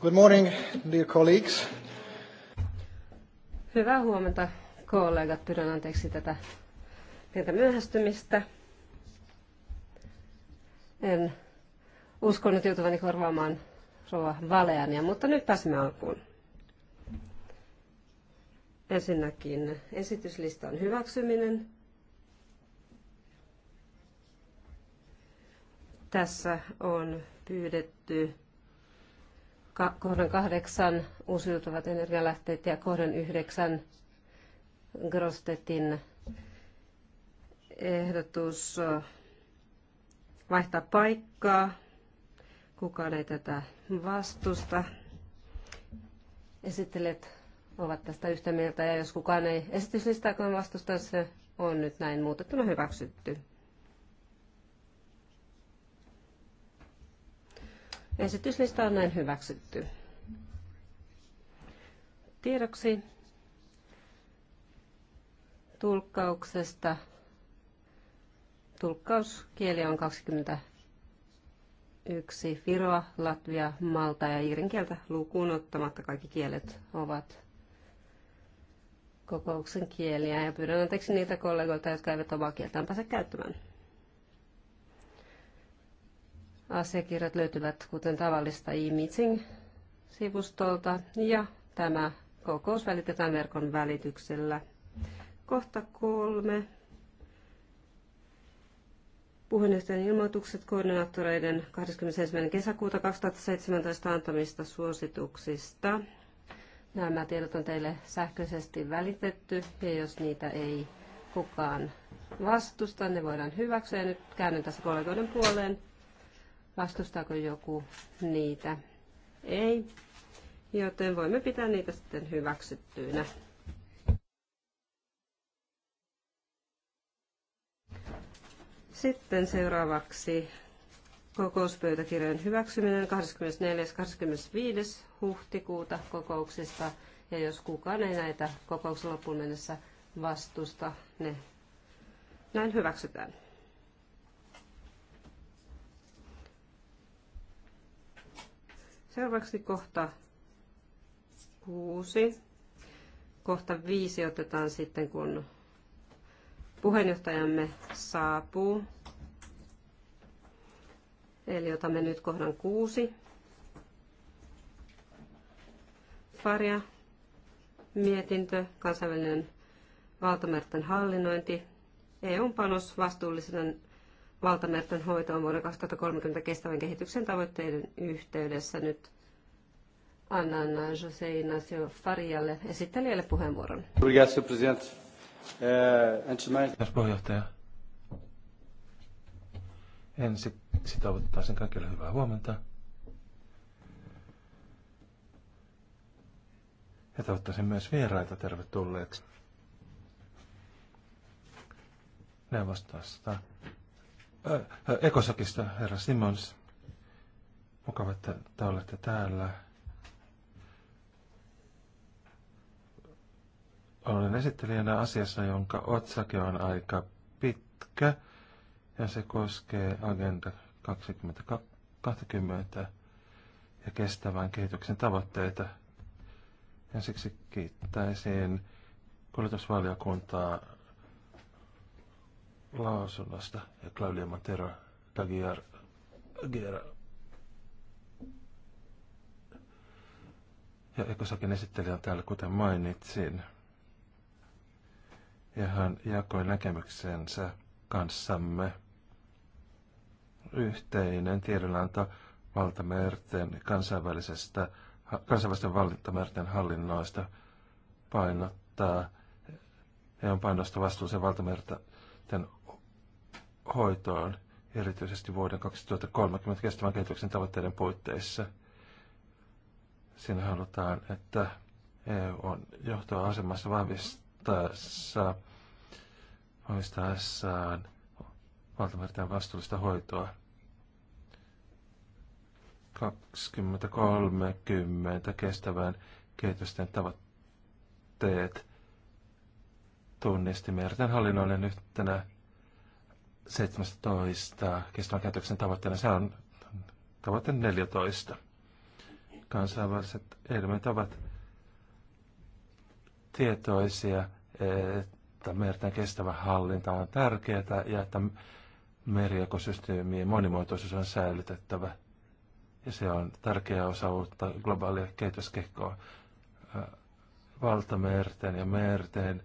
Good morning, dear colleagues. Hyvää huomenta, kollegat. Pyydän anteeksi tätä pientä myöhästymistä. En uskonut joutuvani korvaamaan rouva Valeania, mutta nyt pääsemme alkuun. Ensinnäkin esityslistan hyväksyminen. Tässä on pyydetty kohdan kahdeksan uusiutuvat energialähteet ja kohdan yhdeksän Grostetin ehdotus äh, vaihtaa paikkaa. Kukaan ei tätä vastusta. Esittelijät ovat tästä yhtä mieltä ja jos kukaan ei esityslistaa vastusta, se on nyt näin muutettuna hyväksytty. Esityslista on näin hyväksytty. Tiedoksi tulkkauksesta. Tulkkauskieli on 21 Viroa, Latvia, Malta ja Iirin kieltä lukuun ottamatta kaikki kielet ovat kokouksen kieliä ja pyydän anteeksi niitä kollegoilta, jotka eivät omaa kieltään pääse käyttämään. Asiakirjat löytyvät kuten tavallista e-meeting-sivustolta ja tämä kokous välitetään verkon välityksellä. Kohta kolme. Puheenjohtajan ilmoitukset koordinaattoreiden 21. kesäkuuta 2017 antamista suosituksista. Nämä tiedot on teille sähköisesti välitetty ja jos niitä ei kukaan vastusta, ne voidaan hyväksyä. Ja nyt käännyn tässä kollegoiden puoleen. Vastustaako joku niitä? Ei. Joten voimme pitää niitä sitten hyväksyttyinä. Sitten seuraavaksi kokouspöytäkirjojen hyväksyminen 24.–25. huhtikuuta kokouksista. Ja jos kukaan ei näitä kokouksen loppuun mennessä vastusta, ne näin hyväksytään. Seuraavaksi kohta kuusi. Kohta viisi otetaan sitten, kun puheenjohtajamme saapuu. Eli otamme nyt kohdan kuusi. Faria, mietintö, kansainvälinen valtamerten hallinnointi, eu panos vastuullisen valtamerten hoitoon vuoden 2030 kestävän kehityksen tavoitteiden yhteydessä. Nyt annan José Ignacio Farialle esittelijälle puheenvuoron. Kiitos eh, puheenjohtaja. Ensin sitouttaa sen kaikille hyvää huomenta. Ja toivottaisin myös vieraita tervetulleeksi neuvostosta Ekosakista, herra Simons. Mukava, että te olette täällä. Olen esittelijänä asiassa, jonka otsake on aika pitkä ja se koskee Agenda 2020 ja kestävän kehityksen tavoitteita. Ja siksi kiittäisin kuljetusvaliokuntaa lausunnosta ja Claudia Montero Tagiar Gera. Ja Ekosakin esittelijä on täällä, kuten mainitsin. Ja hän jakoi näkemyksensä kanssamme. Yhteinen tiedonanto valtamerten kansainvälisestä, kansainvälisten valtamerten hallinnoista painottaa on painosta vastuuseen valtamerten hoitoon, erityisesti vuoden 2030 kestävän kehityksen tavoitteiden puitteissa. Siinä halutaan, että EU on asemassa vahvistaessa, vahvistaessaan valtamerten vastuullista hoitoa. 2030 kestävän kehitysten tavoitteet tunnisti merten hallinnoinnin yhtenä 17 kestävän kehityksen tavoitteena. Se on tavoite 14. Kansainväliset elimet ovat tietoisia, että merten kestävä hallinta on tärkeää ja että meriekosysteemien monimuotoisuus on säilytettävä. Ja se on tärkeä osa uutta globaalia kehityskehkoa. Valtamerten ja merten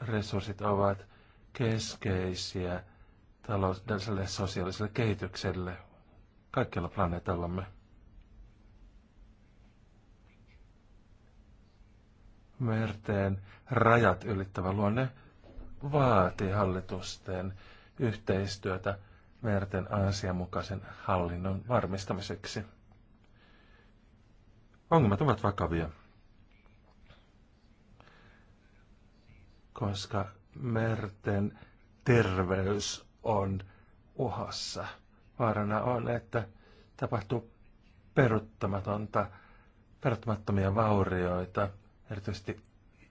resurssit ovat keskeisiä taloudelliselle ja sosiaaliselle kehitykselle kaikkialla planeetallamme. Merteen rajat ylittävä luonne vaatii hallitusten yhteistyötä merten asianmukaisen hallinnon varmistamiseksi. Ongelmat ovat vakavia, koska merten terveys on uhassa. Vaarana on, että tapahtuu peruttamatonta, peruttamattomia vaurioita, erityisesti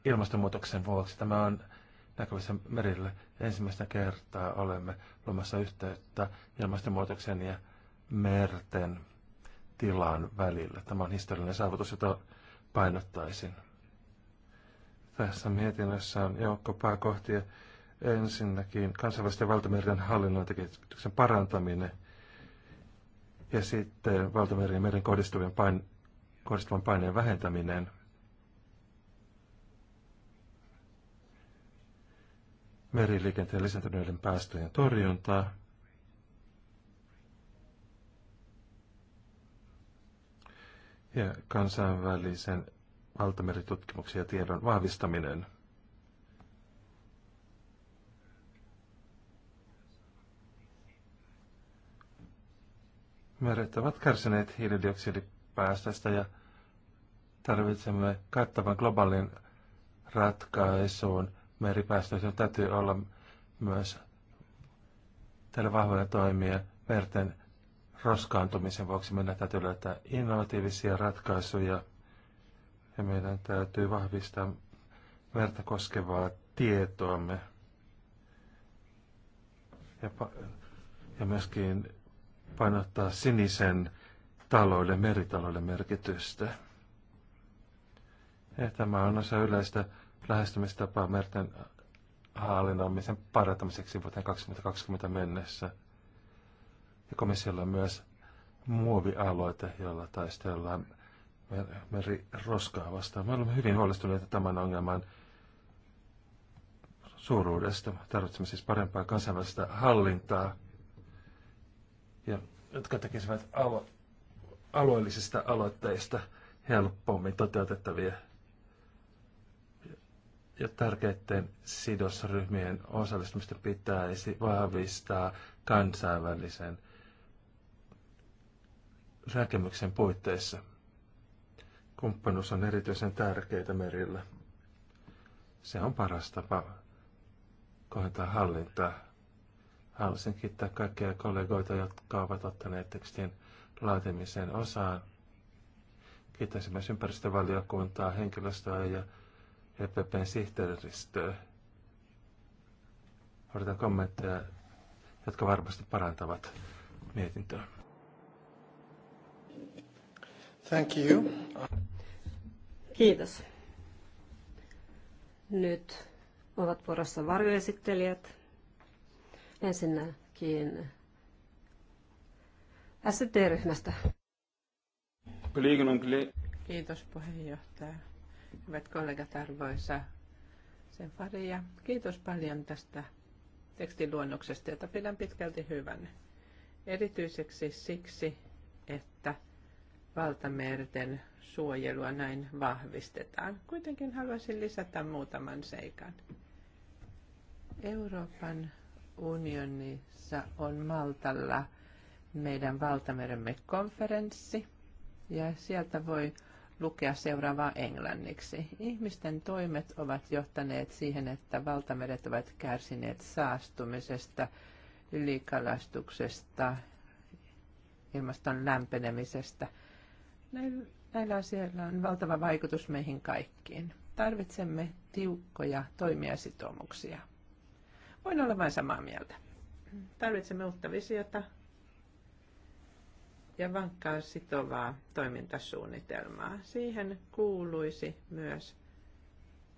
ilmastonmuutoksen vuoksi. Tämä on näkyvissä merillä. Ensimmäistä kertaa olemme luomassa yhteyttä ilmastonmuutoksen ja merten tilan välillä. Tämä on historiallinen saavutus, jota painottaisin. Tässä mietinnössä on joukko pääkohtia, Ensinnäkin kansainvälisten valtamerien hallinnon parantaminen ja sitten valtamerien meren kohdistuvan, pain, kohdistuvan paineen vähentäminen. Meriliikenteen lisääntyneiden päästöjen torjuntaa. ja kansainvälisen valtameritutkimuksen ja tiedon vahvistaminen. Meret ovat kärsineet hiilidioksidipäästöstä ja tarvitsemme kattavan globaalin ratkaisuun. Meripäästöihin täytyy olla myös tällä vahvoja toimia merten roskaantumisen vuoksi. Meidän täytyy löytää innovatiivisia ratkaisuja ja meidän täytyy vahvistaa merta koskevaa tietoamme ja, ja myöskin painottaa sinisen taloille, meritaloille merkitystä. Ja tämä on osa yleistä lähestymistapaa merten hallinnoimisen parantamiseksi vuoteen 2020 mennessä. Ja komissiolla on myös muovialoite, jolla taistellaan meriroskaa vastaan. Me olemme hyvin huolestuneita tämän ongelman suuruudesta. Tarvitsemme siis parempaa kansainvälistä hallintaa ja jotka tekisivät alo- alueellisista aloitteista helpommin toteutettavia ja tärkeiden sidosryhmien osallistumista pitäisi vahvistaa kansainvälisen näkemyksen puitteissa. Kumppanuus on erityisen tärkeää merillä. Se on paras tapa kohentaa hallintaa Haluaisin kiittää kaikkia kollegoita, jotka ovat ottaneet tekstin laatimiseen osaan. Kiittäisin myös ympäristövaliokuntaa, henkilöstöä ja EPPn sihteeristöä. Odotan kommentteja, jotka varmasti parantavat mietintöä. Thank you. Kiitos. Nyt ovat vuorossa varjoesittelijät. Ensinnäkin SD-ryhmästä. Kiitos puheenjohtaja. Hyvät kollegat, arvoisa sen faria. Kiitos paljon tästä tekstiluonnoksesta, jota pidän pitkälti hyvänä. Erityiseksi siksi, että valtamerten suojelua näin vahvistetaan. Kuitenkin haluaisin lisätä muutaman seikan. Euroopan unionissa on Maltalla meidän valtameremme konferenssi ja sieltä voi lukea seuraavaa englanniksi. Ihmisten toimet ovat johtaneet siihen, että valtameret ovat kärsineet saastumisesta, ylikalastuksesta, ilmaston lämpenemisestä. Näillä asioilla on valtava vaikutus meihin kaikkiin. Tarvitsemme tiukkoja toimia sitoumuksia. Voin olla vain samaa mieltä. Tarvitsemme uutta visiota ja vankkaa sitovaa toimintasuunnitelmaa. Siihen kuuluisi myös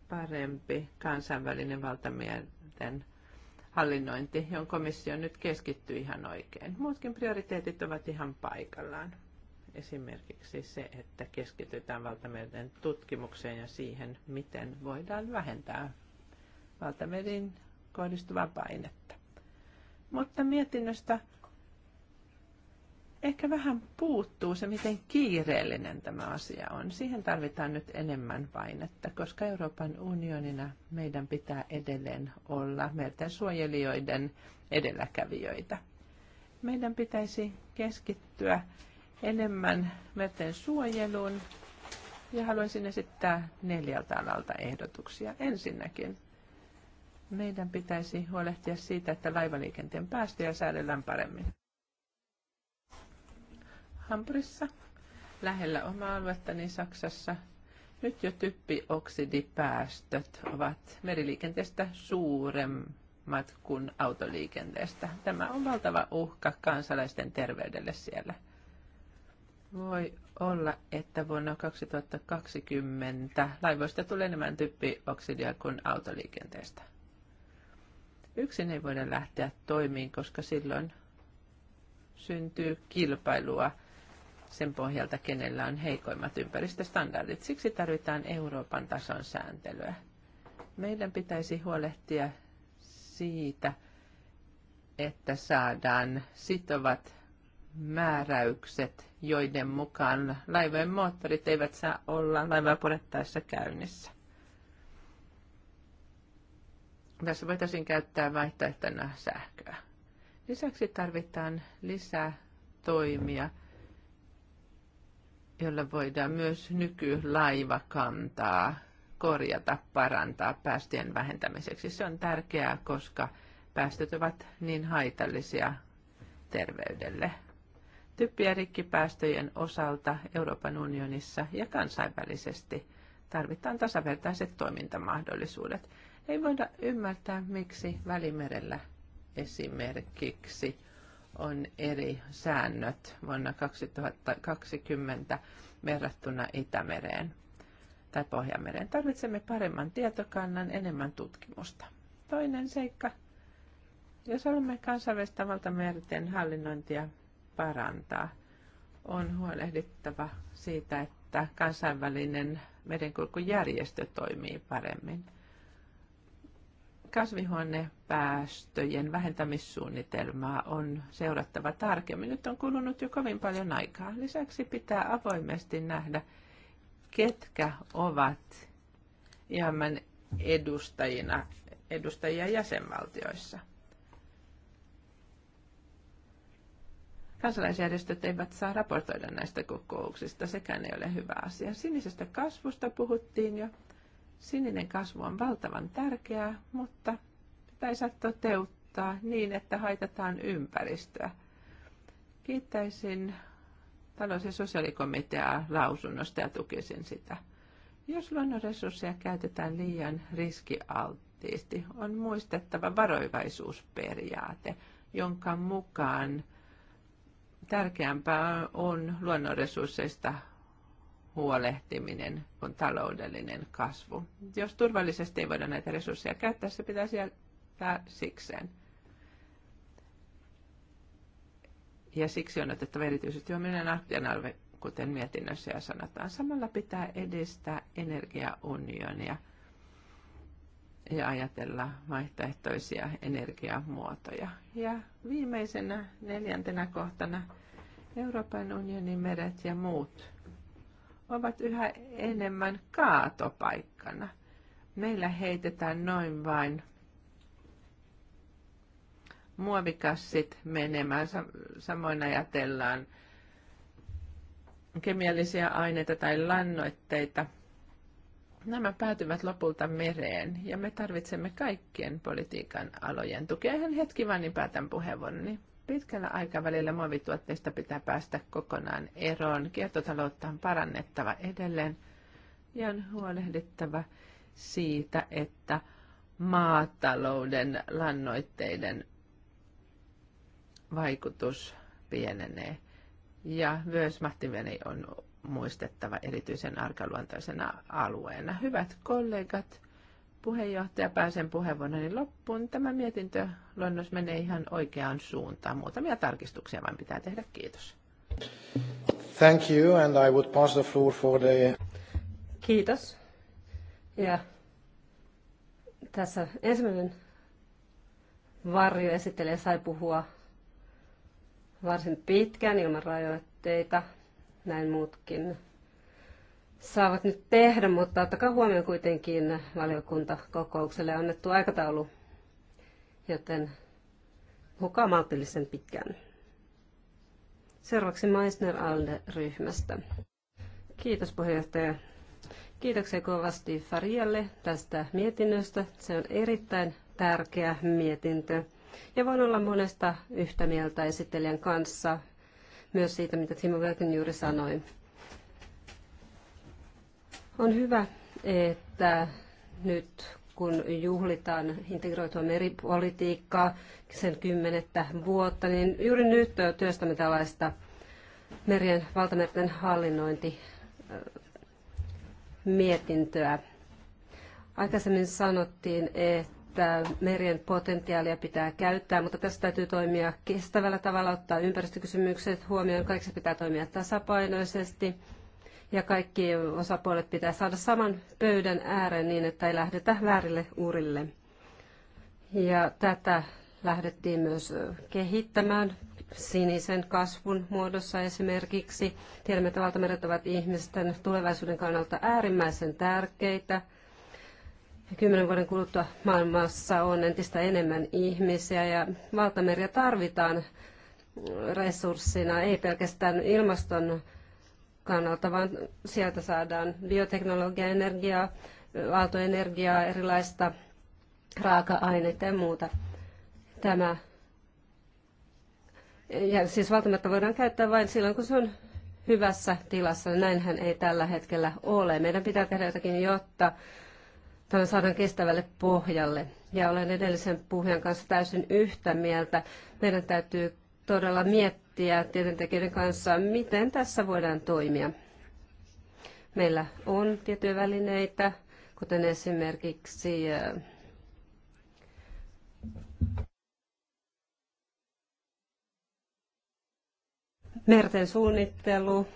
parempi kansainvälinen valtamielten hallinnointi, johon komissio nyt keskittyy ihan oikein. Muutkin prioriteetit ovat ihan paikallaan. Esimerkiksi se, että keskitytään valtamielten tutkimukseen ja siihen, miten voidaan vähentää valtamerin kohdistuvaa painetta. Mutta mietinnöstä ehkä vähän puuttuu se, miten kiireellinen tämä asia on. Siihen tarvitaan nyt enemmän painetta, koska Euroopan unionina meidän pitää edelleen olla merten suojelijoiden edelläkävijöitä. Meidän pitäisi keskittyä enemmän merten suojeluun ja haluaisin esittää neljältä alalta ehdotuksia. Ensinnäkin meidän pitäisi huolehtia siitä, että laivaliikenteen päästöjä säädellään paremmin. Hampurissa, lähellä omaa aluettani Saksassa, nyt jo typpioksidipäästöt ovat meriliikenteestä suuremmat kuin autoliikenteestä. Tämä on valtava uhka kansalaisten terveydelle siellä. Voi olla, että vuonna 2020 laivoista tulee enemmän typpioksidia kuin autoliikenteestä. Yksin ei voida lähteä toimiin, koska silloin syntyy kilpailua sen pohjalta, kenellä on heikoimmat ympäristöstandardit. Siksi tarvitaan Euroopan tason sääntelyä. Meidän pitäisi huolehtia siitä, että saadaan sitovat määräykset, joiden mukaan laivojen moottorit eivät saa olla laivaa purettaessa käynnissä. tässä voitaisiin käyttää vaihtoehtona sähköä. Lisäksi tarvitaan lisää toimia, joilla voidaan myös nykylaivakantaa korjata, parantaa päästöjen vähentämiseksi. Se on tärkeää, koska päästöt ovat niin haitallisia terveydelle. Typpi- ja rikkipäästöjen osalta Euroopan unionissa ja kansainvälisesti tarvitaan tasavertaiset toimintamahdollisuudet. Ei voida ymmärtää, miksi Välimerellä esimerkiksi on eri säännöt vuonna 2020 verrattuna Itämereen tai Pohjanmereen. Tarvitsemme paremman tietokannan, enemmän tutkimusta. Toinen seikka. Jos olemme kansainvälistä valtamerten hallinnointia parantaa, on huolehdittava siitä, että kansainvälinen merenkulkujärjestö toimii paremmin kasvihuonepäästöjen vähentämissuunnitelmaa on seurattava tarkemmin. Nyt on kulunut jo kovin paljon aikaa. Lisäksi pitää avoimesti nähdä, ketkä ovat IMN edustajina, edustajia jäsenvaltioissa. Kansalaisjärjestöt eivät saa raportoida näistä kokouksista, sekään ei ole hyvä asia. Sinisestä kasvusta puhuttiin jo. Sininen kasvu on valtavan tärkeää, mutta sitä ei saa toteuttaa niin, että haitataan ympäristöä. Kiittäisin talous- ja sosiaalikomiteaa lausunnosta ja tukisin sitä. Jos luonnonresursseja käytetään liian riskialttiisti, on muistettava varoivaisuusperiaate, jonka mukaan tärkeämpää on luonnonresursseista huolehtiminen kuin taloudellinen kasvu. Jos turvallisesti ei voida näitä resursseja käyttää, se pitäisi jättää sikseen. Ja siksi on otettava erityisesti huomioon Ahtianalve, kuten mietinnössä ja sanotaan. Samalla pitää edistää energiaunionia ja ajatella vaihtoehtoisia energiamuotoja. Ja viimeisenä neljäntenä kohtana Euroopan unionin meret ja muut ovat yhä enemmän kaatopaikkana. Meillä heitetään noin vain muovikassit menemään. Samoin ajatellaan kemiallisia aineita tai lannoitteita. Nämä päätyvät lopulta mereen ja me tarvitsemme kaikkien politiikan alojen tukea. Ihan hetki vaan niin päätän puheenvuoroni. Pitkällä aikavälillä muovituotteista pitää päästä kokonaan eroon. Kiertotaloutta on parannettava edelleen ja on huolehdittava siitä, että maatalouden lannoitteiden vaikutus pienenee. Ja myös mahtiveni on muistettava erityisen arkaluontoisena alueena. Hyvät kollegat, puheenjohtaja, pääsen puheenvuoroni loppuun. Tämä mietintöluonnos menee ihan oikeaan suuntaan. Muutamia tarkistuksia vain pitää tehdä. Kiitos. Thank you, and I would pass the floor for the... Kiitos. Ja tässä ensimmäinen esittelee sai puhua varsin pitkään ilman rajoitteita, näin muutkin saavat nyt tehdä, mutta ottakaa huomioon kuitenkin valiokuntakokoukselle annettu aikataulu, joten mukaan maltillisen pitkään. Seuraavaksi Meissner Alde-ryhmästä. Kiitos puheenjohtaja. Kiitoksia kovasti Farialle tästä mietinnöstä. Se on erittäin tärkeä mietintö. Ja voin olla monesta yhtä mieltä esittelijän kanssa, myös siitä, mitä Timo Velkin juuri sanoi. On hyvä, että nyt kun juhlitaan integroitua meripolitiikkaa, sen kymmenettä vuotta, niin juuri nyt työstämme tällaista merien, valtamerten hallinnointi mietintöä. Aikaisemmin sanottiin, että merien potentiaalia pitää käyttää, mutta tässä täytyy toimia kestävällä tavalla, ottaa ympäristökysymykset huomioon, kaikessa pitää toimia tasapainoisesti ja kaikki osapuolet pitää saada saman pöydän ääreen niin, että ei lähdetä väärille urille. Ja tätä lähdettiin myös kehittämään sinisen kasvun muodossa esimerkiksi. Tiedämme, että valtameret ovat ihmisten tulevaisuuden kannalta äärimmäisen tärkeitä. Kymmenen vuoden kuluttua maailmassa on entistä enemmän ihmisiä ja valtameriä tarvitaan resurssina, ei pelkästään ilmaston kannalta, vaan sieltä saadaan bioteknologiaa, energiaa, aaltoenergiaa, erilaista raaka-aineita ja muuta. Tämä ja siis välttämättä voidaan käyttää vain silloin, kun se on hyvässä tilassa. Näinhän ei tällä hetkellä ole. Meidän pitää tehdä jotakin, jotta tämä saadaan kestävälle pohjalle. Ja olen edellisen puhujan kanssa täysin yhtä mieltä. Meidän täytyy todella miettiä, miettiä tieteentekijöiden kanssa, miten tässä voidaan toimia. Meillä on tiettyjä välineitä, kuten esimerkiksi eh, merten suunnittelu,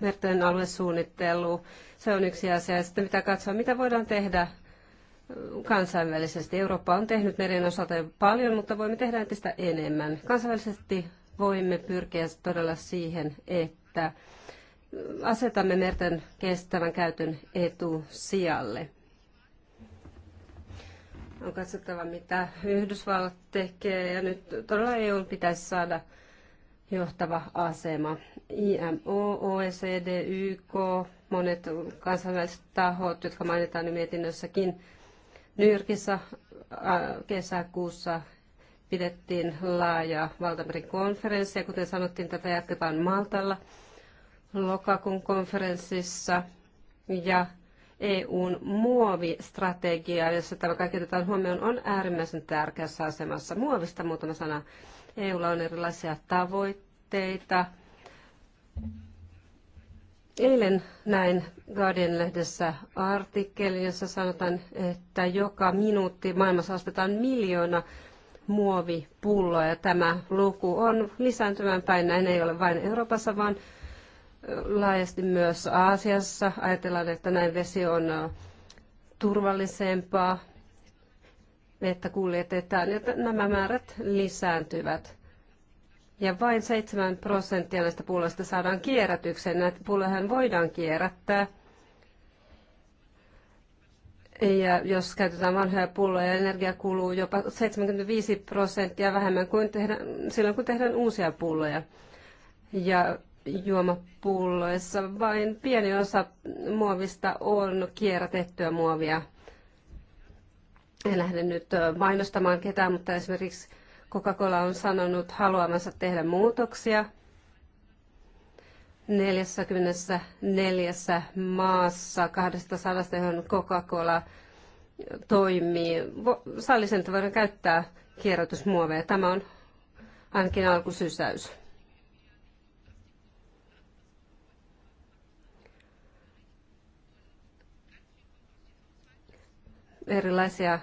merten aluesuunnittelu, se on yksi asia. Ja sitten mitä katsoa, mitä voidaan tehdä eh, kansainvälisesti. Eurooppa on tehnyt meren osalta jo paljon, mutta voimme tehdä entistä enemmän. Kansainvälisesti voimme pyrkiä todella siihen, että asetamme merten kestävän käytön etu sijalle. On katsottava, mitä Yhdysvallat tekee, ja nyt todella EU pitäisi saada johtava asema. IMO, OECD, YK, monet kansainväliset tahot, jotka mainitaan mietinnössäkin, Nyrkissä kesäkuussa pidettiin laaja Valtamerin konferenssi ja kuten sanottiin, tätä jatketaan Maltalla lokakuun konferenssissa ja EUn muovistrategia, jossa tämä kaikki otetaan huomioon, on äärimmäisen tärkeässä asemassa. Muovista muutama sana. EUlla on erilaisia tavoitteita. Eilen näin Guardian-lehdessä artikkelin, jossa sanotaan, että joka minuutti maailmassa ostetaan miljoona muovipulloa ja tämä luku on lisääntymään päin. Näin ei ole vain Euroopassa, vaan laajasti myös Aasiassa. Ajatellaan, että näin vesi on turvallisempaa, että kuljetetaan ja nämä määrät lisääntyvät. Ja vain 7 prosenttia näistä pulloista saadaan kierrätykseen. Näitä pulloja voidaan kierrättää – ja jos käytetään vanhoja pulloja, energia kuluu jopa 75 prosenttia vähemmän kuin tehdä, silloin, kun tehdään uusia pulloja. Ja juomapulloissa vain pieni osa muovista on kierrätettyä muovia. En lähde nyt mainostamaan ketään, mutta esimerkiksi Coca-Cola on sanonut haluamansa tehdä muutoksia – 44 maassa 200, johon Coca-Cola toimii. Sallisen, voidaan käyttää kierrätysmuoveja. Tämä on ainakin alkusysäys. Erilaisia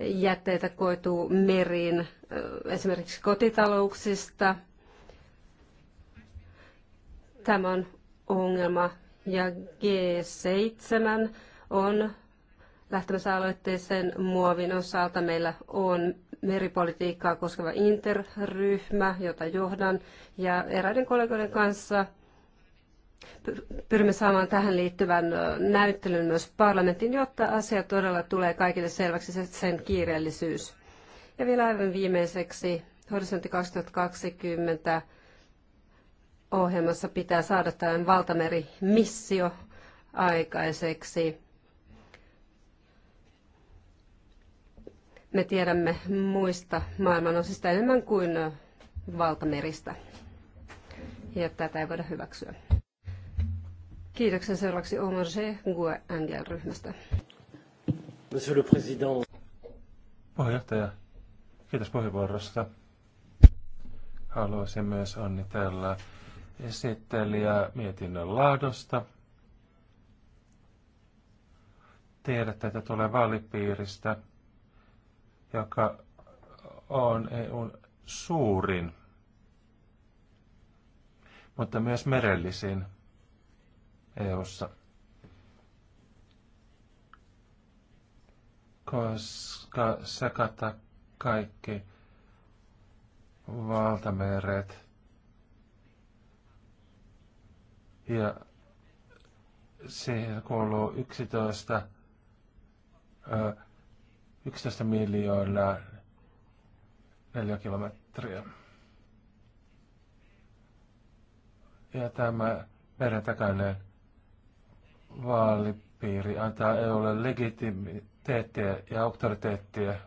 jätteitä koituu meriin, esimerkiksi kotitalouksista – Tämä on ongelma ja G7 on lähtemässä aloitteeseen muovin osalta. Meillä on meripolitiikkaa koskeva interryhmä, jota johdan, ja eräiden kollegoiden kanssa pyrimme saamaan tähän liittyvän näyttelyn myös parlamentin, jotta asia todella tulee kaikille selväksi sen kiireellisyys. Ja vielä aivan viimeiseksi, horisontti 2020 ohjelmassa pitää saada tällainen valtamerimissio aikaiseksi. Me tiedämme muista maailmanosista enemmän kuin valtameristä. Ja tätä ei voida hyväksyä. Kiitoksen seuraavaksi Omar G. Gue Angel-ryhmästä. Monsieur le Président. Puheenjohtaja, kiitos puheenvuorosta. Haluaisin myös onnitella esittelijä mietinnön laadosta. Tiedätte, että tulee vaalipiiristä, joka on EUn suurin, mutta myös merellisin EUssa. Koska se kaikki valtameret – Ja se kuuluu 11, 11 miljoonaa neliökilometriä. Ja tämä meren takainen vaalipiiri antaa EUlle legitimiteettiä ja auktoriteettiä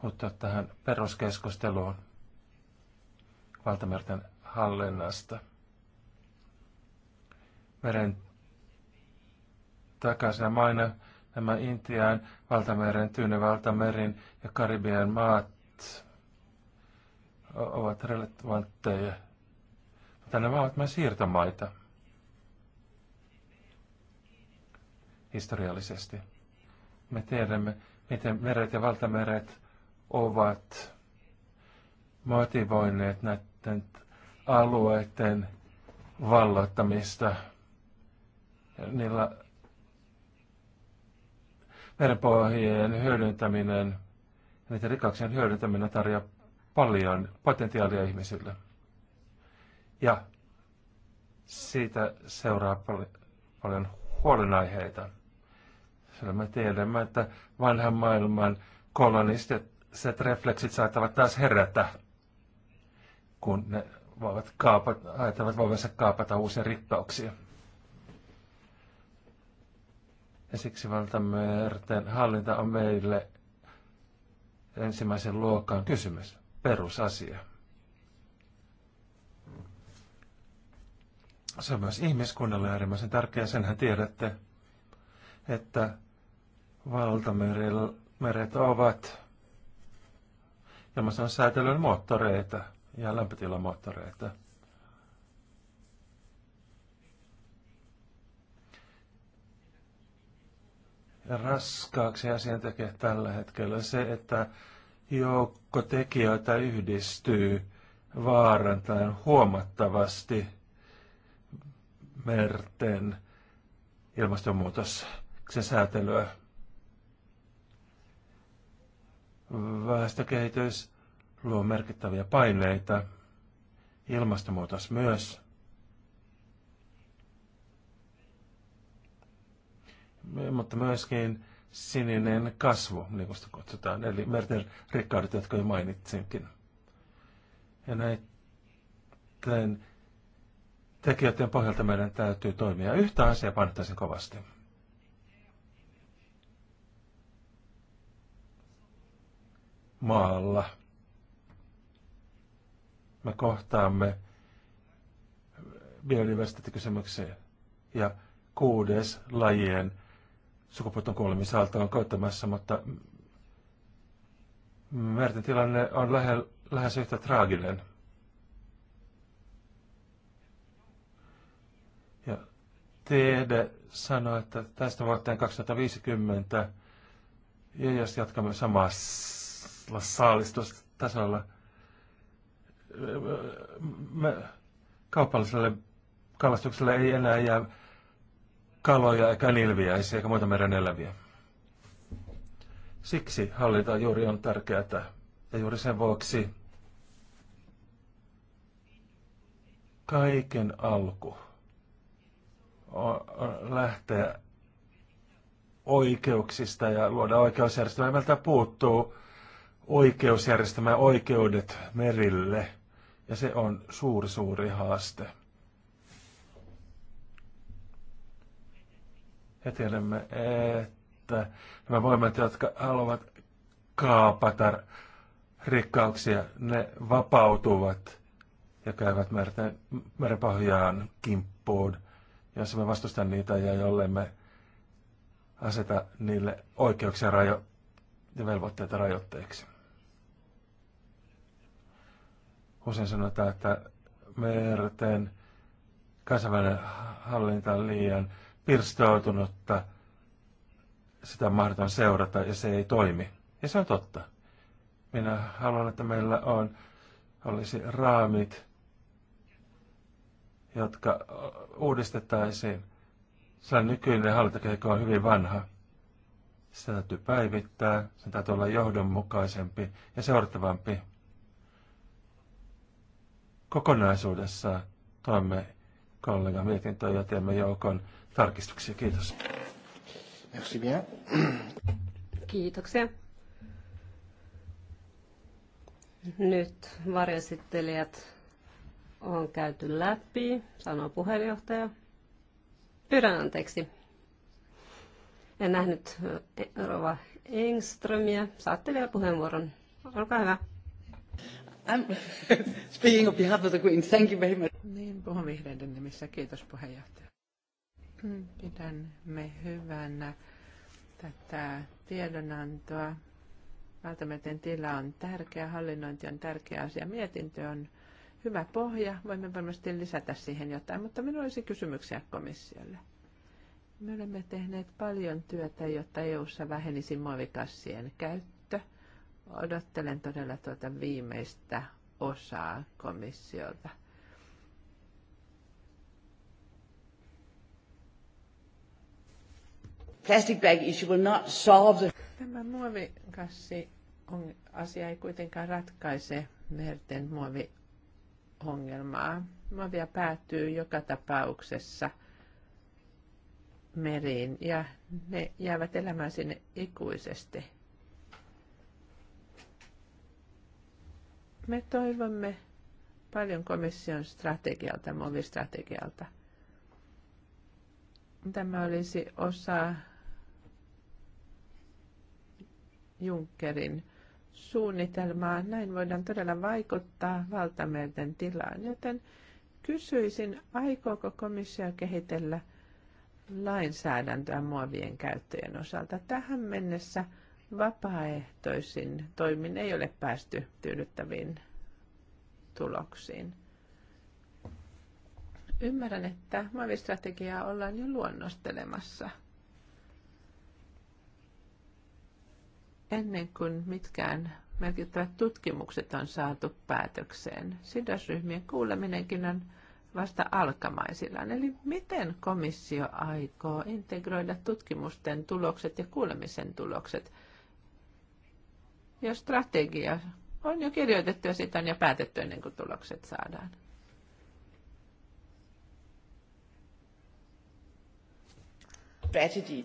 puuttua tähän peruskeskusteluun valtamerten hallinnasta meren Ja maina nämä Intian, Valtameren, Tyynen valtamerin ja Karibian maat ovat relevantteja. Mutta nämä ovat myös siirtomaita historiallisesti. Me tiedämme, miten meret ja valtameret ovat motivoineet näiden alueiden vallottamista niillä merenpohjien hyödyntäminen, niiden rikaksien hyödyntäminen tarjoaa paljon potentiaalia ihmisille. Ja siitä seuraa pal- paljon huolenaiheita. Sillä me tiedämme, että vanhan maailman set refleksit saattavat taas herätä, kun ne voivat kaapata, ajatellaan voivansa kaapata uusia rikkauksia. Ja siksi valtamerten hallinta on meille ensimmäisen luokan kysymys, perusasia. Se on myös ihmiskunnalle äärimmäisen tärkeää, senhän tiedätte, että valtameret ovat ilmaston säätelyn moottoreita ja lämpötilamoottoreita – raskaaksi asian tekee tällä hetkellä se, että joukko tekijöitä yhdistyy vaarantaen huomattavasti merten ilmastonmuutoksen säätelyä. Väestökehitys luo merkittäviä paineita. Ilmastonmuutos myös. mutta myöskin sininen kasvu, niin kuin sitä kutsutaan, eli merten rikkaudet, jotka jo mainitsinkin. Ja näiden tekijöiden pohjalta meidän täytyy toimia. Yhtä asiaa painottaisin kovasti. Maalla. Me kohtaamme biodiversiteettikysymyksiä ja kuudes lajien sukupuolten kuolemisaalto on koittamassa, mutta Merten tilanne on lähe, lähes yhtä traaginen. Ja TEDE sanoi, että tästä vuoteen 2050, ja jos jatkamme samalla saalistustasolla, me kaupalliselle kalastukselle ei enää jää kaloja eikä nilviäisiä eikä muita meren eläviä. Siksi hallinta juuri on tärkeää ja juuri sen vuoksi kaiken alku lähteä oikeuksista ja luoda oikeusjärjestelmää. Meiltä puuttuu oikeusjärjestelmä oikeudet merille ja se on suuri suuri haaste. Ja tiedämme, että nämä voimat, jotka haluavat kaapata rikkauksia, ne vapautuvat ja käyvät merten, merenpohjaan kimppuun, jos me vastustamme niitä ja jolle me aseta niille oikeuksia rajo- ja velvoitteita rajoitteeksi. Usein sanotaan, että merten kansainvälinen hallinta on liian pirstoutunutta, sitä on mahdoton seurata ja se ei toimi. Ja se on totta. Minä haluan, että meillä on, olisi raamit, jotka uudistettaisiin. Sellainen nykyinen hallintokehikko on hyvin vanha. Sitä täytyy päivittää, sen täytyy olla johdonmukaisempi ja seurattavampi. Kokonaisuudessaan toimme kollega mietintöä ja teemme joukon tarkistuksia. Kiitos. Merci bien. Kiitoksia. Nyt varjosittelijat on käyty läpi, sanoo puheenjohtaja. Pyydän anteeksi. En nähnyt eh, Rova Engströmiä. Saatte vielä puheenvuoron. Olkaa hyvä. I'm speaking on behalf of the Queen. Thank you very much. Niin, puhun vihreiden nimissä. Kiitos puheenjohtaja. me hyvänä tätä tiedonantoa. Valtameten tila on tärkeä, hallinnointi on tärkeä asia, mietintö on hyvä pohja, voimme varmasti lisätä siihen jotain, mutta minulla olisi kysymyksiä komissiolle. Me olemme tehneet paljon työtä, jotta EU-ssa vähenisi muovikassien käyttö. Odottelen todella tuota viimeistä osaa komissiolta – plastic bag issue will not solve the... Tämä muovikassi on, asia ei kuitenkaan ratkaise merten muoviongelmaa. Muovia päätyy joka tapauksessa meriin ja ne jäävät elämään sinne ikuisesti. Me toivomme paljon komission strategialta, muovistrategialta. Tämä olisi osa Junckerin suunnitelmaa. Näin voidaan todella vaikuttaa valtamerten tilaan, joten kysyisin, aikooko komissio kehitellä lainsäädäntöä muovien käyttöjen osalta. Tähän mennessä vapaaehtoisin toimin ei ole päästy tyydyttäviin tuloksiin. Ymmärrän, että muovistrategiaa ollaan jo luonnostelemassa – ennen kuin mitkään merkittävät tutkimukset on saatu päätökseen. Sidosryhmien kuuleminenkin on vasta alkamaisillaan. Eli miten komissio aikoo integroida tutkimusten tulokset ja kuulemisen tulokset? Ja strategia on jo kirjoitettu ja sitä on jo päätetty ennen kuin tulokset saadaan. Strategy.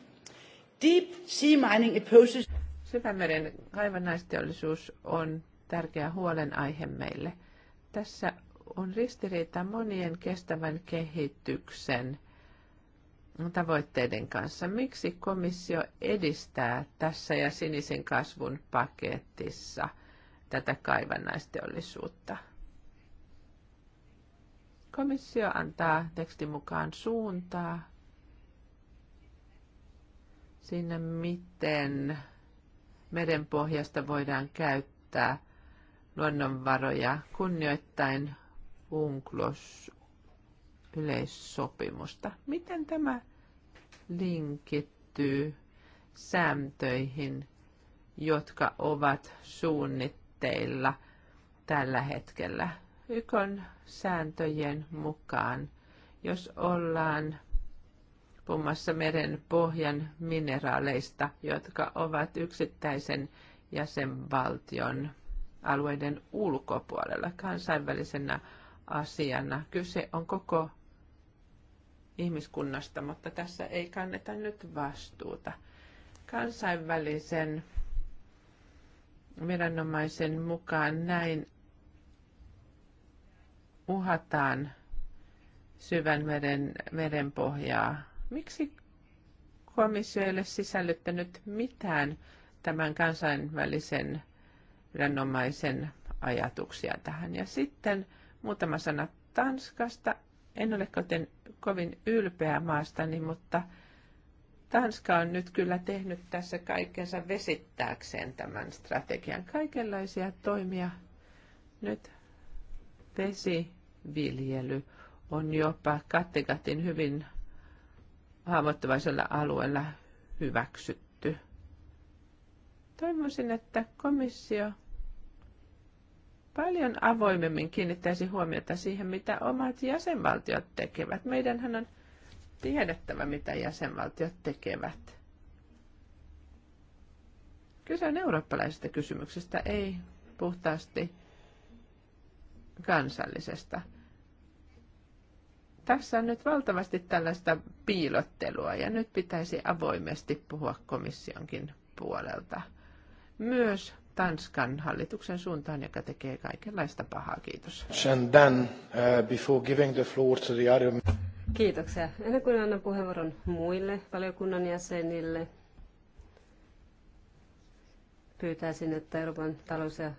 Deep sea mining opposes Syvämeren kaivannaisteollisuus on tärkeä huolenaihe meille. Tässä on ristiriita monien kestävän kehityksen tavoitteiden kanssa. Miksi komissio edistää tässä ja sinisen kasvun paketissa tätä kaivannaisteollisuutta? Komissio antaa tekstin mukaan suuntaa sinne, miten merenpohjasta voidaan käyttää luonnonvaroja kunnioittain UNCLOS yleissopimusta. Miten tämä linkittyy sääntöihin, jotka ovat suunnitteilla tällä hetkellä? YKn sääntöjen mukaan, jos ollaan puhumassa meren pohjan mineraaleista, jotka ovat yksittäisen jäsenvaltion alueiden ulkopuolella kansainvälisenä asiana. Kyse on koko ihmiskunnasta, mutta tässä ei kanneta nyt vastuuta. Kansainvälisen viranomaisen mukaan näin uhataan syvän meren, pohjaa. Miksi komissio ei ole sisällyttänyt mitään tämän kansainvälisen viranomaisen ajatuksia tähän? Ja sitten muutama sana Tanskasta. En ole kuten kovin ylpeä maastani, mutta Tanska on nyt kyllä tehnyt tässä kaikkensa vesittääkseen tämän strategian. Kaikenlaisia toimia. Nyt vesiviljely on jopa Kattegatin hyvin haavoittuvaisella alueella hyväksytty. Toivoisin, että komissio paljon avoimemmin kiinnittäisi huomiota siihen, mitä omat jäsenvaltiot tekevät. Meidänhän on tiedettävä, mitä jäsenvaltiot tekevät. Kyse on eurooppalaisesta kysymyksestä, ei puhtaasti kansallisesta. Tässä on nyt valtavasti tällaista piilottelua ja nyt pitäisi avoimesti puhua komissionkin puolelta. Myös Tanskan hallituksen suuntaan, joka tekee kaikenlaista pahaa. Kiitos. then, uh, before giving the floor to the other... Kiitoksia. Ennen kuin annan puheenvuoron muille valiokunnan jäsenille, pyytäisin, että Euroopan talous- ja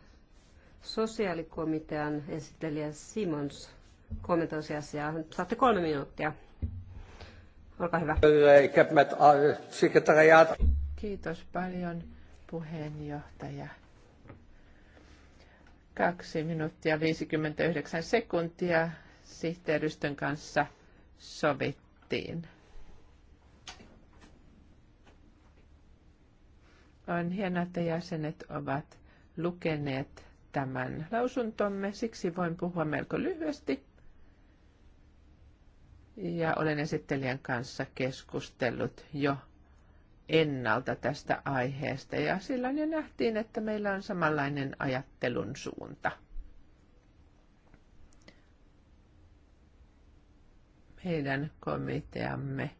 sosiaalikomitean esittelijä Simons kommentoisi asiaa. Saatte kolme minuuttia. Olkaa hyvä. Kiitos paljon puheenjohtaja. Kaksi minuuttia 59 sekuntia sihteeristön kanssa sovittiin. On hienoa, että jäsenet ovat lukeneet tämän lausuntomme, siksi voin puhua melko lyhyesti ja olen esittelijän kanssa keskustellut jo ennalta tästä aiheesta ja silloin jo nähtiin, että meillä on samanlainen ajattelun suunta. Meidän komiteamme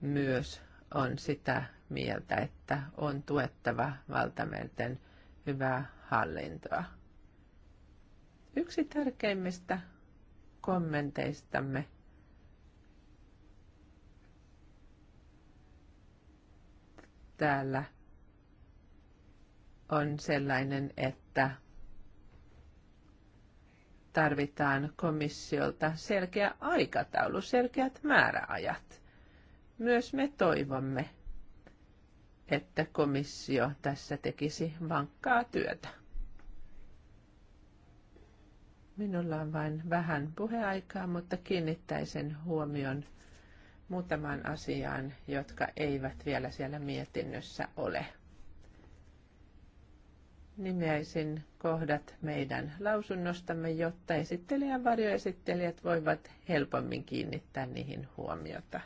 myös on sitä mieltä, että on tuettava valtamerten hyvää hallintoa. Yksi tärkeimmistä kommenteistamme – täällä on sellainen, että tarvitaan komissiolta selkeä aikataulu, selkeät määräajat. Myös me toivomme, että komissio tässä tekisi vankkaa työtä. Minulla on vain vähän puheaikaa, mutta kiinnittäisin huomion muutamaan asiaan, jotka eivät vielä siellä mietinnössä ole. Nimeäisin kohdat meidän lausunnostamme, jotta ja varjoesittelijät voivat helpommin kiinnittää niihin huomiota.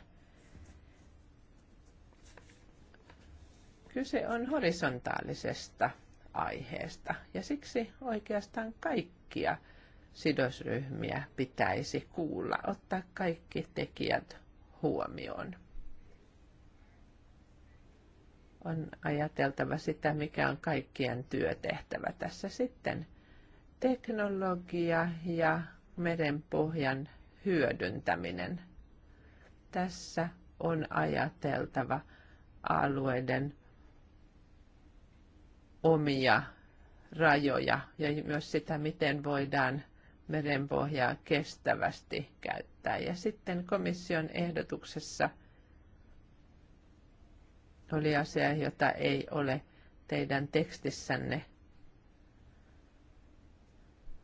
Kyse on horisontaalisesta aiheesta ja siksi oikeastaan kaikkia sidosryhmiä pitäisi kuulla, ottaa kaikki tekijät huomioon. On ajateltava sitä, mikä on kaikkien työtehtävä tässä sitten. Teknologia ja merenpohjan hyödyntäminen. Tässä on ajateltava alueiden omia rajoja ja myös sitä, miten voidaan merenpohjaa kestävästi käyttää päättää. Ja sitten komission ehdotuksessa oli asia, jota ei ole teidän tekstissänne.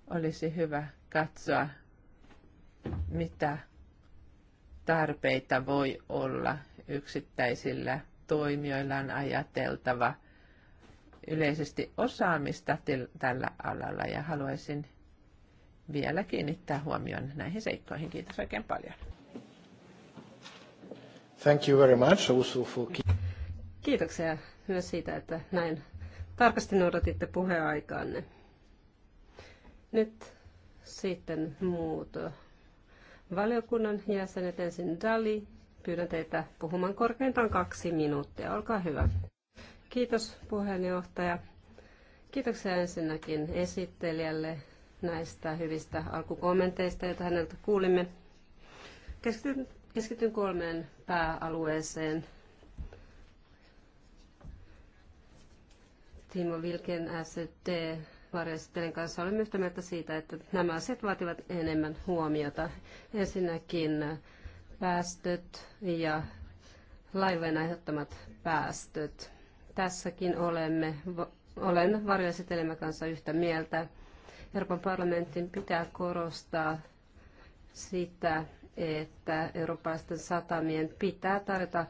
Olisi hyvä katsoa, mitä tarpeita voi olla yksittäisillä toimijoilla on ajateltava yleisesti osaamista tällä alalla ja haluaisin vielä kiinnittää huomioon näihin seikkoihin. Kiitos oikein paljon. Thank you very much also for... Kiitoksia myös siitä, että näin tarkasti noudatitte puheaikaanne. Nyt sitten muut valiokunnan jäsenet. Ensin Dali, pyydän teitä puhumaan korkeintaan kaksi minuuttia. Olkaa hyvä. Kiitos puheenjohtaja. Kiitoksia ensinnäkin esittelijälle näistä hyvistä alkukommenteista, joita häneltä kuulimme. Keskityn, keskityn kolmeen pääalueeseen. Timo Vilken SD varjostelin kanssa olemme yhtä mieltä siitä, että nämä asiat vaativat enemmän huomiota. Ensinnäkin päästöt ja laivojen aiheuttamat päästöt. Tässäkin olemme, olen varjoesitelmä kanssa yhtä mieltä. Euroopan parlamentin pitää korostaa sitä, että eurooppalaisten satamien pitää tarjota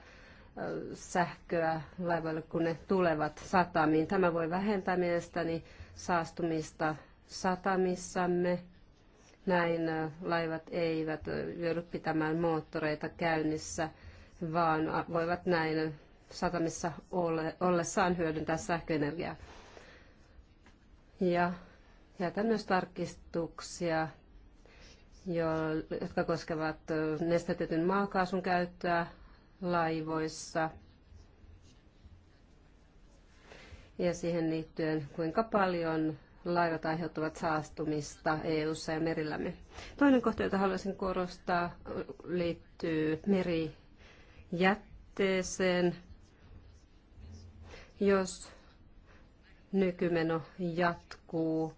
sähköä laivoille, kun ne tulevat satamiin. Tämä voi vähentää mielestäni saastumista satamissamme. Näin laivat eivät joudu pitämään moottoreita käynnissä, vaan voivat näin satamissa ollessaan hyödyntää sähköenergiaa. Ja Jätän myös tarkistuksia, jotka koskevat nestetetyn maakaasun käyttöä laivoissa ja siihen liittyen, kuinka paljon laivat aiheuttavat saastumista EU-ssa ja merillämme. Toinen kohta, jota haluaisin korostaa, liittyy merijätteeseen. Jos nykymeno jatkuu,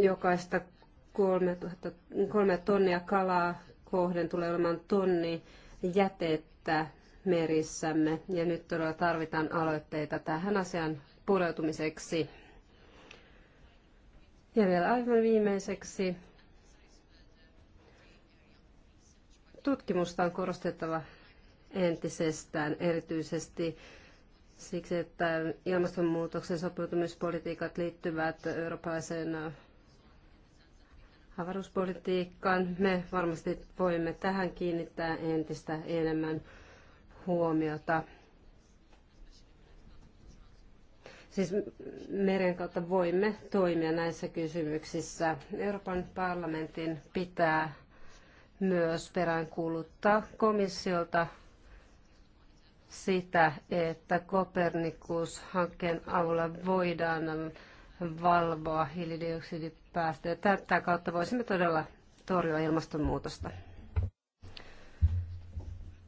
jokaista kolme, kolme tonnia kalaa kohden tulee olemaan tonni jätettä merissämme. Ja nyt todella tarvitaan aloitteita tähän asian pureutumiseksi. Ja vielä aivan viimeiseksi. Tutkimusta on korostettava entisestään, erityisesti siksi, että ilmastonmuutoksen sopeutumispolitiikat liittyvät eurooppalaiseen avaruuspolitiikkaan. Me varmasti voimme tähän kiinnittää entistä enemmän huomiota. Siis meren kautta voimme toimia näissä kysymyksissä. Euroopan parlamentin pitää myös peräänkuuluttaa komissiolta sitä, että Kopernikus-hankkeen avulla voidaan valvoa hiilidioksidipäästöjä. Tätä kautta voisimme todella torjua ilmastonmuutosta.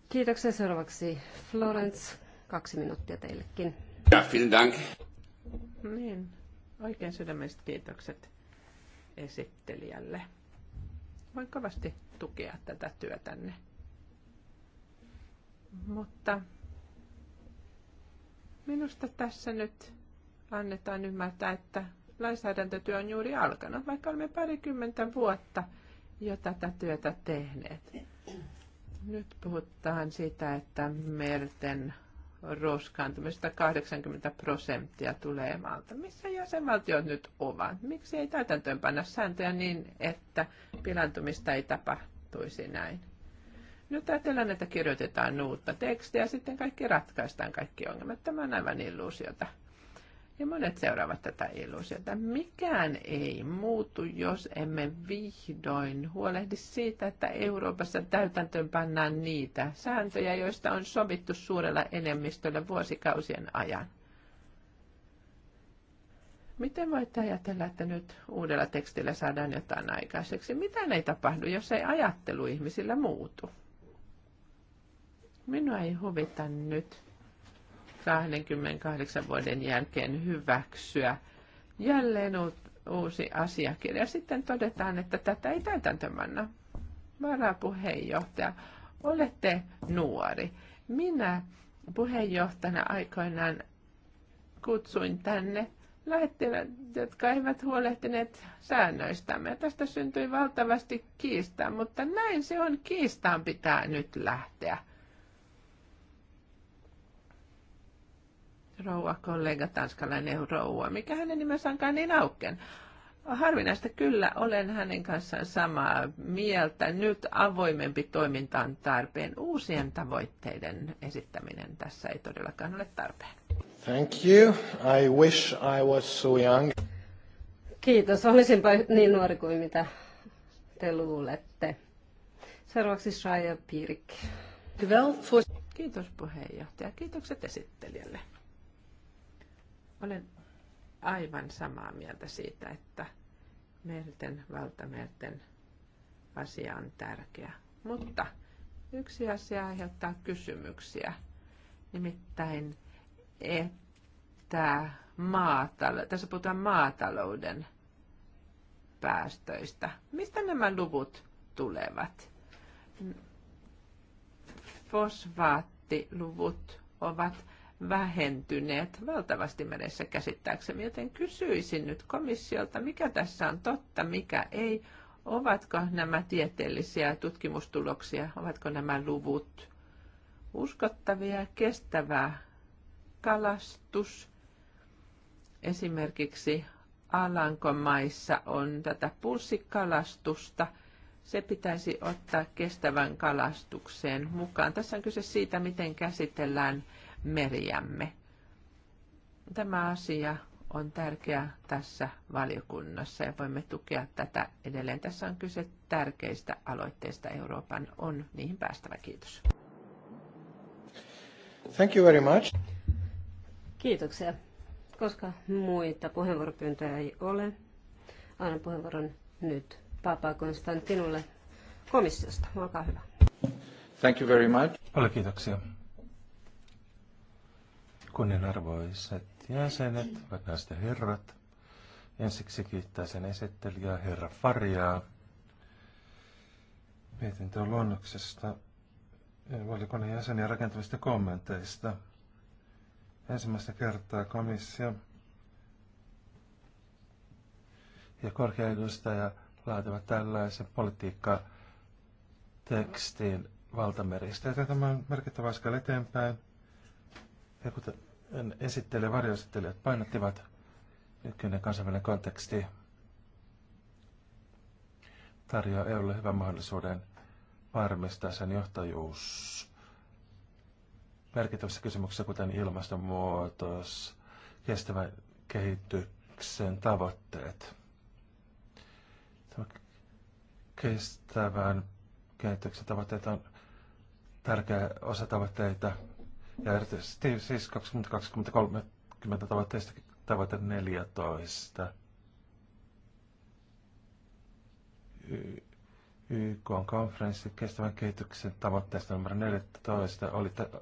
Kiitoksia seuraavaksi Florence. Kaksi minuuttia teillekin. Ja, vielen dank. Niin, oikein sydämelliset kiitokset esittelijälle. Voin kovasti tukea tätä työtänne. Mutta minusta tässä nyt annetaan ymmärtää, että lainsäädäntötyö on juuri alkanut, vaikka olemme parikymmentä vuotta jo tätä työtä tehneet. Nyt puhutaan siitä, että merten roskaantumista 80 prosenttia tulee maalta. Missä jäsenvaltiot nyt ovat? Miksi ei täytäntöönpanna sääntöjä niin, että pilantumista ei tapahtuisi näin? Nyt ajatellaan, että kirjoitetaan uutta tekstiä ja sitten kaikki ratkaistaan kaikki ongelmat. Tämä on aivan illuusiota. Ja monet seuraavat tätä illuusiota. Mikään ei muutu, jos emme vihdoin huolehdi siitä, että Euroopassa täytäntöön pannaan niitä sääntöjä, joista on sovittu suurella enemmistöllä vuosikausien ajan. Miten voitte ajatella, että nyt uudella tekstillä saadaan jotain aikaiseksi? Mitä ei tapahdu, jos ei ajattelu ihmisillä muutu? Minua ei huvita nyt 28 vuoden jälkeen hyväksyä jälleen uusi asiakirja. Sitten todetaan, että tätä ei täytäntömänä. Varapuheenjohtaja, olette nuori. Minä puheenjohtajana aikoinaan kutsuin tänne lähettivät, jotka eivät huolehtineet säännöistämme. Tästä syntyi valtavasti kiistaa, mutta näin se on. Kiistaan pitää nyt lähteä. rouva kollega, tanskalainen rouva, mikä hänen nimensä onkaan niin auken. Harvinaista kyllä, olen hänen kanssaan samaa mieltä. Nyt avoimempi toiminta on tarpeen. Uusien tavoitteiden esittäminen tässä ei todellakaan ole tarpeen. Thank you. I wish I was so young. Kiitos. Olisinpa niin nuori kuin mitä te luulette. Seuraavaksi Shaya Pirk. Kiitos puheenjohtaja. Kiitokset esittelijälle. Olen aivan samaa mieltä siitä, että merten, valtamerten asia on tärkeä. Mutta yksi asia aiheuttaa kysymyksiä, nimittäin, että maatalo- tässä puhutaan maatalouden päästöistä. Mistä nämä luvut tulevat? Fosfaattiluvut ovat vähentyneet valtavasti meressä käsittääksemme, joten kysyisin nyt komissiolta, mikä tässä on totta, mikä ei. Ovatko nämä tieteellisiä tutkimustuloksia, ovatko nämä luvut uskottavia, kestävää kalastus? Esimerkiksi Alankomaissa on tätä pulssikalastusta. Se pitäisi ottaa kestävän kalastukseen mukaan. Tässä on kyse siitä, miten käsitellään – meriämme. Tämä asia on tärkeä tässä valiokunnassa ja voimme tukea tätä edelleen. Tässä on kyse tärkeistä aloitteista Euroopan on niihin päästävä. Kiitos. Thank you very much. Kiitoksia. Koska muita puheenvuoropyyntöjä ei ole, annan puheenvuoron nyt Papa Konstantinulle komissiosta. Olkaa hyvä. Thank you very much. Paljon kiitoksia. Kunnianarvoiset jäsenet, hyvät naiset ja herrat. Ensiksi kiittää sen esittelijää herra Fariaa. Mietintö luonnoksesta valikunnan jäseniä rakentavista kommenteista. Ensimmäistä kertaa komissio ja korkea edustaja laativat tällaisen politiikka-tekstin valtameristä. Ja tämä on merkittävä askel eteenpäin. Ja kuten esittelijä ja varjoesittelijät painottivat nykyinen kansainvälinen konteksti tarjoaa EUlle hyvän mahdollisuuden varmistaa sen johtajuus merkittävissä kysymyksissä, kuten ilmastonmuutos, kestävän kehityksen tavoitteet. Tämä kestävän kehityksen tavoitteet on tärkeä osa tavoitteita ja erityisesti siis 2023 tavoitteista tavoite 14. YK on konferenssi kestävän kehityksen tavoitteesta numero 14 oli t-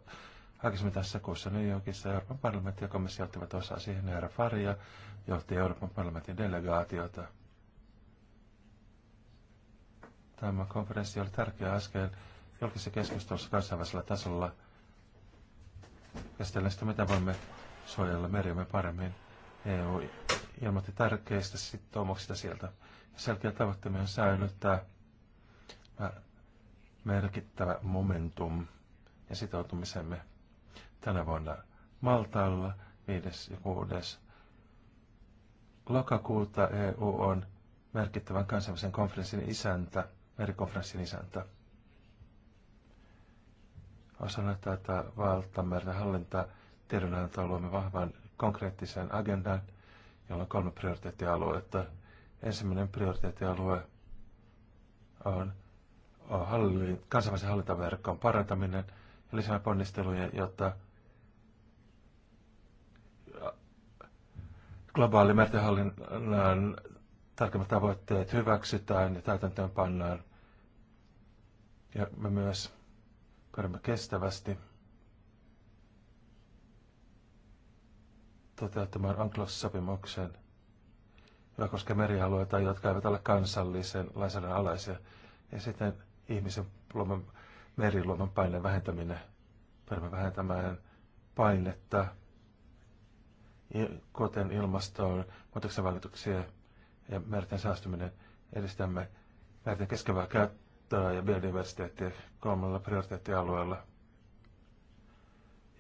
aikaisemmin tässä kuussa New Yorkissa Euroopan parlamentti ja komissio ottivat osaa siihen. Herra Faria johti Euroopan parlamentin delegaatiota. Tämä konferenssi oli tärkeä askel julkisessa keskustelussa kansainvälisellä tasolla – käsitellään sitä, mitä voimme suojella meriämme paremmin. EU ilmoitti tärkeistä sitoumuksista sieltä. Selkeä tavoitteemme on säilyttää merkittävä momentum ja sitoutumisemme tänä vuonna Maltailla 5. ja 6. lokakuuta EU on merkittävän kansainvälisen konferenssin isäntä, merikonferenssin isäntä osana tätä valtamerta hallintaa tiedonantoa luomme vahvan konkreettisen agendan, jolla on kolme prioriteettialuetta. Ensimmäinen prioriteettialue on hallin, kansainvälisen hallintaverkon parantaminen ja lisää ponnisteluja, jotta globaali mertenhallinnan tarkemmat tavoitteet hyväksytään ja täytäntöön pannaan. Ja me myös Kademme kestävästi toteuttamaan Anklos-sopimuksen, joka koskee merialueita, jotka eivät ole kansallisen lainsäädännön alaisia, ja sitten ihmisen luoman, meriluoman paineen vähentäminen. Pyrimme vähentämään painetta, kuten ilmastoon, muutoksen ja merten saastuminen. Edistämme merten keskevää käyttöä luontoa ja biodiversiteettiä kolmella prioriteettialueella,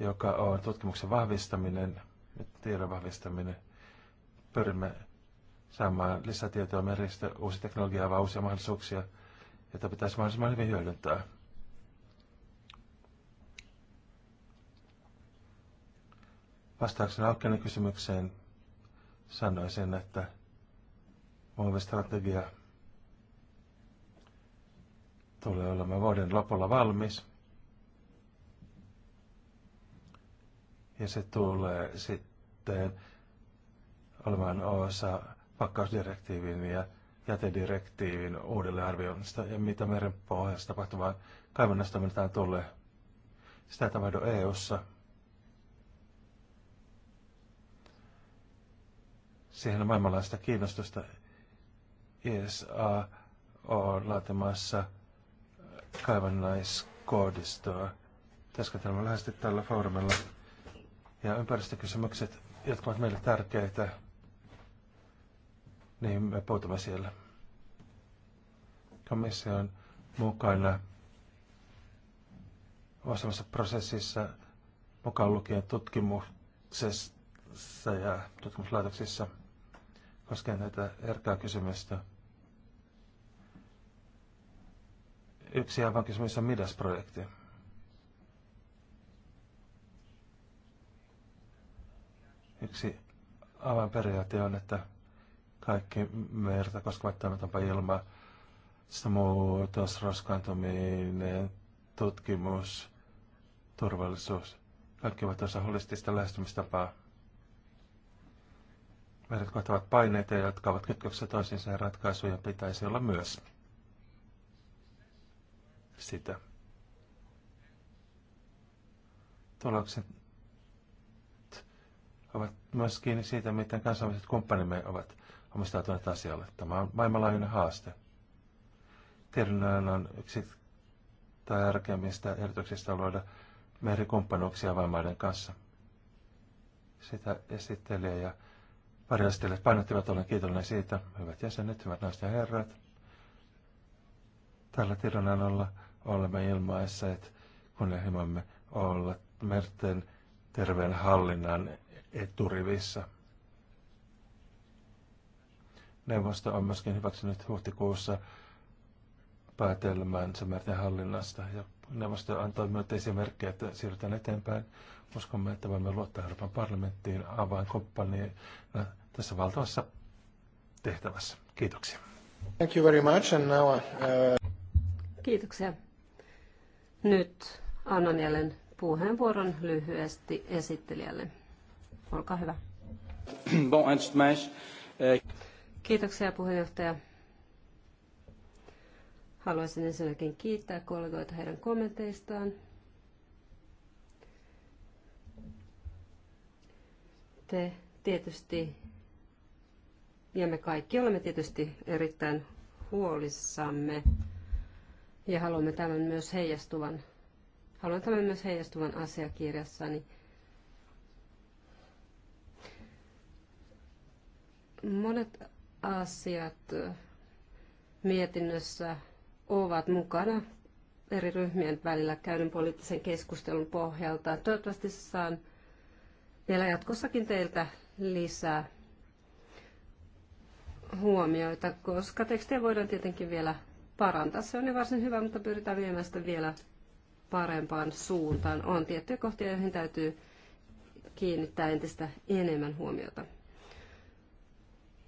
joka on tutkimuksen vahvistaminen ja tiedon vahvistaminen. Pyrimme saamaan lisätietoa meristä, uusi teknologia avaa uusia mahdollisuuksia, joita pitäisi mahdollisimman hyvin hyödyntää. Vastauksena Aukkenin kysymykseen sanoisin, että muovistrategia strategia tulee olemaan vuoden lopulla valmis. Ja se tulee sitten olemaan osa pakkausdirektiivin ja jätedirektiivin uudelleenarvioinnista ja mitä meren pohjassa tapahtuvaa kaivannasta mennään tulee. Sitä tapahdu EU-ssa. Siihen on maailmanlaista kiinnostusta. ISA e on laatimassa kaivannaiskoodistoa. Täskätelmä lähestyy tällä foorumilla. Ja ympäristökysymykset, jotka ovat meille tärkeitä, niin me puutumme siellä. Komissio on mukana vastaavassa prosessissa mukaan lukien tutkimuksessa ja tutkimuslaitoksissa koskien näitä erkää kysymystä. Yksi aivan kysymys on Midas-projekti. Yksi periaate on, että kaikki merta koskevat toimintanpa ilma, muutos, raskaantuminen, tutkimus, turvallisuus. Kaikki ovat osa holistista lähestymistapaa. Meidät kohtavat paineita, jotka ovat kytköksessä toisiinsa ja ratkaisuja pitäisi olla myös sitä. Tulokset ovat myös kiinni siitä, miten kansainväliset kumppanimme ovat omistautuneet asialle. Tämä on maailmanlaajuinen haaste. Tiedonannon on yksi tärkeimmistä ehdotuksista luoda merikumppanuuksia vammaiden kanssa. Sitä esittelijä ja varjastelijat painottivat, olen kiitollinen siitä, hyvät jäsenet, hyvät naiset ja herrat. Tällä tiedonannolla olemme ilmaisseet kunnianhimomme olla merten terveen hallinnan eturivissä. Neuvosto on myöskin hyväksynyt huhtikuussa päätelmän merten hallinnasta ja neuvosto antoi myönteisiä merkkejä, että siirrytään eteenpäin. Uskomme, että voimme luottaa Euroopan parlamenttiin avainkomppaniina tässä valtavassa tehtävässä. Kiitoksia. Thank you very much and now, uh... Kiitoksia. Nyt annan jälleen puheenvuoron lyhyesti esittelijälle. Olkaa hyvä. Bon, eh, Kiitoksia puheenjohtaja. Haluaisin ensinnäkin kiittää kollegoita heidän kommenteistaan. Te tietysti, ja me kaikki olemme tietysti erittäin huolissamme ja haluamme tämän myös heijastuvan, haluan tämän myös heijastuvan asiakirjassani. Monet asiat mietinnössä ovat mukana eri ryhmien välillä käydyn poliittisen keskustelun pohjalta. Toivottavasti saan vielä jatkossakin teiltä lisää huomioita, koska tekstejä voidaan tietenkin vielä parantaa. Se on jo varsin hyvä, mutta pyritään viemään sitä vielä parempaan suuntaan. On tiettyjä kohtia, joihin täytyy kiinnittää entistä enemmän huomiota.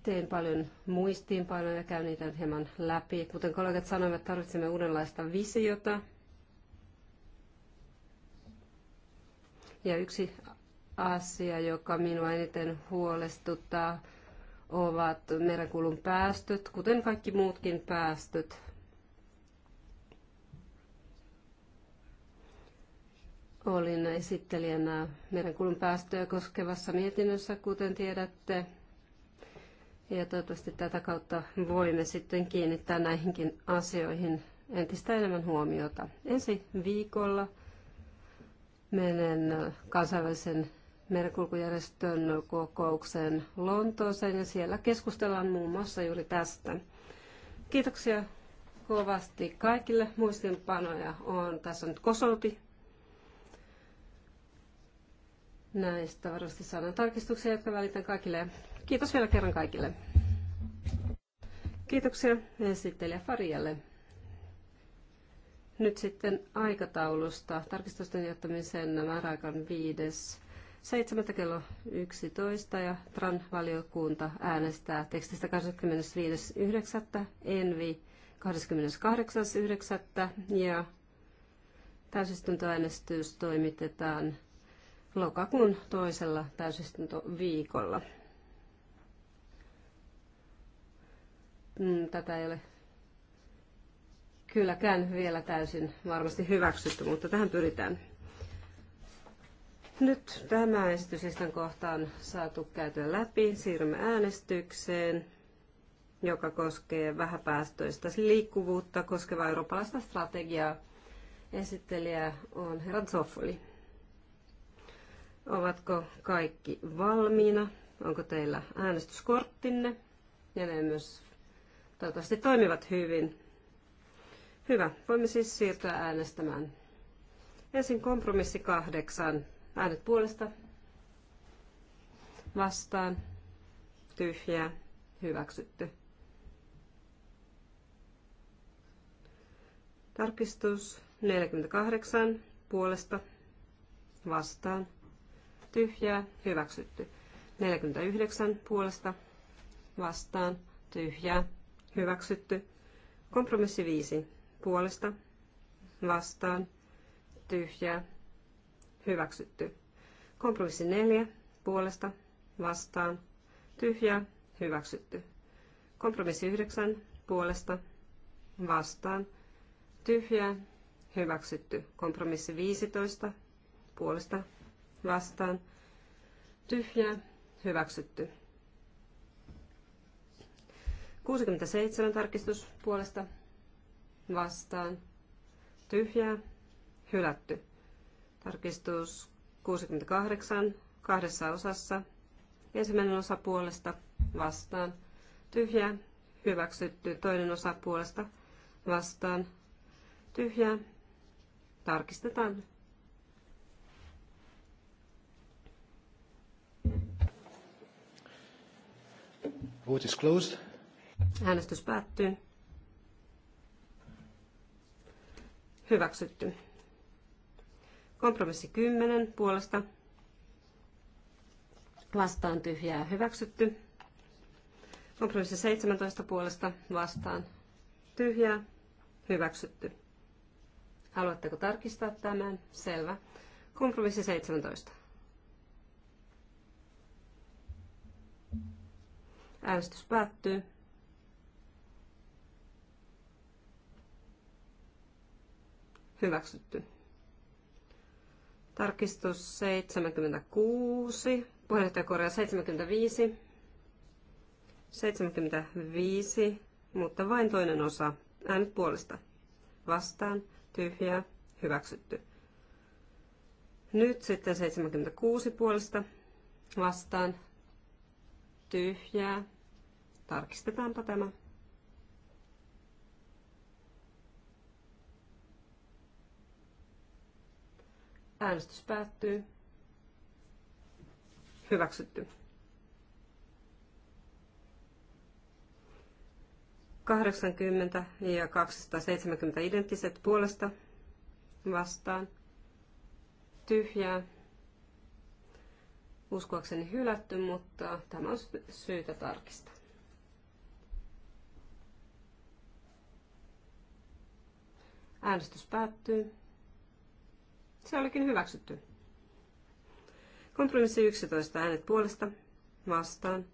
Tein paljon muistiinpanoja, käyn niitä hieman läpi. Kuten kollegat sanoivat, tarvitsemme uudenlaista visiota. Ja yksi asia, joka minua eniten huolestuttaa, ovat merenkulun päästöt, kuten kaikki muutkin päästöt. Olin esittelijänä merenkulun päästöjä koskevassa mietinnössä, kuten tiedätte. Ja toivottavasti tätä kautta voimme sitten kiinnittää näihinkin asioihin entistä enemmän huomiota. Ensi viikolla menen kansainvälisen merenkulkujärjestön kokoukseen Lontooseen ja siellä keskustellaan muun muassa juuri tästä. Kiitoksia kovasti kaikille. Muistinpanoja on tässä nyt kosolti. Näistä varmasti saadaan tarkistuksia, jotka välitän kaikille. Kiitos vielä kerran kaikille. Kiitoksia esittelijä Farielle. Nyt sitten aikataulusta. Tarkistusten jättämisen määräaikan 5.7. kello 11 ja Tran valiokunta äänestää tekstistä 25.9. Envi 28.9. ja täysistuntoäänestys toimitetaan lokakuun toisella täysistuntoviikolla. Mm, tätä ei ole kylläkään vielä täysin varmasti hyväksytty, mutta tähän pyritään. Nyt tämä esityslistan kohta on saatu käytyä läpi. Siirrymme äänestykseen, joka koskee vähäpäästöistä liikkuvuutta koskevaa eurooppalaista strategiaa. Esittelijä on herra Zoffoli. Ovatko kaikki valmiina? Onko teillä äänestyskorttinne? Ja ne myös toivottavasti toimivat hyvin. Hyvä. Voimme siis siirtyä äänestämään. Ensin kompromissi kahdeksan. Äänet puolesta. Vastaan. Tyhjää. Hyväksytty. Tarkistus 48 puolesta vastaan tyhjää, hyväksytty. 49 puolesta vastaan, tyhjää, hyväksytty. Kompromissi 5 puolesta vastaan, tyhjää, hyväksytty. Kompromissi 4 puolesta vastaan, tyhjää, hyväksytty. Kompromissi 9 puolesta vastaan, tyhjää, hyväksytty. Kompromissi 15 puolesta vastaan tyhjä hyväksytty. 67 tarkistus puolesta vastaan tyhjää hylätty. Tarkistus 68 kahdessa osassa. Ensimmäinen osa puolesta vastaan tyhjää hyväksytty. Toinen osa puolesta vastaan tyhjää tarkistetaan Vote is closed. Äänestys päättyy. Hyväksytty. Kompromissi 10 puolesta. Vastaan tyhjää hyväksytty. Kompromissi 17 puolesta vastaan tyhjää hyväksytty. Haluatteko tarkistaa tämän? Selvä. Kompromissi 17. Äänestys päättyy. Hyväksytty. Tarkistus 76. Puheenjohtajakorja 75. 75, mutta vain toinen osa. Äänet puolesta. Vastaan. Tyhjää. Hyväksytty. Nyt sitten 76 puolesta. Vastaan. Tyhjää Tarkistetaanpa tämä. Äänestys päättyy. Hyväksytty. 80 ja 270 identtiset puolesta vastaan. Tyhjää. Uskoakseni hylätty, mutta tämä on syytä tarkistaa. Äänestys päättyy. Se olikin hyväksytty. Kompromissi 11. Äänet puolesta. Vastaan.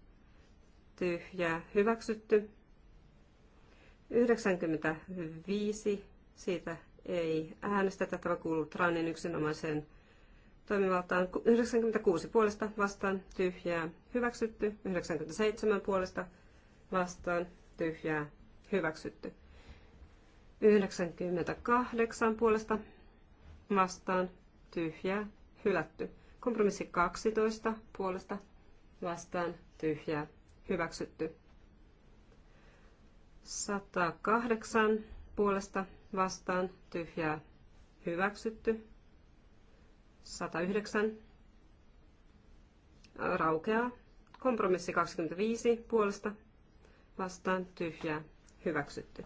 Tyhjää. Hyväksytty. 95. Siitä ei äänestetä. Tämä kuuluu Tranin yksinomaiseen toimivaltaan 96 puolesta vastaan tyhjää hyväksytty, 97 puolesta vastaan tyhjää hyväksytty. 98 puolesta vastaan tyhjää hylätty. Kompromissi 12 puolesta vastaan tyhjää hyväksytty. 108 puolesta vastaan tyhjää hyväksytty. 109 raukeaa. Kompromissi 25 puolesta vastaan tyhjää hyväksytty.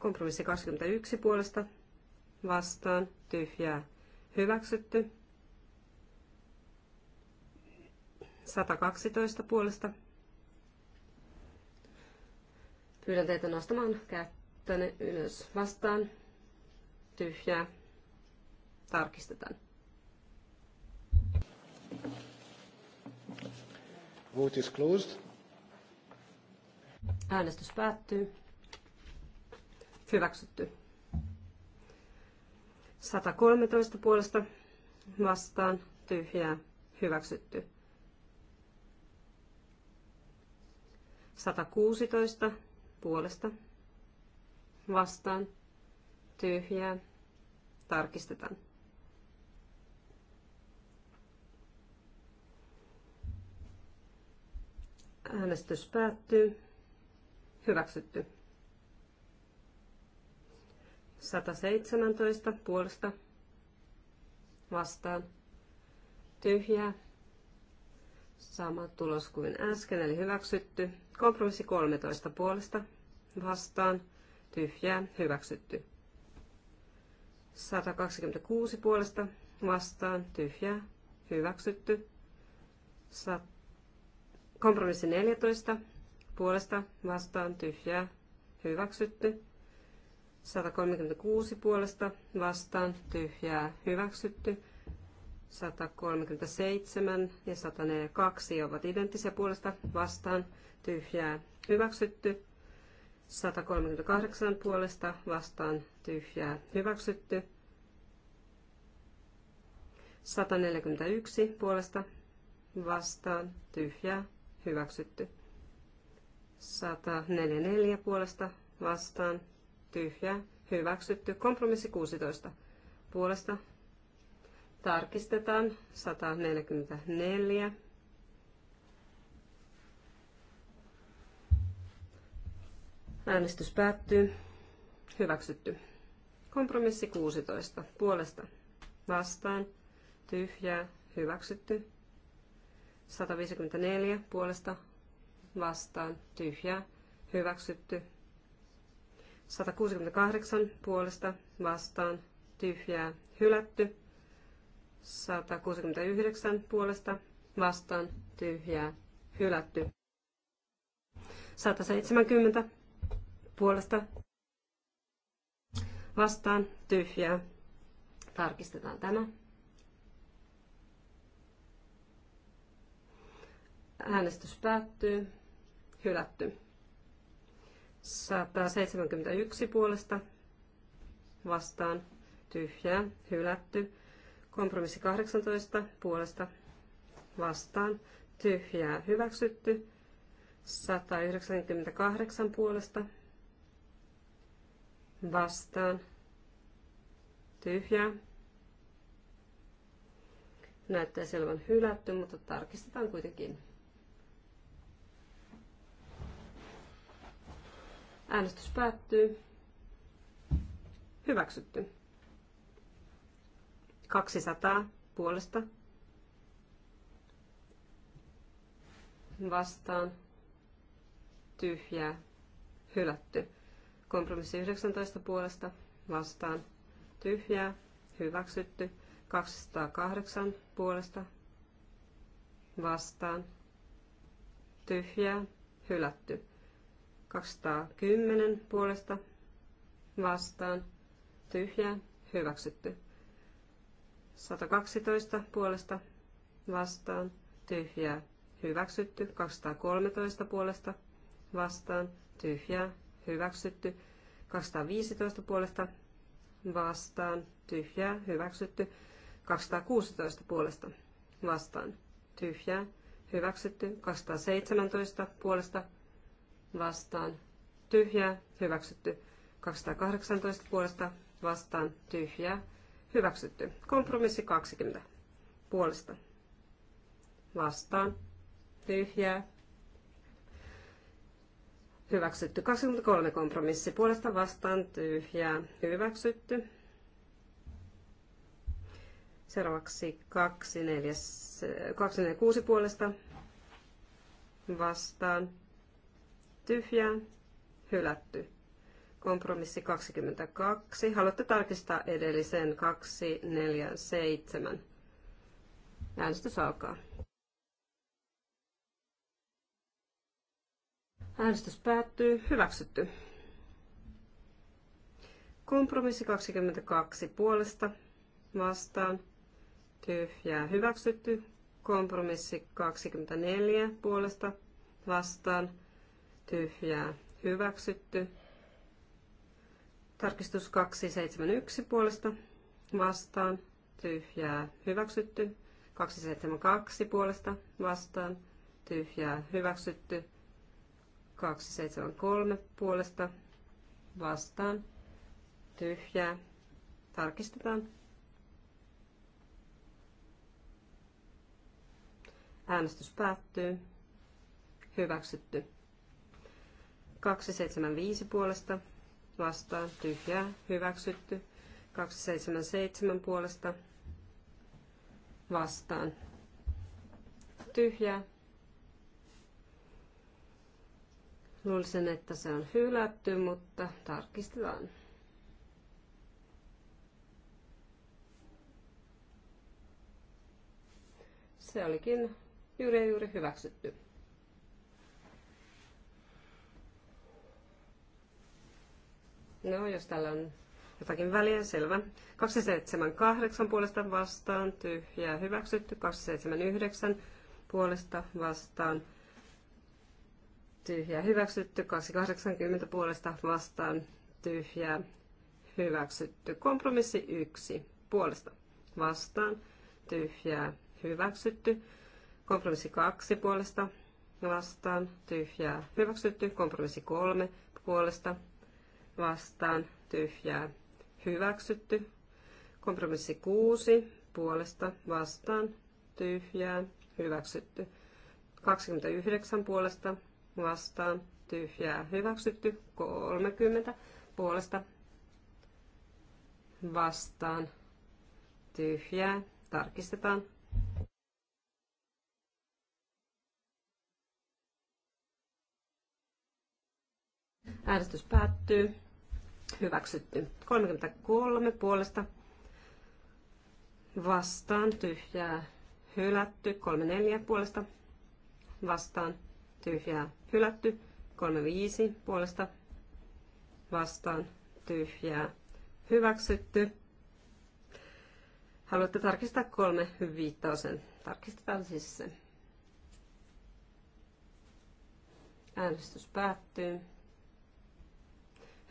Kompromissi 21 puolesta vastaan tyhjää hyväksytty. 112 puolesta. Pyydän teitä nostamaan kättäne ylös vastaan. Tyhjää. Tarkistetaan. Vote is closed. Äänestys päättyy. Hyväksytty. 113 puolesta vastaan tyhjää. Hyväksytty. 116 puolesta vastaan tyhjää. Tarkistetaan. Äänestys päättyy. 117 puolesta vastaan tyhjää. Sama tulos kuin äsken, eli hyväksytty. Kompromissi 13 puolesta vastaan tyhjää hyväksytty. 126 puolesta vastaan tyhjää hyväksytty. Kompromissi 14 puolesta vastaan tyhjää hyväksytty. 136 puolesta vastaan tyhjää hyväksytty. 137 ja 142 ovat identtisiä puolesta vastaan tyhjää hyväksytty. 138 puolesta vastaan tyhjää hyväksytty. 141 puolesta vastaan tyhjää hyväksytty. 144 puolesta vastaan tyhjä, hyväksytty. Kompromissi 16 puolesta tarkistetaan 144. Äänestys päättyy. Hyväksytty. Kompromissi 16. Puolesta. Vastaan. Tyhjää. Hyväksytty. 154. Puolesta. Vastaan. Tyhjää. Hyväksytty. 168 puolesta vastaan tyhjää hylätty. 169 puolesta vastaan tyhjää hylätty. 170 puolesta vastaan tyhjää. Tarkistetaan tämä. Äänestys päättyy. Hylätty. 171 puolesta vastaan tyhjää, hylätty. Kompromissi 18 puolesta vastaan tyhjää, hyväksytty. 198 puolesta vastaan tyhjää. Näyttää selvän hylätty, mutta tarkistetaan kuitenkin. Äänestys päättyy. Hyväksytty. 200 puolesta. Vastaan. Tyhjää. Hylätty. Kompromissi 19 puolesta. Vastaan. Tyhjää. Hyväksytty. 208 puolesta. Vastaan. Tyhjää. Hylätty. 210 puolesta vastaan tyhjää hyväksytty. 112 puolesta vastaan tyhjää hyväksytty. 213 puolesta vastaan tyhjää hyväksytty. 215 puolesta vastaan tyhjää hyväksytty. 216 puolesta vastaan tyhjää hyväksytty. 217 puolesta vastaan, vastaan tyhjää, hyväksytty. 218 puolesta vastaan tyhjää, hyväksytty. Kompromissi 20 puolesta vastaan tyhjää, hyväksytty. 23 kompromissi puolesta vastaan tyhjää, hyväksytty. Seuraavaksi 246 puolesta vastaan Tyhjä, hylätty. Kompromissi 22. Haluatte tarkistaa edellisen 247. Äänestys alkaa. Äänestys päättyy. Hyväksytty. Kompromissi 22 puolesta vastaan. Tyhjää hyväksytty. Kompromissi 24 puolesta vastaan tyhjää hyväksytty. Tarkistus 271 puolesta vastaan tyhjää hyväksytty. 272 puolesta vastaan tyhjää hyväksytty. 273 puolesta vastaan tyhjää. Tarkistetaan. Äänestys päättyy. Hyväksytty. 275 puolesta vastaan tyhjää hyväksytty. 277 puolesta vastaan tyhjää. Luulisin, että se on hylätty, mutta tarkistetaan. Se olikin juuri ja juuri hyväksytty. No, jos tällä on jotakin väliä, selvä. 278 puolesta vastaan, tyhjää hyväksytty. 279 puolesta vastaan, tyhjää hyväksytty. 280 puolesta vastaan, tyhjää hyväksytty. Kompromissi 1 puolesta vastaan, tyhjää hyväksytty. Kompromissi 2 puolesta vastaan, tyhjää hyväksytty. Kompromissi 3 puolesta vastaan tyhjää hyväksytty. Kompromissi 6 puolesta vastaan tyhjää hyväksytty. 29 puolesta vastaan tyhjää hyväksytty. 30 puolesta vastaan tyhjää tarkistetaan Äänestys päättyy. Hyväksytty. 33 puolesta vastaan tyhjää hylätty. 34 puolesta vastaan tyhjää hylätty. 35 puolesta vastaan tyhjää hyväksytty. Haluatte tarkistaa kolme viittausen. Tarkistetaan siis se. Äänestys päättyy.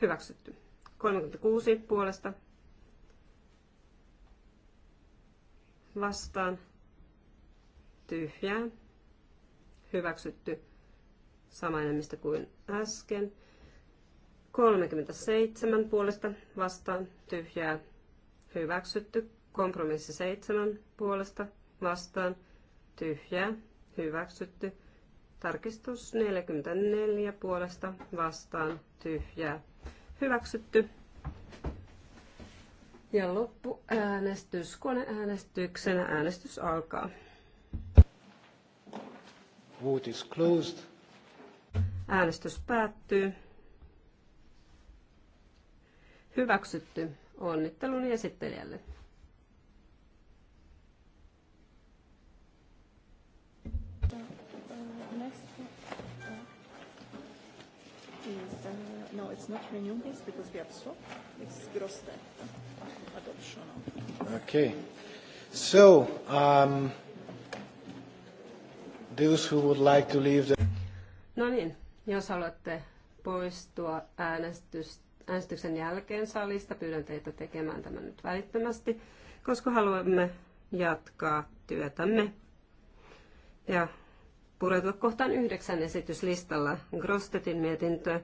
Hyväksytty. 36 puolesta vastaan. Tyhjää. Hyväksytty. Sama enemmistö kuin äsken. 37 puolesta vastaan. Tyhjää. Hyväksytty. Kompromissi 7 puolesta vastaan. Tyhjää. Hyväksytty. Tarkistus 44 puolesta vastaan. Tyhjää Hyväksytty. Ja loppuäänestys koneäänestyksenä. Äänestys alkaa. Vote is closed. Äänestys päättyy. Hyväksytty. Onnittelun esittelijälle. Next uh, is, uh... No, it's not renewables because we have swap. It's gross debt adoption. Okay. So, um, those who would like to leave the... No niin, jos haluatte poistua äänestys, äänestyksen jälkeen salista, pyydän teitä tekemään tämän nyt välittömästi, koska haluamme jatkaa työtämme. Ja pureutua kohtaan yhdeksän esityslistalla Grostetin mietintöä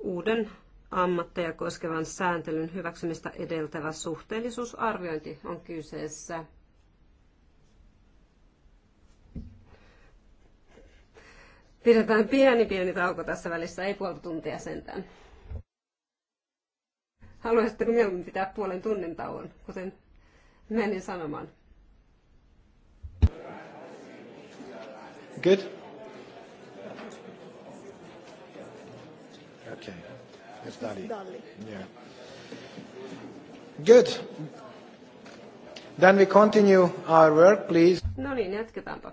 uuden ammatteja koskevan sääntelyn hyväksymistä edeltävä suhteellisuusarviointi on kyseessä. Pidetään pieni pieni tauko tässä välissä, ei puolta tuntia sentään. Haluaisitteko mieluummin pitää puolen tunnin tauon, kuten menin sanomaan? Good. Okay. It's Dali. Dali. Yeah. Good. Then we continue our work, please. No niin, jatketaanpa.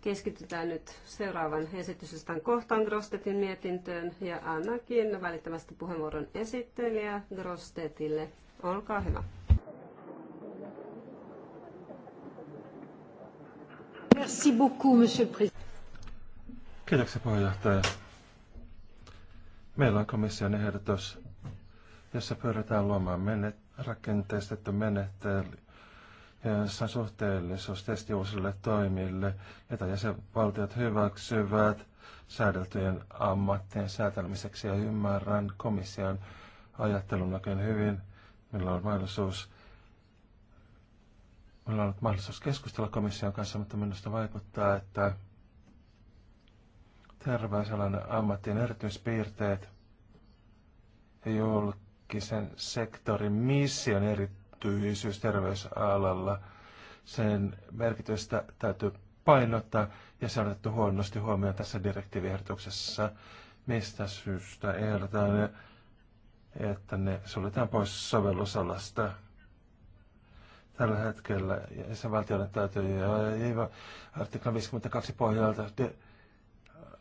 Keskitytään nyt seuraavan esityslistan kohtaan Grostetin mietintöön ja annakin välittömästi puheenvuoron esittelijä Grostetille. Olkaa hyvä. Merci beaucoup, monsieur le président. Kiitoksia puheenjohtaja. Meillä on komission ehdotus, jossa pyritään luomaan menet, rakenteistettu menettely, jossa on suhteellisuustesti uusille toimille, joita jäsenvaltiot hyväksyvät säädeltyjen ammattien säätelmiseksi ja ymmärrän komission ajattelun oikein hyvin, millä on mahdollisuus Meillä on ollut mahdollisuus keskustella komission kanssa, mutta minusta vaikuttaa, että terveysalan ammattien erityispiirteet ja julkisen sektorin mission erityisyys terveysalalla. Sen merkitystä täytyy painottaa ja se on otettu huonosti huomioon tässä direktiiviehdotuksessa, mistä syystä ehdotetaan, että ne suljetaan pois sovellusalasta tällä hetkellä. Ja täytyy jo artikla 52 pohjalta de-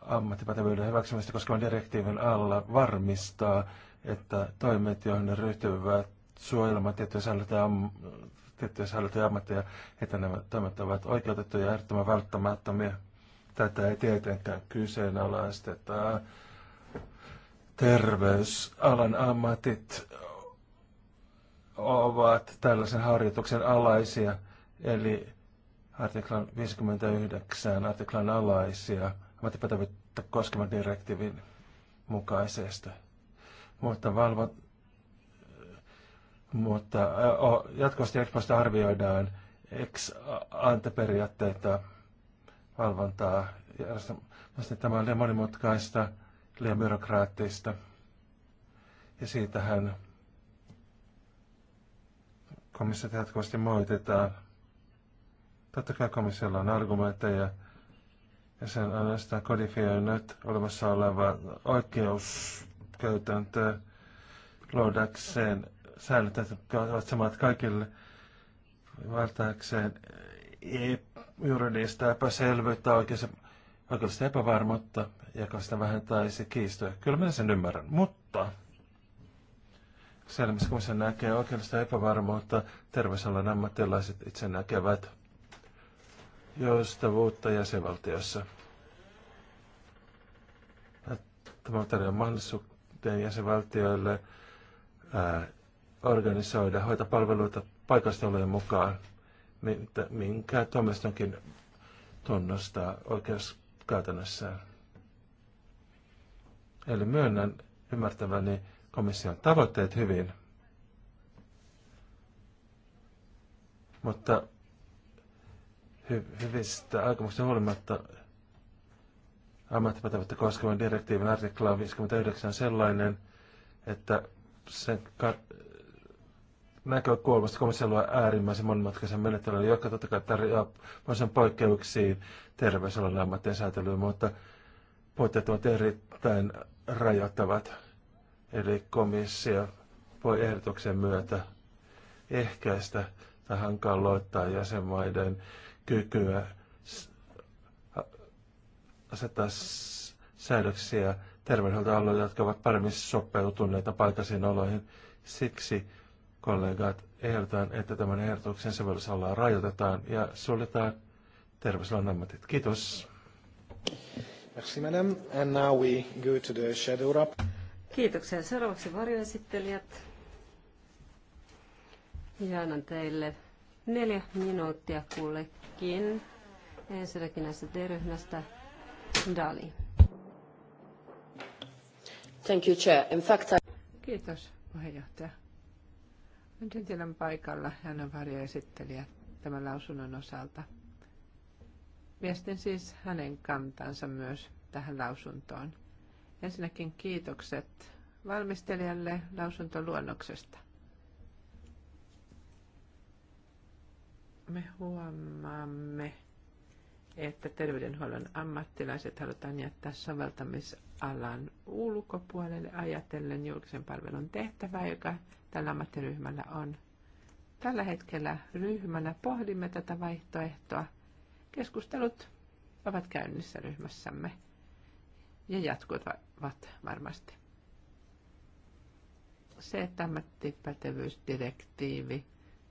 ammattipätevyyden hyväksymistä koskevan direktiivin alla varmistaa, että toimet, joihin ne ryhtyvät suojelemaan tiettyjä säilytä tiettyjä säilytä ammatteja, että nämä toimet ovat oikeutettuja ja ehdottoman välttämättömiä. Tätä ei tietenkään kyseenalaisteta. Terveysalan ammatit ovat tällaisen harjoituksen alaisia, eli artiklan 59 artiklan alaisia – ammattipätevyyttä koskevan direktiivin mukaisesti, Mutta valvo, mutta jatkuvasti Exposta arvioidaan ex anteperiaatteita valvontaa. Mielestäni tämä on liian monimutkaista, liian byrokraattista. Ja siitähän komissiota jatkuvasti moitetaan. Totta kai komissiolla on argumentteja, ja sen on ainoastaan kodifioinut olemassa oleva oikeuskäytäntö luodakseen säännöt, jotka ovat samat kaikille välttääkseen e- juridista epäselvyyttä, oikeudellista epävarmuutta, joka sitä vähentäisi kiistoja. Kyllä minä sen ymmärrän, mutta kun se näkee oikeudellista epävarmuutta, terveysalan ammattilaiset itse näkevät – joustavuutta jäsenvaltiossa. Tämä tarjoaa mahdollisuuden jäsenvaltioille ää, organisoida hoitopalveluita paikallisten mukaan, minkä tuomioistuinkin tunnustaa oikeuskäytännössään. Eli myönnän ymmärtäväni komission tavoitteet hyvin, mutta hyvistä aikomuksista huolimatta ammattipätevyyttä koskevan direktiivin artikla 59 on sellainen, että sen näkökulmasta komissio luo äärimmäisen monimutkaisen menettelyn, joka totta kai tarjoaa sen poikkeuksiin terveysalan ammattien säätelyyn, mutta puitteet ovat erittäin rajoittavat. Eli komissio voi ehdotuksen myötä ehkäistä tai hankaloittaa jäsenmaiden kykyä asettaa säädöksiä terveydenhuoltoalueille, jotka ovat paremmin sopeutuneita paikallisiin oloihin. Siksi kollegat ehdotan, että tämän ehdotuksen sovellusalaa rajoitetaan ja suljetaan terveysalan ammatit. Kiitos. Merci madame. And now we go to the shadow rap. Kiitoksia. Seuraavaksi varjoesittelijät. Ja annan teille Neljä minuuttia kullekin. Ensinnäkin näistä D-ryhmästä Dali. Thank you, Chair. In fact, I... Kiitos, puheenjohtaja. Nyt paikalla hän on varjoesittelijä tämän lausunnon osalta. Viestin siis hänen kantansa myös tähän lausuntoon. Ensinnäkin kiitokset valmistelijalle lausuntoluonnoksesta. me huomaamme, että terveydenhuollon ammattilaiset halutaan jättää soveltamisalan ulkopuolelle ajatellen julkisen palvelun tehtävää, joka tällä ammattiryhmällä on. Tällä hetkellä ryhmänä pohdimme tätä vaihtoehtoa. Keskustelut ovat käynnissä ryhmässämme ja jatkuvat varmasti. Se, että ammattipätevyysdirektiivi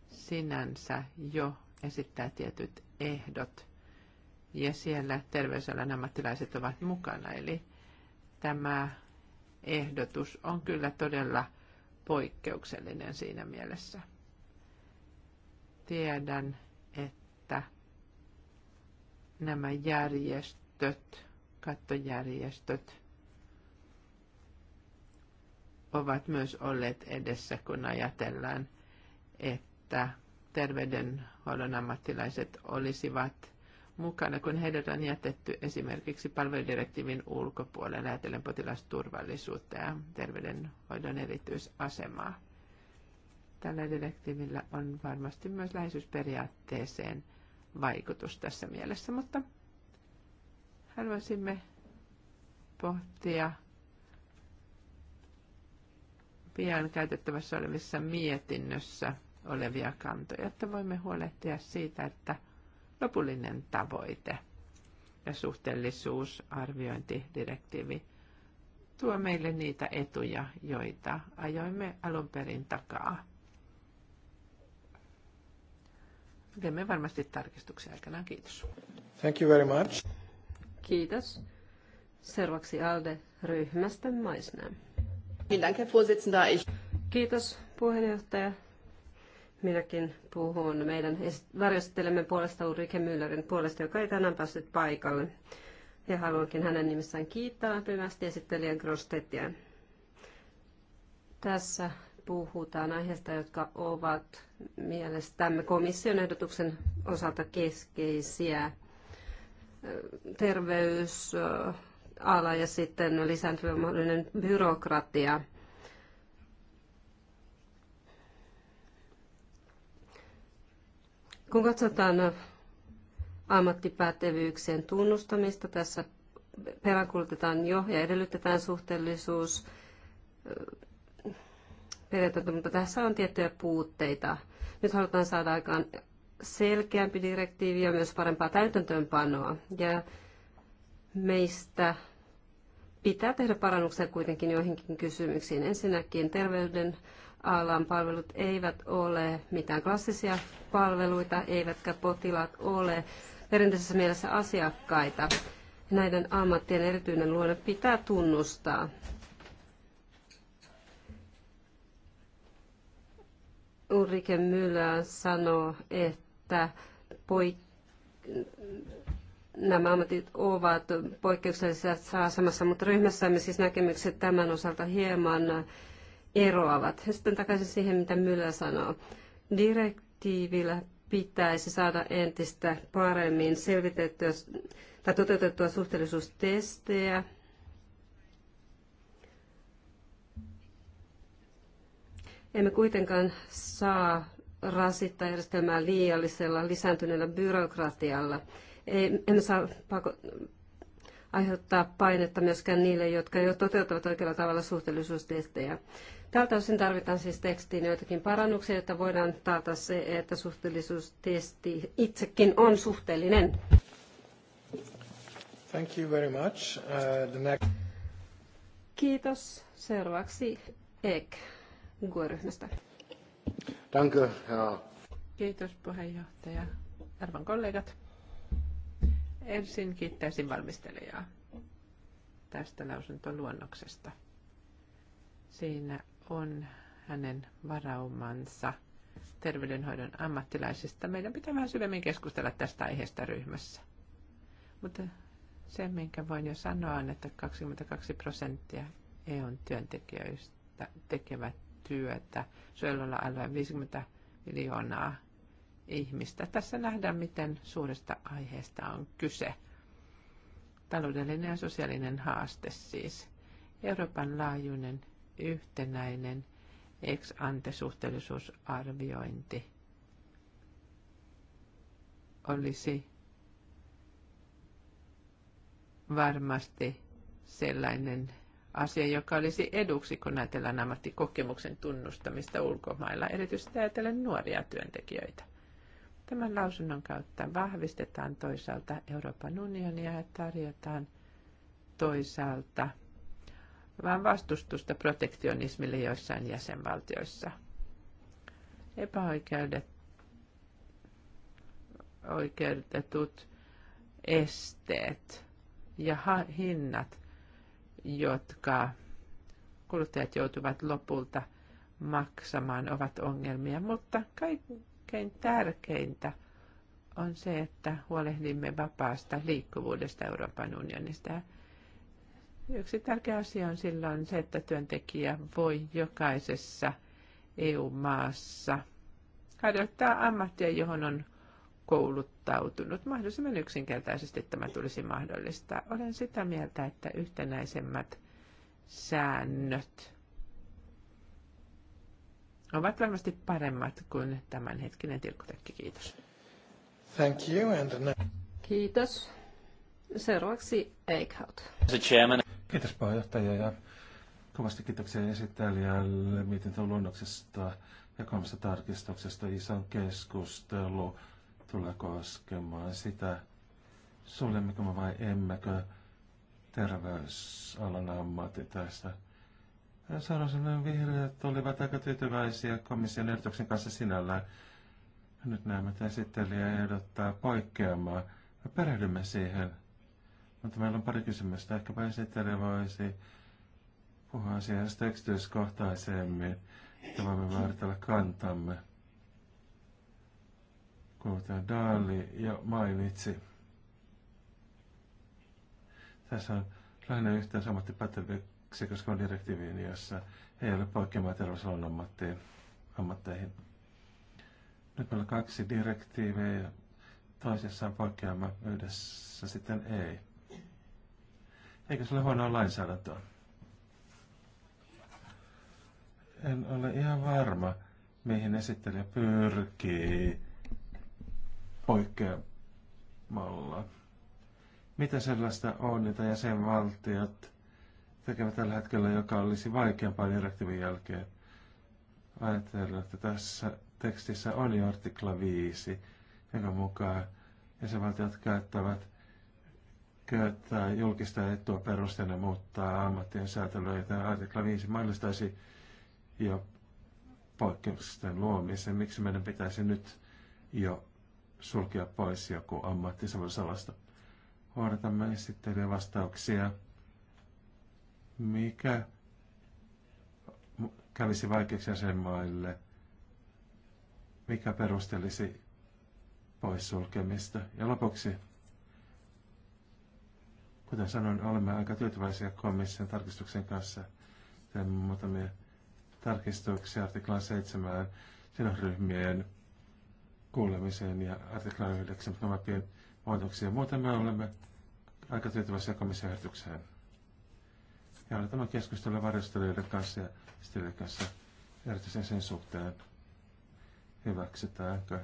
sinänsä jo esittää tietyt ehdot ja siellä terveysalan ammattilaiset ovat mukana. Eli tämä ehdotus on kyllä todella poikkeuksellinen siinä mielessä. Tiedän, että nämä järjestöt, kattojärjestöt, ovat myös olleet edessä, kun ajatellaan, että terveydenhuollon ammattilaiset olisivat mukana, kun heidät on jätetty esimerkiksi palveludirektiivin ulkopuolelle ajatellen potilasturvallisuutta ja terveydenhoidon erityisasemaa. Tällä direktiivillä on varmasti myös läheisyysperiaatteeseen vaikutus tässä mielessä, mutta haluaisimme pohtia pian käytettävässä olevissa mietinnössä olevia kantoja, että voimme huolehtia siitä, että lopullinen tavoite ja suhteellisuusarviointidirektiivi tuo meille niitä etuja, joita ajoimme alun perin takaa. Teemme varmasti tarkistuksia aikanaan. Kiitos. Thank you very much. Kiitos. Seuraavaksi Alde ryhmästä Maisnä. Kiitos puheenjohtaja. Minäkin puhun meidän varjostelemme puolesta Ulrike Müllerin puolesta, joka ei tänään päässyt paikalle. Ja haluankin hänen nimessään kiittää pyvästi esittelijä Grostetia. Tässä puhutaan aiheista, jotka ovat mielestämme komission ehdotuksen osalta keskeisiä. Terveysala ja sitten lisääntyvä mahdollinen byrokratia – Kun katsotaan ammattipätevyyksien tunnustamista, tässä peräänkuulutetaan jo ja edellytetään suhteellisuus periaatteita, mutta tässä on tiettyjä puutteita. Nyt halutaan saada aikaan selkeämpi direktiivi ja myös parempaa täytäntöönpanoa. Ja meistä pitää tehdä parannuksia kuitenkin joihinkin kysymyksiin. Ensinnäkin terveyden alan palvelut eivät ole mitään klassisia palveluita, eivätkä potilaat ole perinteisessä mielessä asiakkaita. Näiden ammattien erityinen luonne pitää tunnustaa. Ulrike Myllä sanoo, että poik- nämä ammatit ovat poikkeuksellisessa asemassa, mutta ryhmässämme siis näkemykset tämän osalta hieman eroavat. Ja sitten takaisin siihen, mitä Myllä sanoo. Direkt direktiivillä pitäisi saada entistä paremmin selvitettyä tai toteutettua suhteellisuustestejä. Emme kuitenkaan saa rasittaa järjestelmää liiallisella lisääntyneellä byrokratialla. Ei, emme saa pako- aiheuttaa painetta myöskään niille, jotka jo toteuttavat oikealla tavalla suhteellisuustestejä. Tältä osin tarvitaan siis tekstiin joitakin parannuksia, jotta voidaan taata se, että suhteellisuustesti itsekin on suhteellinen. Thank you very much. Uh, the next... Kiitos. Seuraavaksi Ek GUE-ryhmästä. Danke, Herr. Kiitos puheenjohtaja. Arvon kollegat. Ensin kiittäisin valmistelijaa tästä lausuntoluonnoksesta. Siinä on hänen varaumansa terveydenhoidon ammattilaisista. Meidän pitää vähän syvemmin keskustella tästä aiheesta ryhmässä. Mutta se, minkä voin jo sanoa, on, että 22 prosenttia EUn työntekijöistä tekevät työtä suojelulla alueen 50 miljoonaa ihmistä. Tässä nähdään, miten suuresta aiheesta on kyse. Taloudellinen ja sosiaalinen haaste siis. Euroopan laajuinen yhtenäinen ex ante suhteellisuusarviointi olisi varmasti sellainen asia, joka olisi eduksi, kun ajatellaan ammattikokemuksen tunnustamista ulkomailla, erityisesti ajatellen nuoria työntekijöitä. Tämän lausunnon kautta vahvistetaan toisaalta Euroopan unionia ja tarjotaan toisaalta – vaan vastustusta protektionismille joissain jäsenvaltioissa. Epäoikeudet oikeutetut esteet ja hinnat, jotka kuluttajat joutuvat lopulta maksamaan, ovat ongelmia. Mutta kaikkein tärkeintä on se, että huolehdimme vapaasta liikkuvuudesta Euroopan unionista. Yksi tärkeä asia on silloin se, että työntekijä voi jokaisessa EU-maassa harjoittaa ammattia, johon on kouluttautunut. Mahdollisimman yksinkertaisesti tämä tulisi mahdollistaa. Olen sitä mieltä, että yhtenäisemmät säännöt ovat varmasti paremmat kuin tämänhetkinen tilkkutekki. Kiitos. Thank you and... Kiitos. Seuraavaksi Eichhout. Kiitos puheenjohtaja ja kovasti kiitoksia esittelijälle luonnoksesta ja kolmesta tarkistuksesta. Isan keskustelu tulee koskemaan sitä, suljemmeko me vai emmekö terveysalan ammatti tästä. että vihreät olivat aika tyytyväisiä komission ehdotuksen kanssa sinällään. Nyt näemme, että esittelijä ehdottaa poikkeamaa. Me perehdymme siihen – mutta meillä on pari kysymystä. Ehkäpä esittelijä voisi puhua asiasta yksityiskohtaisemmin, että voimme määritellä kantamme. Kuten Dali jo mainitsi. Tässä on lähinnä yhteen samat koska on direktiiviin, jossa ei ole poikkeamaa terveysalan ammatteihin. Nyt meillä on kaksi direktiiviä ja toisessa on poikkeama, yhdessä sitten ei. Eikö se ole huonoa lainsäädäntöä? En ole ihan varma, mihin esittelijä pyrkii poikkeamalla. Mitä sellaista on, jota jäsenvaltiot tekevät tällä hetkellä, joka olisi vaikeampaa direktiivin jälkeen? Ajatellaan, että tässä tekstissä on jo artikla 5, jonka mukaan jäsenvaltiot käyttävät käyttää julkista etua perusteena muuttaa ammattien säätelyä, joten artikla 5 mahdollistaisi jo poikkeusten luomisen. Miksi meidän pitäisi nyt jo sulkea pois joku ammatti salasta? Odotamme esittelijän vastauksia. Mikä kävisi vaikeaksi jäsenmaille? Mikä perustelisi poissulkemista? Ja lopuksi Kuten sanoin, olemme aika tyytyväisiä komission tarkistuksen kanssa. Teemme muutamia tarkistuksia artiklaan 7 sidosryhmien kuulemiseen ja artiklaan 9 nomappien muutoksia. Muuten me olemme aika tyytyväisiä komission ehdotukseen. Ja aloitamme keskustelua varjostelijoiden kanssa ja esittelijöiden kanssa erityisen sen suhteen, hyväksytäänkö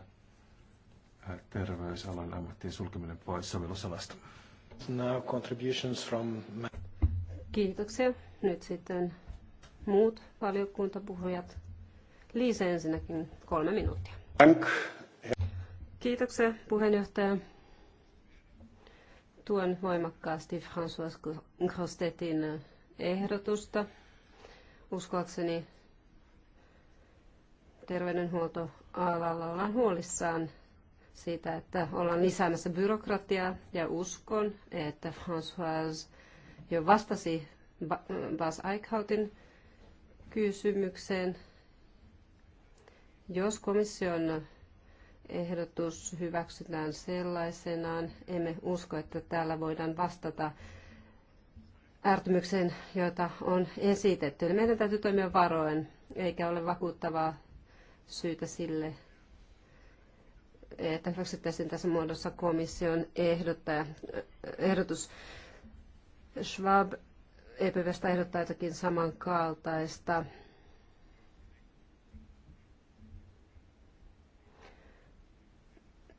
äh, terveysalan ammattien sulkeminen pois sovellusalasta. Now contributions from... Kiitoksia. Nyt sitten muut valiokuntapuhujat. Liisa ensinnäkin kolme minuuttia. Thank. Kiitoksia puheenjohtaja. Tuen voimakkaasti François Grostetin ehdotusta. Uskoakseni terveydenhuoltoalalla ollaan huolissaan siitä, että ollaan lisäämässä byrokratiaa ja uskon, että François jo vastasi Bas Eichhautin kysymykseen. Jos komission ehdotus hyväksytään sellaisenaan, emme usko, että täällä voidaan vastata ärtymykseen, joita on esitetty. Eli meidän täytyy toimia varoen, eikä ole vakuuttavaa syytä sille, että hyväksyttäisiin tässä muodossa komission ehdottaja, ehdotus. Schwab EPVstä ehdottaa jotakin samankaltaista.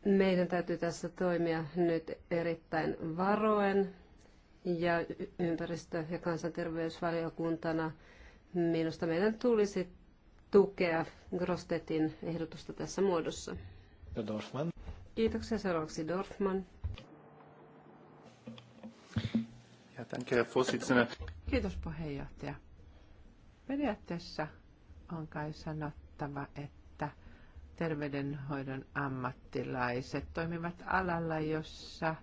Meidän täytyy tässä toimia nyt erittäin varoen ja ympäristö- ja kansanterveysvaliokuntana minusta meidän tulisi tukea Grostetin ehdotusta tässä muodossa. Ja Dorfman. Kiitoksia seuraavaksi Dorfman. Ja tämän Kiitos puheenjohtaja. Periaatteessa on kai sanottava, että terveydenhoidon ammattilaiset toimivat alalla, jossa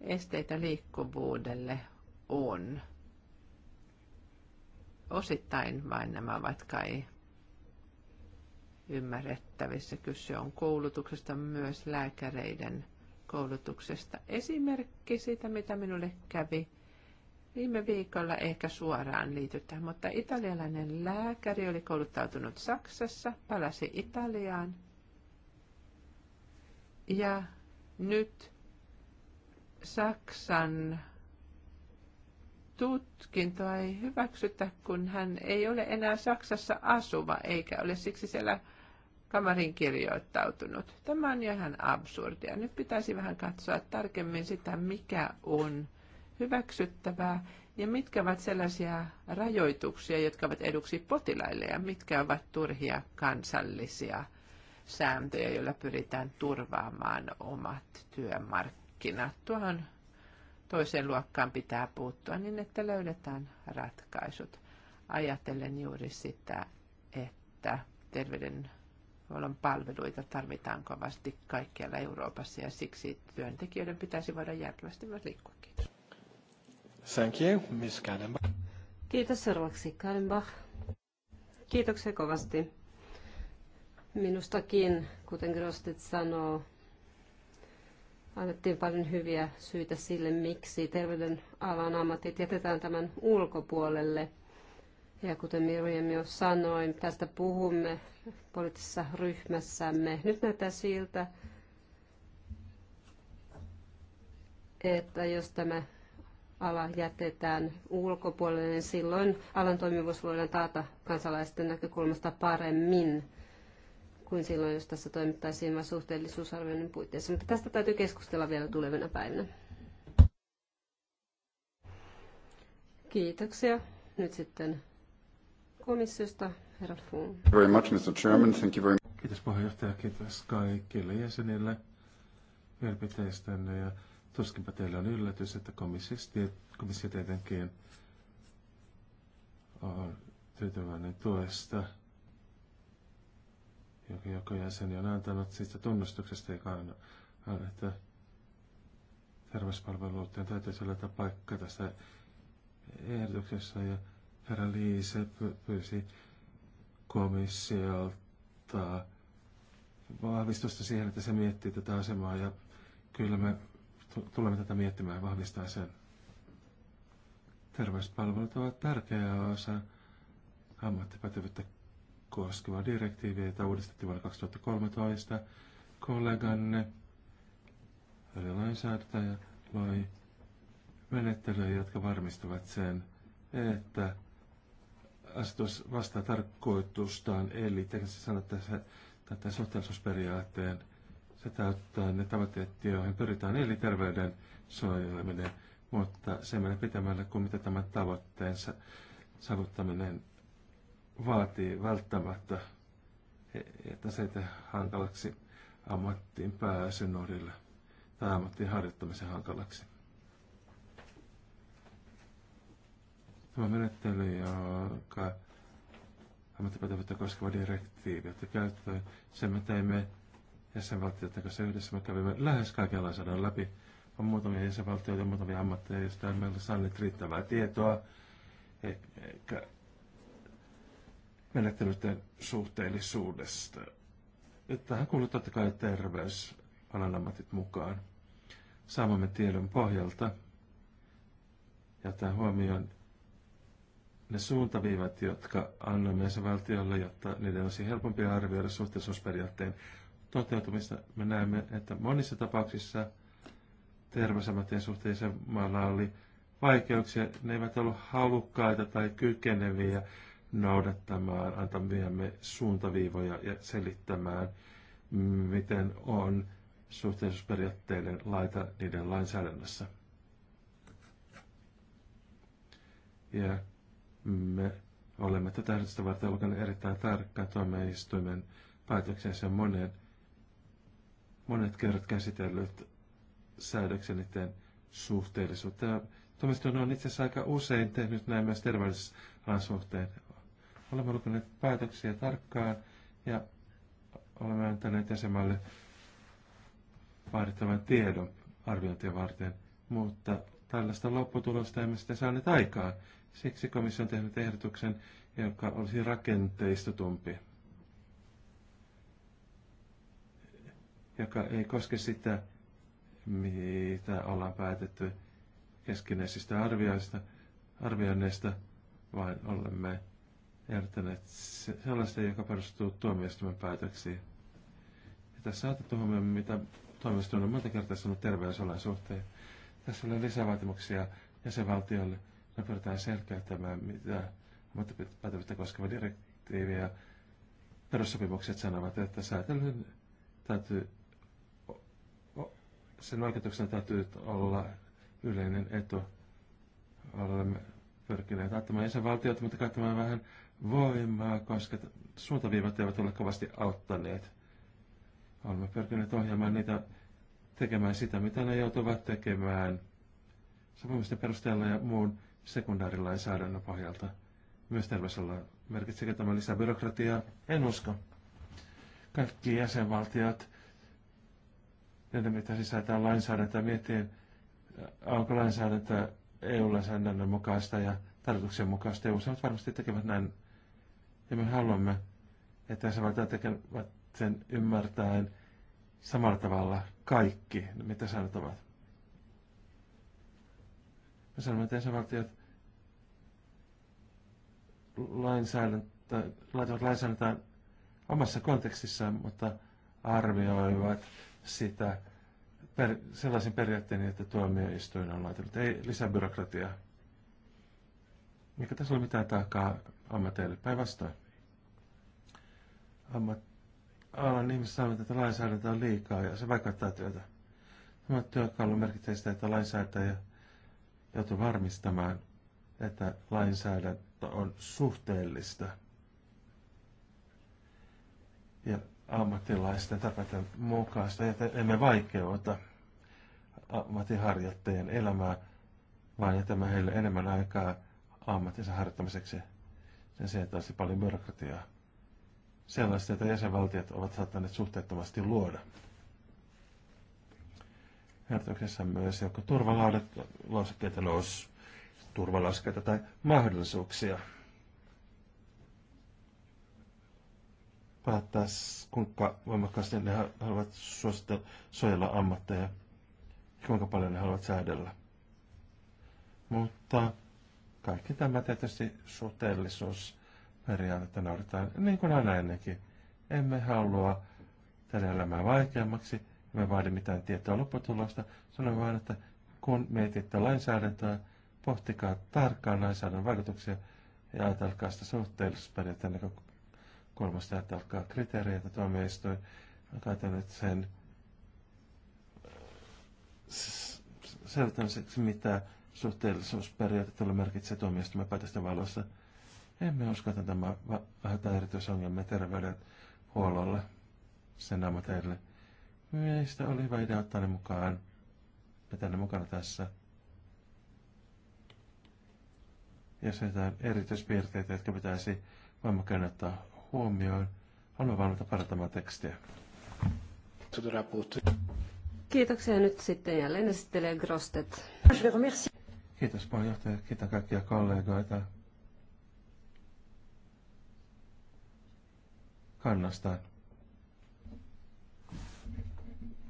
esteitä liikkuvuudelle on. Osittain vain nämä ovat kai ymmärrettävissä. Kyse on koulutuksesta, myös lääkäreiden koulutuksesta. Esimerkki siitä, mitä minulle kävi viime viikolla, ehkä suoraan liitytään, mutta italialainen lääkäri oli kouluttautunut Saksassa, palasi Italiaan ja nyt Saksan tutkintoa ei hyväksytä, kun hän ei ole enää Saksassa asuva eikä ole siksi siellä kamarin kirjoittautunut. Tämä on ihan absurdia. Nyt pitäisi vähän katsoa tarkemmin sitä, mikä on hyväksyttävää ja mitkä ovat sellaisia rajoituksia, jotka ovat eduksi potilaille ja mitkä ovat turhia kansallisia sääntöjä, joilla pyritään turvaamaan omat työmarkkinat. Tuohon toiseen luokkaan pitää puuttua niin, että löydetään ratkaisut. Ajatellen juuri sitä, että terveyden terveydenhuollon palveluita tarvitaan kovasti kaikkialla Euroopassa ja siksi työntekijöiden pitäisi voida järkevästi myös liikkua. Kiitos. Thank you, Miss Kallenbach. Kiitos seuraavaksi Kallenbach. Kiitoksia kovasti. Minustakin, kuten Grostit sanoo, annettiin paljon hyviä syitä sille, miksi terveydenalan ammatit jätetään tämän ulkopuolelle – ja kuten Mirjam jo sanoi, tästä puhumme poliittisessa ryhmässämme. Nyt näyttää siltä, että jos tämä ala jätetään ulkopuolelle, niin silloin alan toimivuus voidaan taata kansalaisten näkökulmasta paremmin kuin silloin, jos tässä toimittaisiin vain suhteellisuusarvioinnin puitteissa. Mutta tästä täytyy keskustella vielä tulevina päivinä. Kiitoksia. Nyt sitten komissiosta herra Fuhn. Very much, Mr. Chairman. Thank you very much. Kiitos puheenjohtaja, kiitos kaikille jäsenille mielipiteistänne ja tuskinpä teille on yllätys, että komissio tietenkin on tyytyväinen tuesta, joka joka jäseni on antanut siitä tunnustuksesta, joka on, on että terveyspalveluiden täytyisi olla paikka tässä ehdotuksessa ja Herra Liise pyysi komissiolta vahvistusta siihen, että se miettii tätä asemaa ja kyllä me tulemme tätä miettimään ja vahvistaa sen. Terveyspalvelut ovat tärkeä osa ammattipätevyyttä koskevaa direktiiviä, jota uudistettiin vuonna 2013. Kolleganne, eli lainsäätäjä, loi menettelyjä, jotka varmistavat sen, että asetus vastaa tarkoitustaan, eli teknisesti sanotaan, että tämän suhteellisuusperiaatteen se täyttää ne tavoitteet, joihin pyritään, eli terveyden suojeleminen, mutta se menee pitämällä kuin mitä tämän tavoitteensa saavuttaminen vaatii välttämättä, e- että se ei hankalaksi ammattiin pääsyn nuorille tai ammattiin harjoittamisen hankalaksi. Tämä menettely, joka ammattipätevyyttä koskeva direktiivi otti käyttöön, sen me teimme jäsenvaltioiden kanssa yhdessä. Me kävimme lähes kaiken lainsäädännön läpi. On muutamia jäsenvaltioita ja muutamia ammatteja, joista ei meillä nyt riittävää tietoa. E, eikä menettelyiden suhteellisuudesta. Tähän kuuluu totta kai terveysalan ammatit mukaan. Saamamme tiedon pohjalta ja tämän huomioon ne suuntaviivat, jotka annamme valtiolle, jotta niiden olisi helpompi arvioida suhteellisuusperiaatteen toteutumista. Me näemme, että monissa tapauksissa terveysammattien suhteeseen maalla oli vaikeuksia. Ne eivät ollut halukkaita tai kykeneviä noudattamaan antamiamme suuntaviivoja ja selittämään, miten on suhteellisuusperiaatteiden laita niiden lainsäädännössä. Ja me olemme tätä varten lukeneet erittäin tarkkaan tuomioistuimen päätöksensä sen monen, monet kerrat käsitellyt säädöksen niiden suhteellisuutta. tuomioistuin on itse asiassa aika usein tehnyt näin myös terveysalan suhteen. Olemme lukeneet päätöksiä tarkkaan ja olemme antaneet jäsenmaille vaadittavan tiedon arviointia varten, mutta tällaista lopputulosta emme sitten saaneet aikaan. Siksi komissio on tehnyt ehdotuksen, joka olisi rakenteistotumpi, joka ei koske sitä, mitä ollaan päätetty keskinäisistä arvioinneista, vaan olemme ehdottaneet sellaista, joka perustuu tuomioistuimen päätöksiin. Ja tässä on otettu huomioon, mitä tuomioistuin on monta kertaa sanonut terveysalan suhteen. Tässä oli lisävaatimuksia jäsenvaltioille – me pyritään selkeyttämään, mitä ammattipätevyyttä koskeva direktiivi ja perussopimukset sanovat, että säätelyn täytyy, sen vaikutuksena täytyy olla yleinen etu. Olemme pyrkineet auttamaan jäsenvaltiota, mutta käyttämään vähän voimaa, koska suuntaviivat eivät ole kovasti auttaneet. Olemme pyrkineet ohjaamaan niitä tekemään sitä, mitä ne joutuvat tekemään sopimusten perusteella ja muun sekundaarilainsäädännön pohjalta myös terveysalalla. Merkitsekö tämä lisää byrokratiaa? En usko. Kaikki jäsenvaltiot, niiden mitä sisältää lainsäädäntöä, miettii, äh, onko lainsäädäntö EU-lainsäädännön mukaista ja tarkoituksen mukaista. EU varmasti tekevät näin, ja me haluamme, että jäsenvaltiot tekevät sen ymmärtäen samalla tavalla kaikki, mitä säännöt ovat me sanomme, että jäsenvaltiot lainsäädäntö, laitavat lainsäädäntöä omassa kontekstissaan, mutta arvioivat sitä per, sellaisen periaatteen, että tuomioistuin on laitettu. Ei lisää byrokratiaa. Mikä tässä ole mitään taakkaa ammateille? Päinvastoin. Ammat, alan ihmiset saavat lainsäädäntö on liikaa ja se vaikuttaa työtä. Tämä työkalu merkitsee sitä, että lainsäätäjä joutuu varmistamaan, että lainsäädäntö on suhteellista ja ammattilaisten tarpeiden mukaista, että emme vaikeuta ammattiharjoittajien elämää, vaan jätämme heille enemmän aikaa ammattinsa harjoittamiseksi. Sen se, että olisi paljon byrokratiaa. Sellaista, että jäsenvaltiot ovat saattaneet suhteettomasti luoda. Ehdotuksessa myös joko turvalausekkeita, nous, turvalaskeita tai mahdollisuuksia päättää, kuinka voimakkaasti ne haluavat suositella, suojella ammatteja ja kuinka paljon ne haluavat säädellä. Mutta kaikki tämä tietysti suhteellisuusperiaatetta noudatetaan, niin kuin aina ennenkin. Emme halua tehdä elämää vaikeammaksi, me vaadi mitään tietoa lopputulosta. Sanoin vain, että kun mietitte lainsäädäntöä, pohtikaa tarkkaan lainsäädännön vaikutuksia ja ajatelkaa sitä suhteellisuusperiaatteen näkökulmasta, kriteerejä, kriteereitä tuomioistuin, käytän sen selvittämiseksi, mitä tulee merkitsee tuomioistuimen päätösten valossa. Emme usko, että tämä vähentää erityisongelmia terveydenhuollolle, sen ammateille. Meistä oli hyvä idea ottaa ne mukaan. Pitää ne mukana tässä. Ja se erityispiirteitä, jotka pitäisi voimakkaan ottaa huomioon. Haluamme valmiita parantamaan tekstiä. Kiitoksia nyt sitten jälleen esittelee Grostet. Kiitos puheenjohtaja, kiitän kaikkia kollegoita. Kannastaan.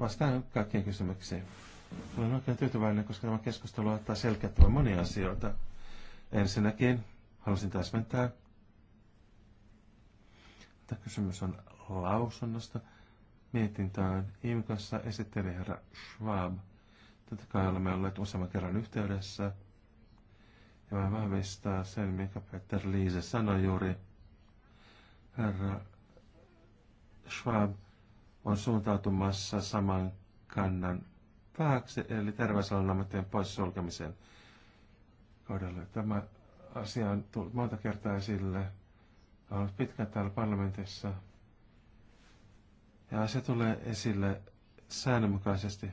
Vastaan kaikkiin kysymyksiin. Olen oikein tyytyväinen, koska tämä keskustelu ottaa selkeyttävä monia asioita. Ensinnäkin halusin täsmentää, että kysymys on lausunnosta. Mietintään IMKassa esitteli herra Schwab. Tätä kai olemme olleet useamman kerran yhteydessä. Ja mä vahvistaa sen, mikä Peter Liise sanoi juuri. Herra Schwab on suuntautumassa saman kannan taakse, eli terveysalan ammattien poissulkemisen kohdalle. Tämä asia on tullut monta kertaa esille. Olen ollut pitkään täällä parlamentissa. Ja asia tulee esille säännönmukaisesti.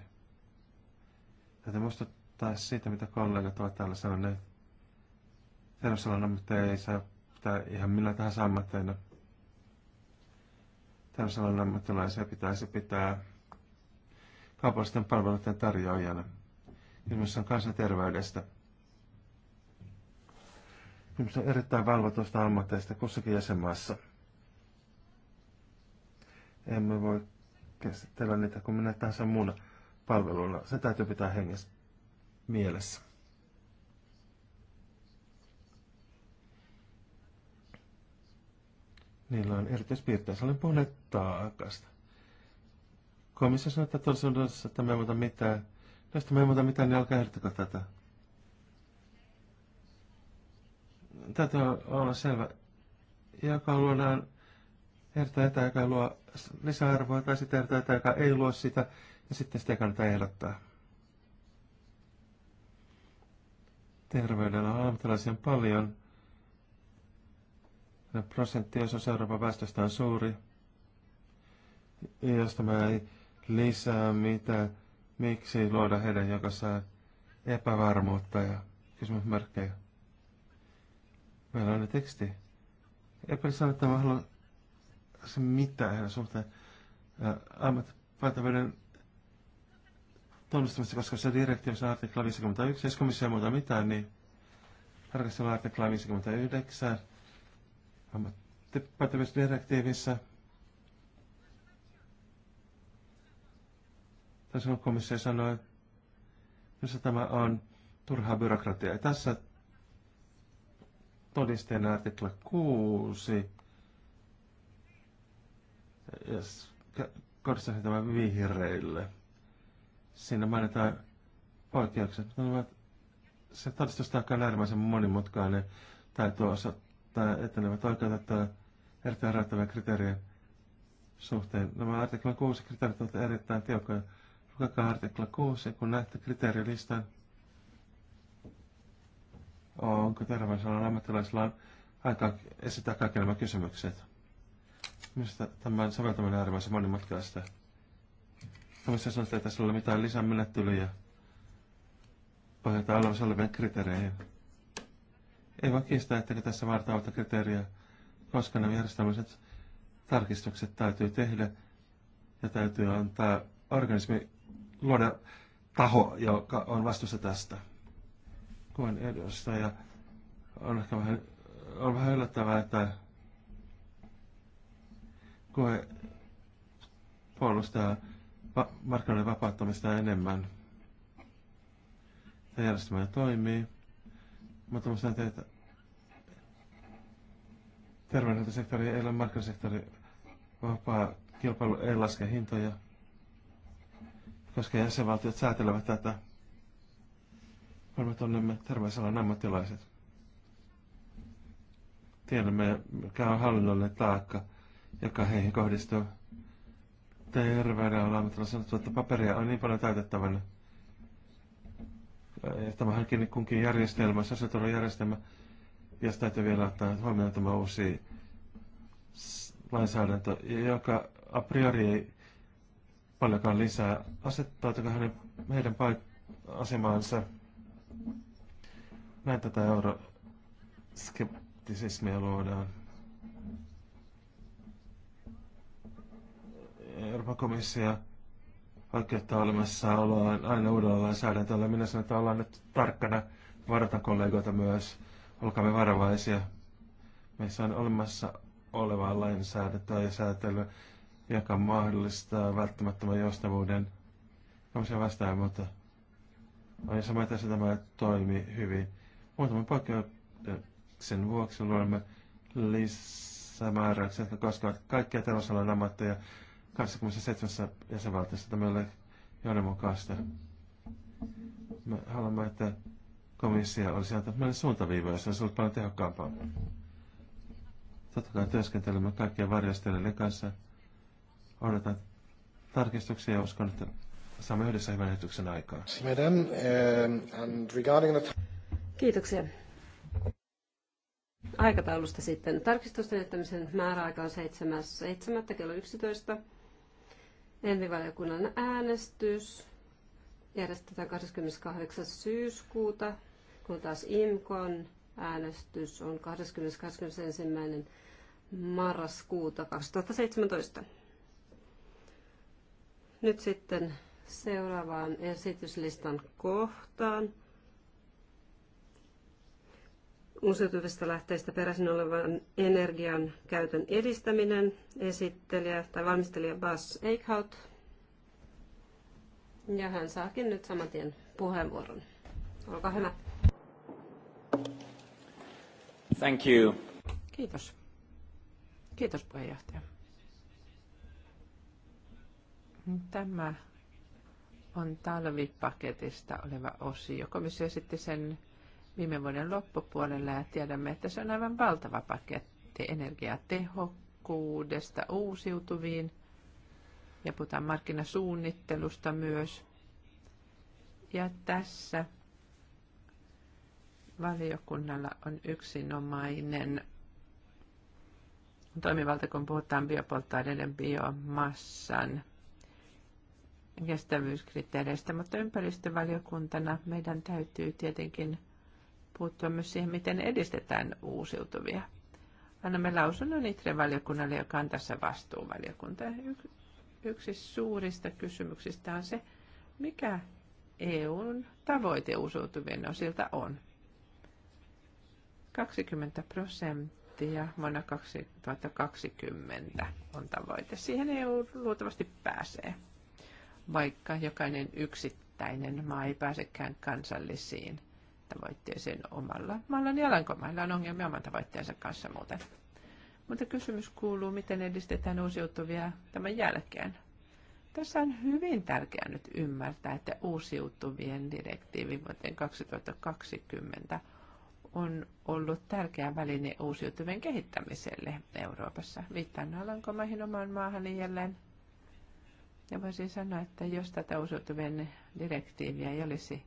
Täytyy muistuttaa siitä, mitä kollegat ovat täällä sanoneet. Terveysalan ammatteja ei saa pitää ihan millä tahansa ammatteina – Tällaisella ammattilaisia pitäisi pitää kaupallisten palveluiden tarjoajana. Kysymys on kansanterveydestä. Kysymys on erittäin valvotusta ammateista kussakin jäsenmaassa. Emme voi käsitellä niitä kuin minä tahansa muuna palveluna. Se täytyy pitää hengessä mielessä. Niillä on erityispiirteensä. Olen puhunut taakasta. Komissio sanoi, että tosiaan, että me ei muuta mitään. Jos no, me ei muuta mitään, niin älkää ehdottako tätä. Täytyy olla selvä. Joka luodaan ehdotetaan etä, joka luo lisäarvoa, tai sitten ehdotetaan etä, joka ei luo sitä, ja sitten sitä ei kannata ehdottaa. Terveydellä on ammattilaisia paljon, No, prosenttiosuus seuraava väestöstä on suuri. jos tämä ei lisää mitä, miksi luoda heidän joukossaan epävarmuutta ja kysymysmerkkejä. Meillä on ne teksti. Epäli sanoi, että mä haluan se mitään heidän suhteen. tunnustamista, koska se direktiivissä artikla 51, jos komissio ei muuta mitään, niin tarkastellaan artikla 59 ammattipätevyysdirektiivissä. Tässä on komissio sanoi, että tämä on turhaa byrokratiaa. tässä todisteena artikla 6. Yes. Korsahin tämä vihreille. Siinä mainitaan poikkeukset, mutta se todistus on äärimmäisen monimutkainen. Täytyy osata tai että ne ovat oikeita oikeutettuja erittäin rajoittavia kriteerejä suhteen. Nämä artikla 6 kriteerit ovat erittäin tiukkoja. Lukakaa artikla 6, kun näette kriteerilistan, onko terveysalan ammattilaisilla aika esittää kaikki nämä kysymykset. Minusta tämän soveltaminen on äärimmäisen monimutkaista. Tämmöisessä sanotaan, että tässä ei ole mitään lisämenettelyjä pohjataan olemassa oleviin kriteereihin. Ei voi kiistää, etteikö tässä vartaavalta kriteeriä, koska nämä järjestelmiset tarkistukset täytyy tehdä ja täytyy antaa organismi luoda taho, joka on vastuussa tästä. kuin edusta ja on ehkä vähän, on vähän yllättävää, että koe puolustaa va- markkinoiden vapauttamista enemmän. Tämä järjestelmä toimii. Mutta minusta teitä terveydenhuoltosektori ei ole markkinasektori. Vapaa kilpailu ei laske hintoja, koska jäsenvaltiot säätelevät tätä. Varmaan tunnemme terveysalan ammattilaiset. Tiedämme, mikä on hallinnollinen taakka, joka heihin kohdistuu. Terveydenhuollon ammattilaiset sanottu, että paperia on niin paljon täytettävänä hänkin äh, kunkin järjestelmä, järjestelmä, ja täytyy vielä ottaa huomioon tämä uusi lainsäädäntö, joka a priori ei paljonkaan lisää. asettaa hänen, meidän paik- asemaansa näin tätä euroskeptisismia luodaan? Euroopan komissio olemassa olemassaoloaan aina uudella lainsäädäntöllä. Minä sanon, että ollaan nyt tarkkana, varoitan kollegoita myös, olkaamme varovaisia. Meissä on olemassa olevaa lainsäädäntöä ja säätelyä, joka mahdollistaa välttämättömän joustavuuden. se vastaan, mutta on sama, että tämä toimi hyvin. Muutaman poikkeuksen vuoksi luomme lisämääräyksiä, jotka koskevat kaikkia terveysalan ammatteja, 27 jäsenvaltiossa tämä ei ole johdonmukaista. Me haluamme, että komissio olisi antanut meille suuntaviivoja, se olisi ollut paljon tehokkaampaa. Totta kai työskentelemme kaikkien varjostelijoiden kanssa. Odotan tarkistuksia ja uskon, että saamme yhdessä hyvän esityksen aikaa. Ähm, Kiitoksia. Aikataulusta sitten. Tarkistusten jättämisen määräaika on 7.7. kello 11. Envivaliokunnan äänestys järjestetään 28. syyskuuta, kun taas IMKON äänestys on 21. marraskuuta 2017. Nyt sitten seuraavaan esityslistan kohtaan uusiutuvista lähteistä peräisin olevan energian käytön edistäminen, esittelijä tai valmistelija Bas Eichhout. Ja hän saakin nyt saman tien puheenvuoron. Olkaa hyvä. Thank you. Kiitos. Kiitos puheenjohtaja. Tämä on talvipaketista oleva osio. Komissio esitti sen viime vuoden loppupuolella ja tiedämme, että se on aivan valtava paketti energiatehokkuudesta uusiutuviin ja puhutaan markkinasuunnittelusta myös. Ja tässä valiokunnalla on yksinomainen toimivalta, kun puhutaan biopolttoaineiden biomassan kestävyyskriteereistä, mutta ympäristövaliokuntana meidän täytyy tietenkin puuttua myös siihen, miten edistetään uusiutuvia. Annamme lausunnon ITRE-valiokunnalle, joka on tässä vastuuvaliokunta. Yksi suurista kysymyksistä on se, mikä EUn tavoite uusiutuvien osilta on. 20 prosenttia vuonna 2020 on tavoite. Siihen EU luultavasti pääsee, vaikka jokainen yksittäinen maa ei pääsekään kansallisiin tavoitteeseen omalla maalla, niin Alankomailla on ongelmia oman tavoitteensa kanssa muuten. Mutta kysymys kuuluu, miten edistetään uusiutuvia tämän jälkeen. Tässä on hyvin tärkeää nyt ymmärtää, että uusiutuvien direktiivi vuoteen 2020 on ollut tärkeä väline uusiutuvien kehittämiselle Euroopassa. Viittaan Alankomaihin omaan maahani jälleen. Ja voisin sanoa, että jos tätä uusiutuvien direktiiviä ei olisi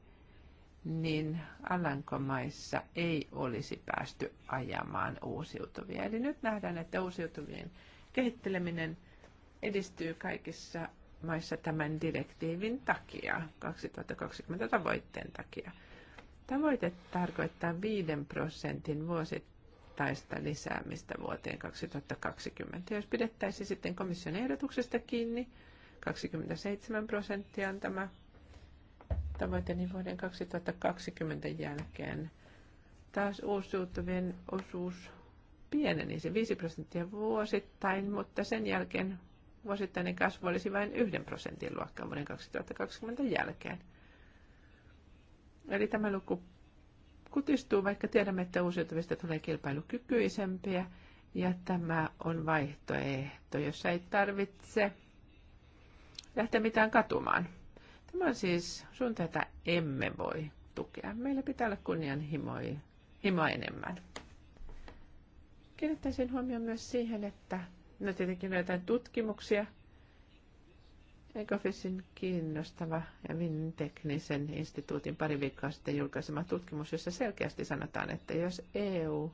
niin Alankomaissa ei olisi päästy ajamaan uusiutuvia. Eli nyt nähdään, että uusiutuvien kehitteleminen edistyy kaikissa maissa tämän direktiivin takia, 2020 tavoitteen takia. Tavoite tarkoittaa 5 prosentin vuosittaista lisäämistä vuoteen 2020. Jos pidettäisiin sitten komission ehdotuksesta kiinni, 27 prosenttia on tämä niin vuoden 2020 jälkeen taas uusiutuvien osuus se 5 prosenttia vuosittain, mutta sen jälkeen vuosittainen kasvu olisi vain 1 prosentin luokkaa vuoden 2020 jälkeen. Eli tämä luku kutistuu, vaikka tiedämme, että uusiutuvista tulee kilpailukykyisempiä, ja tämä on vaihtoehto, jossa ei tarvitse lähteä mitään katumaan. Tämä on siis sun tätä emme voi tukea. Meillä pitää olla kunnianhimoa enemmän. Kiinnittäisin huomioon myös siihen, että no tietenkin on jotain tutkimuksia, Ecofisin kiinnostava ja minun teknisen instituutin pari viikkoa sitten julkaisema tutkimus, jossa selkeästi sanotaan, että jos EU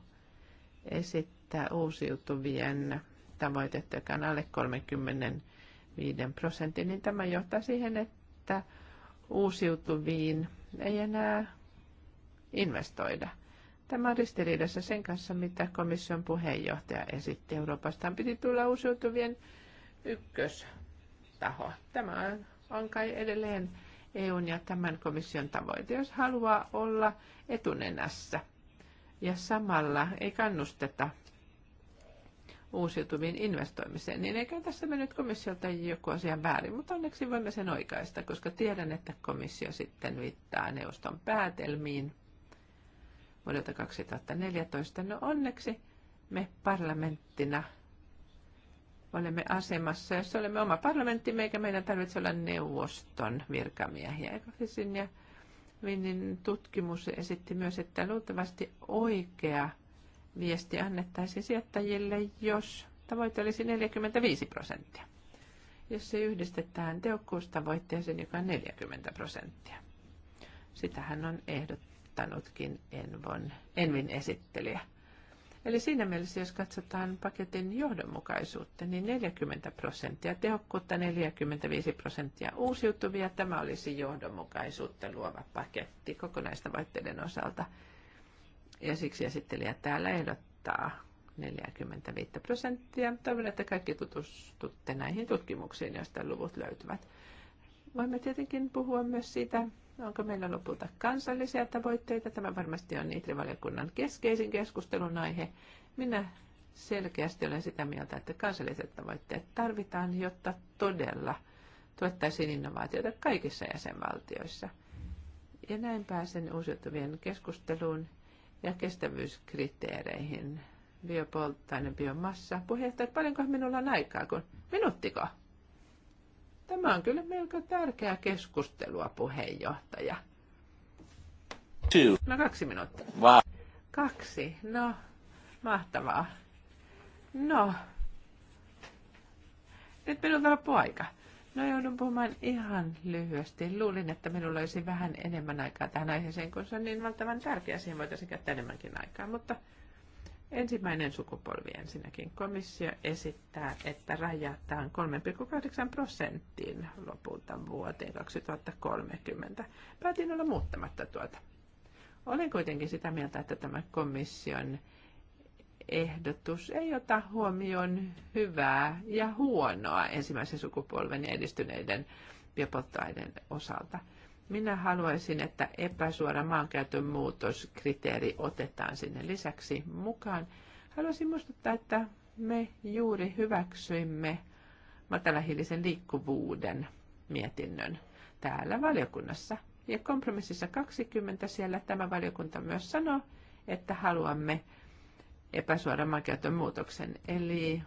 esittää uusiutuvien tavoitetta, joka on alle 35 prosentin, niin tämä johtaa siihen, että että uusiutuviin ei enää investoida. Tämä on ristiriidassa sen kanssa, mitä komission puheenjohtaja esitti. Euroopastaan piti tulla uusiutuvien ykköstaho. Tämä on kai edelleen EUn ja tämän komission tavoite, jos haluaa olla etunenässä. Ja samalla ei kannusteta uusiutuviin investoimiseen, niin eikä tässä mennyt komissiolta joku asia väärin, mutta onneksi voimme sen oikaista, koska tiedän, että komissio sitten viittaa neuvoston päätelmiin vuodelta 2014. No onneksi me parlamenttina olemme asemassa, jos olemme oma parlamentti, meikä meidän tarvitse olla neuvoston virkamiehiä. Ekofisin ja Vinnin tutkimus esitti myös, että luultavasti oikea viesti annettaisiin sijoittajille, jos tavoite olisi 45 prosenttia. Jos se yhdistetään tehokkuustavoitteeseen, joka on 40 prosenttia. Sitähän on ehdottanutkin Envon, Envin esittelijä. Eli siinä mielessä, jos katsotaan paketin johdonmukaisuutta, niin 40 prosenttia tehokkuutta, 45 prosenttia uusiutuvia. Tämä olisi johdonmukaisuutta luova paketti kokonaistavoitteiden osalta – ja siksi esittelijä täällä ehdottaa 45 prosenttia. Toivon, että kaikki tutustutte näihin tutkimuksiin, joista luvut löytyvät. Voimme tietenkin puhua myös siitä, onko meillä lopulta kansallisia tavoitteita. Tämä varmasti on Nitrivaliokunnan keskeisin keskustelun aihe. Minä selkeästi olen sitä mieltä, että kansalliset tavoitteet tarvitaan, jotta todella tuettaisiin innovaatioita kaikissa jäsenvaltioissa. Ja näin pääsen uusiutuvien keskusteluun ja kestävyyskriteereihin. Biopolttainen biomassa. Puheenjohtaja, että paljonko minulla on aikaa, kun minuuttiko? Tämä on kyllä melko tärkeää keskustelua, puheenjohtaja. No kaksi minuuttia. Wow. Kaksi, no mahtavaa. No, nyt minulta loppu aika. No joudun puhumaan ihan lyhyesti. Luulin, että minulla olisi vähän enemmän aikaa tähän aiheeseen, kun se on niin valtavan tärkeä. Siihen voitaisiin käyttää enemmänkin aikaa, mutta ensimmäinen sukupolvi ensinnäkin. Komissio esittää, että rajataan 3,8 prosenttiin lopulta vuoteen 2030. Päätin olla muuttamatta tuota. Olen kuitenkin sitä mieltä, että tämä komission ehdotus ei ota huomioon hyvää ja huonoa ensimmäisen sukupolven ja edistyneiden biopolttoaineiden osalta. Minä haluaisin, että epäsuora maankäytön muutoskriteeri otetaan sinne lisäksi mukaan. Haluaisin muistuttaa, että me juuri hyväksyimme matalahiilisen liikkuvuuden mietinnön täällä valiokunnassa. Ja kompromississa 20 siellä tämä valiokunta myös sanoo, että haluamme epäsuoran maankäytön muutoksen. Eli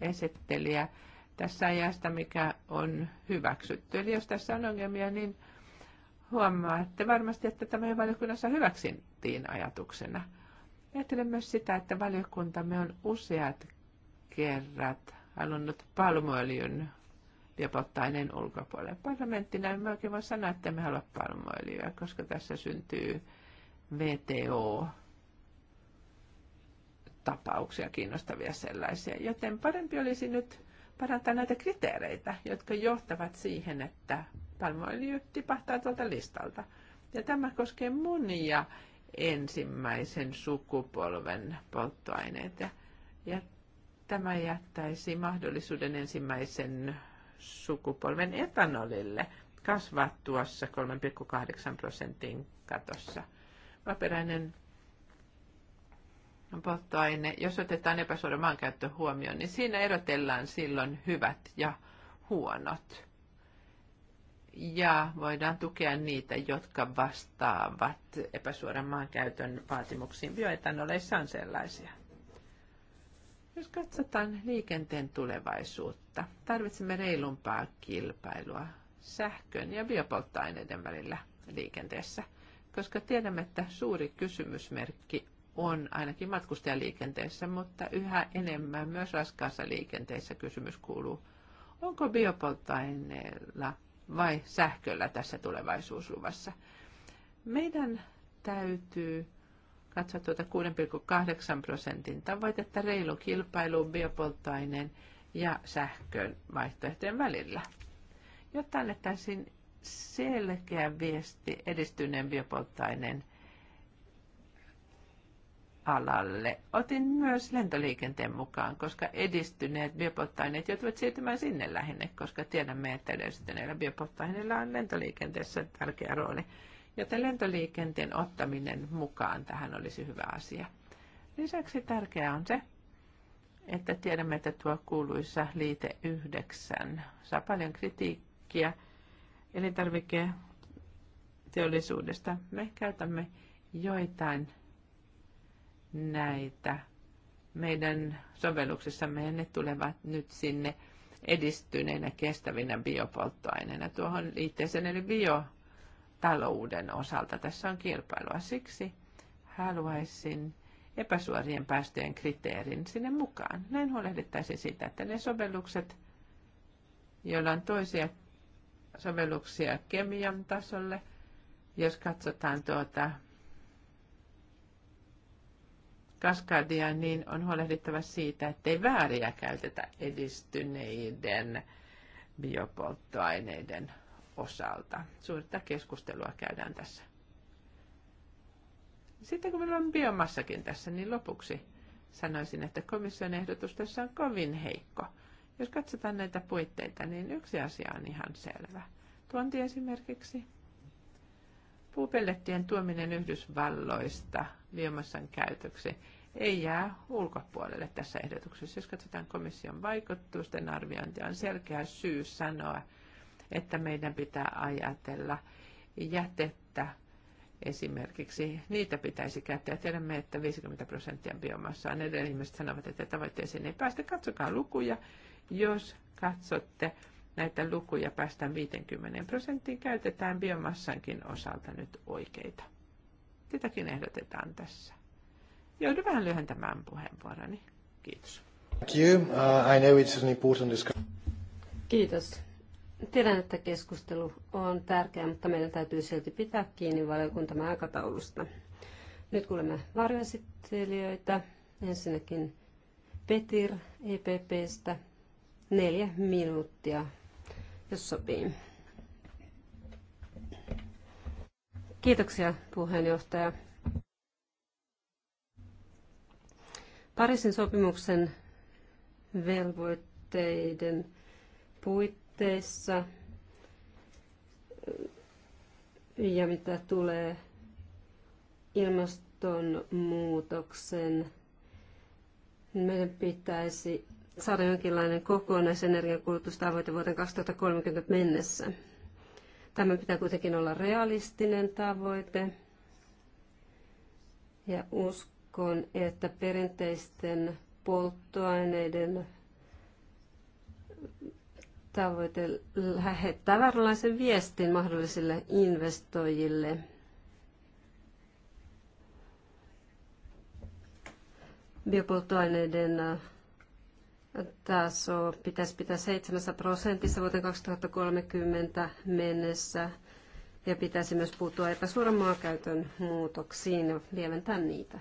esittelijä tässä ajasta, mikä on hyväksytty. Eli jos tässä on ongelmia, niin huomaatte varmasti, että tämä valiokunnassa hyväksyttiin ajatuksena. Ajattelen myös sitä, että valiokuntamme on useat kerrat halunnut palmoöljyn lepottainen ulkopuolelle. Parlamenttina en oikein voi sanoa, että me halua palmoöljyä, koska tässä syntyy VTO tapauksia, kiinnostavia sellaisia. Joten parempi olisi nyt parantaa näitä kriteereitä, jotka johtavat siihen, että palmuöljy tipahtaa tuolta listalta. Ja tämä koskee monia ensimmäisen sukupolven polttoaineita. Ja tämä jättäisi mahdollisuuden ensimmäisen sukupolven etanolille kasvaa tuossa 3,8 prosentin katossa. Vaperäinen polttoaine, jos otetaan epäsuora maankäyttö huomioon, niin siinä erotellaan silloin hyvät ja huonot. Ja voidaan tukea niitä, jotka vastaavat epäsuoran maankäytön vaatimuksiin. Bioetanoleissa on sellaisia. Jos katsotaan liikenteen tulevaisuutta, tarvitsemme reilumpaa kilpailua sähkön ja biopolttoaineiden välillä liikenteessä, koska tiedämme, että suuri kysymysmerkki on ainakin matkustajaliikenteessä, mutta yhä enemmän myös raskaassa liikenteessä kysymys kuuluu, onko biopolttoaineella vai sähköllä tässä tulevaisuusluvassa. Meidän täytyy katsoa tuota 6,8 prosentin tavoitetta reilu kilpailu biopolttoaineen ja sähkön vaihtoehtojen välillä, jotta annettaisiin selkeä viesti edistyneen biopolttoaineen alalle. Otin myös lentoliikenteen mukaan, koska edistyneet biopolttoaineet joutuvat siirtymään sinne lähinnä, koska tiedämme, että edistyneillä biopolttoaineilla on lentoliikenteessä tärkeä rooli. Joten lentoliikenteen ottaminen mukaan tähän olisi hyvä asia. Lisäksi tärkeää on se, että tiedämme, että tuo kuuluisa liite 9 saa paljon kritiikkiä elintarviketeollisuudesta. Me käytämme joitain näitä meidän sovelluksessamme ne tulevat nyt sinne edistyneinä kestävinä biopolttoaineina tuohon liitteeseen eli biotalouden osalta. Tässä on kilpailua. Siksi haluaisin epäsuorien päästöjen kriteerin sinne mukaan. Näin huolehdittaisiin siitä, että ne sovellukset, joilla on toisia sovelluksia kemian tasolle, jos katsotaan tuota kaskadia, niin on huolehdittava siitä, ettei vääriä käytetä edistyneiden biopolttoaineiden osalta. Suurta keskustelua käydään tässä. Sitten kun meillä on biomassakin tässä, niin lopuksi sanoisin, että komission ehdotus tässä on kovin heikko. Jos katsotaan näitä puitteita, niin yksi asia on ihan selvä. Tuonti esimerkiksi Puupellettien tuominen Yhdysvalloista biomassan käytöksi ei jää ulkopuolelle tässä ehdotuksessa. Jos katsotaan komission vaikutusten arviointia, on selkeä syy sanoa, että meidän pitää ajatella jätettä esimerkiksi. Niitä pitäisi käyttää. Tiedämme, että 50 prosenttia biomassaa on edelleen ihmiset sanovat, että tavoitteeseen ei päästä. Katsokaa lukuja. Jos katsotte näitä lukuja päästään 50 prosenttiin, käytetään biomassankin osalta nyt oikeita. Sitäkin ehdotetaan tässä. Joudun vähän lyhentämään puheenvuoroni. Kiitos. Thank you. Uh, I know it's an important discussion. Kiitos. Tiedän, että keskustelu on tärkeä, mutta meidän täytyy silti pitää kiinni valiokuntamme aikataulusta. Nyt kuulemme varjoesittelijöitä. Ensinnäkin Petir EPPstä neljä minuuttia jos sopii. Kiitoksia puheenjohtaja. Pariisin sopimuksen velvoitteiden puitteissa ja mitä tulee ilmastonmuutoksen, meidän pitäisi saada jonkinlainen kokonaisenergiankulutustavoite vuoteen 2030 mennessä. Tämä pitää kuitenkin olla realistinen tavoite. Ja uskon, että perinteisten polttoaineiden tavoite lähettää vääränlaisen viestin mahdollisille investoijille. Biopolttoaineiden taso pitäisi pitää 7 prosentissa vuoteen 2030 mennessä ja pitäisi myös puuttua epäsuoran maankäytön muutoksiin ja lieventää niitä.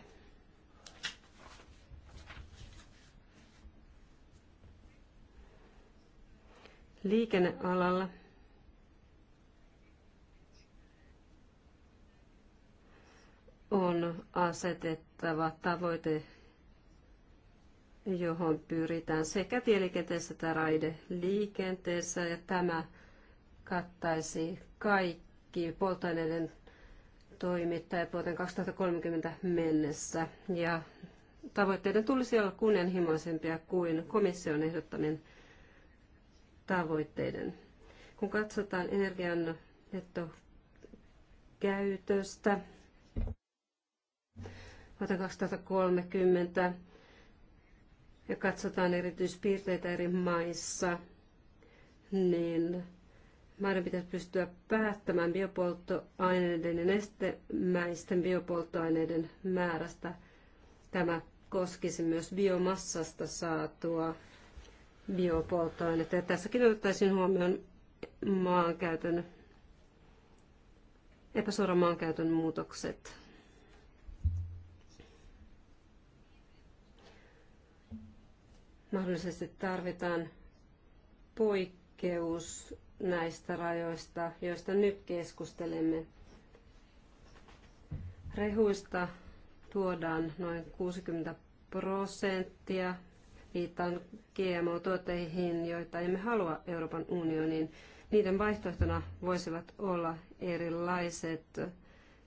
Liikennealalla on asetettava tavoite johon pyritään sekä tieliikenteessä että raideliikenteessä. Ja tämä kattaisi kaikki polttoaineiden toimittajat vuoteen 2030 mennessä. Ja tavoitteiden tulisi olla kunnianhimoisempia kuin komission ehdottamien tavoitteiden. Kun katsotaan energian nettokäytöstä vuoteen 2030, ja katsotaan erityispiirteitä eri maissa, niin maiden pitäisi pystyä päättämään biopolttoaineiden ja nestemäisten biopolttoaineiden määrästä. Tämä koskisi myös biomassasta saatua biopolttoainetta. Ja tässäkin otettaisiin huomioon maankäytön, epäsuoran maankäytön muutokset. mahdollisesti tarvitaan poikkeus näistä rajoista, joista nyt keskustelemme. Rehuista tuodaan noin 60 prosenttia. Viittaan GMO-tuotteihin, joita emme halua Euroopan unioniin. Niiden vaihtoehtona voisivat olla erilaiset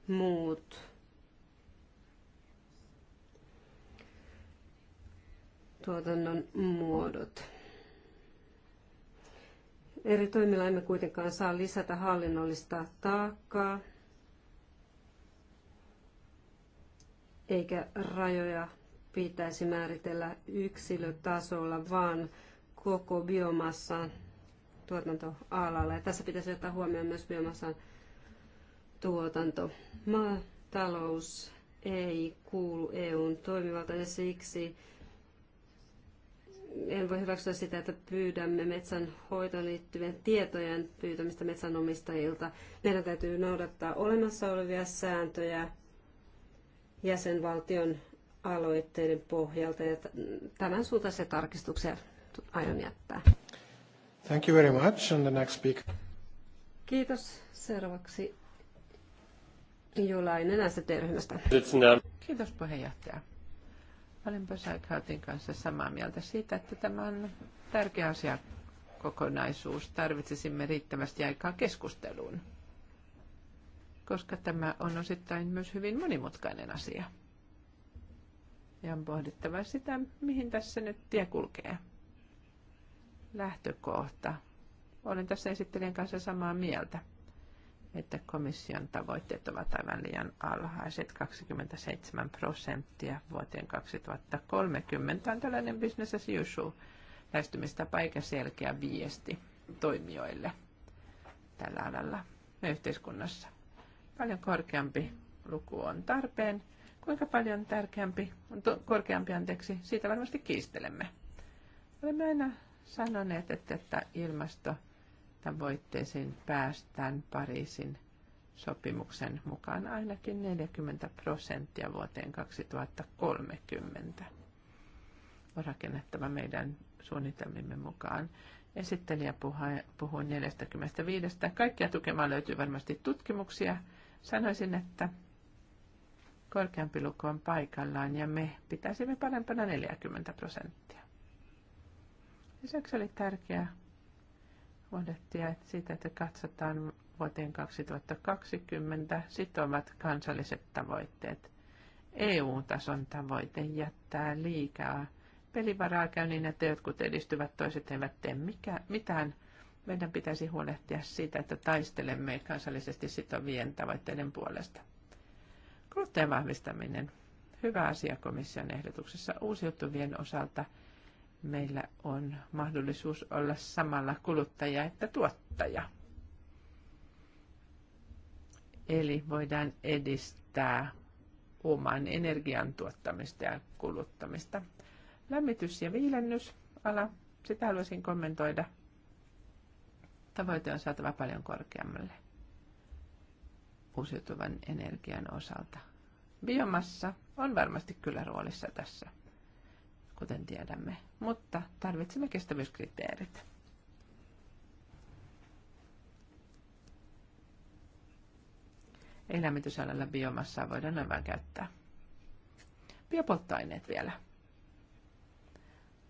muut tuotannon muodot. Eri toimilla emme kuitenkaan saa lisätä hallinnollista taakkaa eikä rajoja pitäisi määritellä yksilötasolla, vaan koko biomassan tuotantoalalla. Ja tässä pitäisi ottaa huomioon myös biomassan tuotanto. Maatalous ei kuulu EUn toimivalta ja siksi en voi hyväksyä sitä, että pyydämme metsänhoitoon liittyvien tietojen pyytämistä metsänomistajilta. Meidän täytyy noudattaa olemassa olevia sääntöjä jäsenvaltion aloitteiden pohjalta ja tämän suuntaisia tarkistuksen aion jättää. Thank you very much. And the next speaker. Kiitos. Seuraavaksi Julainen ST-ryhmästä. Kiitos puheenjohtaja. Olen Pösäkhautin kanssa samaa mieltä siitä, että tämä on tärkeä asia kokonaisuus. Tarvitsisimme riittävästi aikaa keskusteluun, koska tämä on osittain myös hyvin monimutkainen asia. Ja on pohdittava sitä, mihin tässä nyt tie kulkee. Lähtökohta. Olen tässä esittelijän kanssa samaa mieltä että komission tavoitteet ovat aivan liian alhaiset. 27 prosenttia vuoteen 2030 on tällainen business as usual lähestymistapa eikä selkeä viesti toimijoille tällä alalla ja yhteiskunnassa. Paljon korkeampi luku on tarpeen. Kuinka paljon tärkeämpi, korkeampi anteeksi, siitä varmasti kiistelemme. Olemme aina sanoneet, että, että ilmasto tavoitteisiin päästään Pariisin sopimuksen mukaan ainakin 40 prosenttia vuoteen 2030 on rakennettava meidän suunnitelmimme mukaan. Esittelijä puhui 45. Kaikkia tukemaan löytyy varmasti tutkimuksia. Sanoisin, että korkeampi luku on paikallaan ja me pitäisimme parempana 40 prosenttia. Lisäksi oli tärkeää että siitä, että katsotaan vuoteen 2020 sitovat kansalliset tavoitteet. EU-tason tavoite jättää liikaa pelivaraa käy niin, että jotkut edistyvät, toiset eivät tee mikä, mitään. Meidän pitäisi huolehtia siitä, että taistelemme kansallisesti sitovien tavoitteiden puolesta. Kuluttajan vahvistaminen. Hyvä asia komission ehdotuksessa uusiutuvien osalta – meillä on mahdollisuus olla samalla kuluttaja että tuottaja. Eli voidaan edistää oman energian tuottamista ja kuluttamista. Lämmitys- ja viilennysala, sitä haluaisin kommentoida. Tavoite on saatava paljon korkeammalle uusiutuvan energian osalta. Biomassa on varmasti kyllä roolissa tässä kuten tiedämme, mutta tarvitsemme kestävyyskriteerit. Ei biomassaa voidaan aivan käyttää. Biopolttoaineet vielä.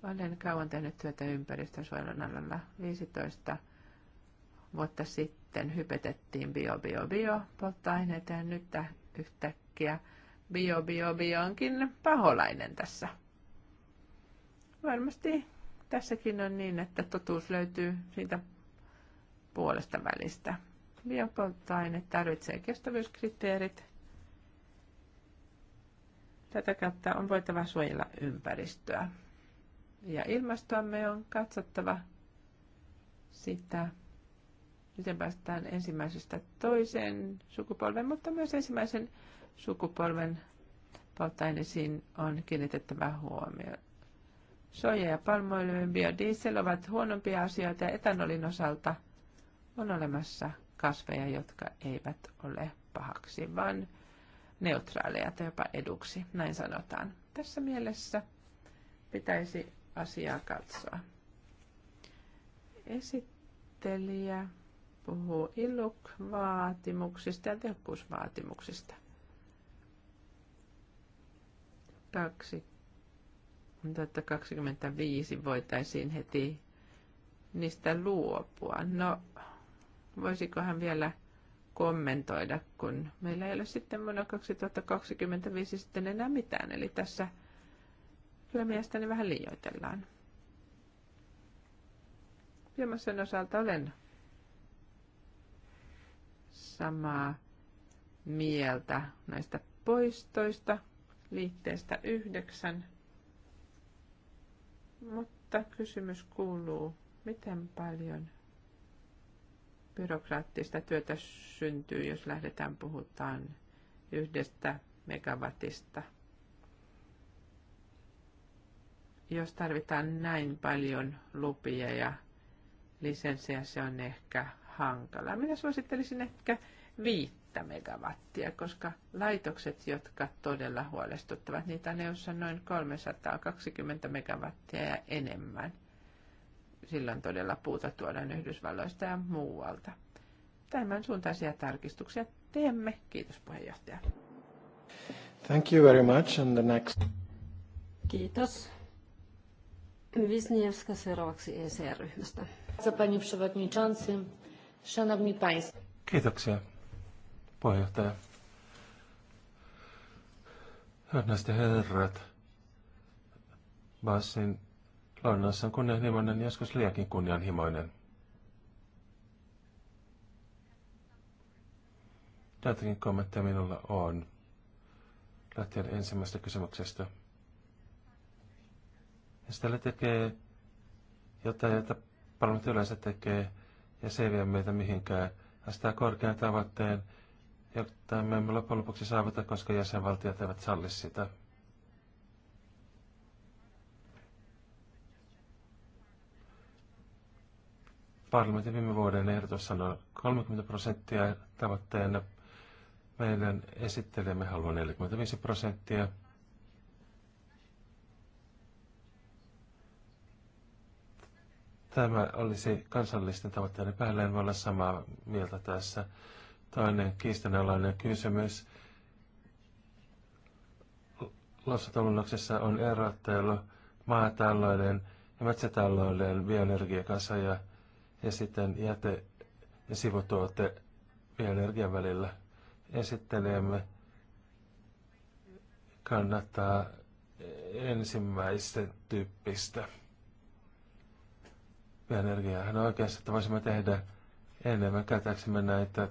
Olen kauan tehnyt työtä ympäristönsuojelun alalla. 15 vuotta sitten hypetettiin bio, bio, bio polttoaineita ja nyt yhtäkkiä bio, bio, bio onkin paholainen tässä. Varmasti tässäkin on niin, että totuus löytyy siitä puolesta välistä. Biopolttoaine tarvitsee kestävyyskriteerit. Tätä kautta on voitava suojella ympäristöä. Ja ilmastoamme on katsottava sitä, miten päästään ensimmäisestä toiseen sukupolven, mutta myös ensimmäisen sukupolven polttoaineisiin on kiinnitettävä huomiota Soja ja palmuöljyn biodiesel ovat huonompia asioita etanolin osalta on olemassa kasveja, jotka eivät ole pahaksi, vaan neutraaleja tai jopa eduksi, näin sanotaan. Tässä mielessä pitäisi asiaa katsoa. Esittelijä puhuu illuk vaatimuksista ja tehokkuusvaatimuksista. 20 2025 voitaisiin heti niistä luopua. No, voisikohan vielä kommentoida, kun meillä ei ole sitten vuonna 2025 sitten enää mitään. Eli tässä kyllä mielestäni vähän liioitellaan. Biomassan osalta olen samaa mieltä näistä poistoista liitteestä yhdeksän. Mutta kysymys kuuluu, miten paljon byrokraattista työtä syntyy, jos lähdetään puhutaan yhdestä megawatista. Jos tarvitaan näin paljon lupia ja lisenssejä, se on ehkä hankala. Minä suosittelisin ehkä viittä megawattia, koska laitokset, jotka todella huolestuttavat, niitä on noin 320 megawattia ja enemmän. Silloin todella puuta tuodaan Yhdysvalloista ja muualta. Tämän suuntaisia tarkistuksia teemme. Kiitos puheenjohtaja. Thank you very much. And the next. Kiitos. Wisniewska seuraavaksi ECR-ryhmästä. Szanowni Państwo. Kiitoksia puheenjohtaja. Hyvät herrat, Bassin Lannassa on kunnianhimoinen, joskus liiakin kunnianhimoinen. Tätäkin kommentteja minulla on. Lähtien ensimmäisestä kysymyksestä. Ja tällä tekee jotain, jota parlamentti yleensä tekee, ja se ei vie meitä mihinkään. Ja sitä korkean tavoitteen Jotta me emme loppujen lopuksi saavuta, koska jäsenvaltiot eivät salli sitä. Parlamentin viime vuoden ehdotus sanoi 30 prosenttia tavoitteena. Meidän esittelemme haluaa 45 prosenttia. Tämä olisi kansallisten tavoitteiden päälleen. voi olla samaa mieltä tässä. Toinen kiistanalainen kysymys. Lapsatulunnoksessa on erottelu maatalouden ja metsätalouden bioenergiakasa ja, ja sitten jäte- ja sivutuote bioenergian välillä. Esittelemme kannattaa ensimmäisten tyyppistä energiaa. No, on että voisimme tehdä enemmän käytäksemme näitä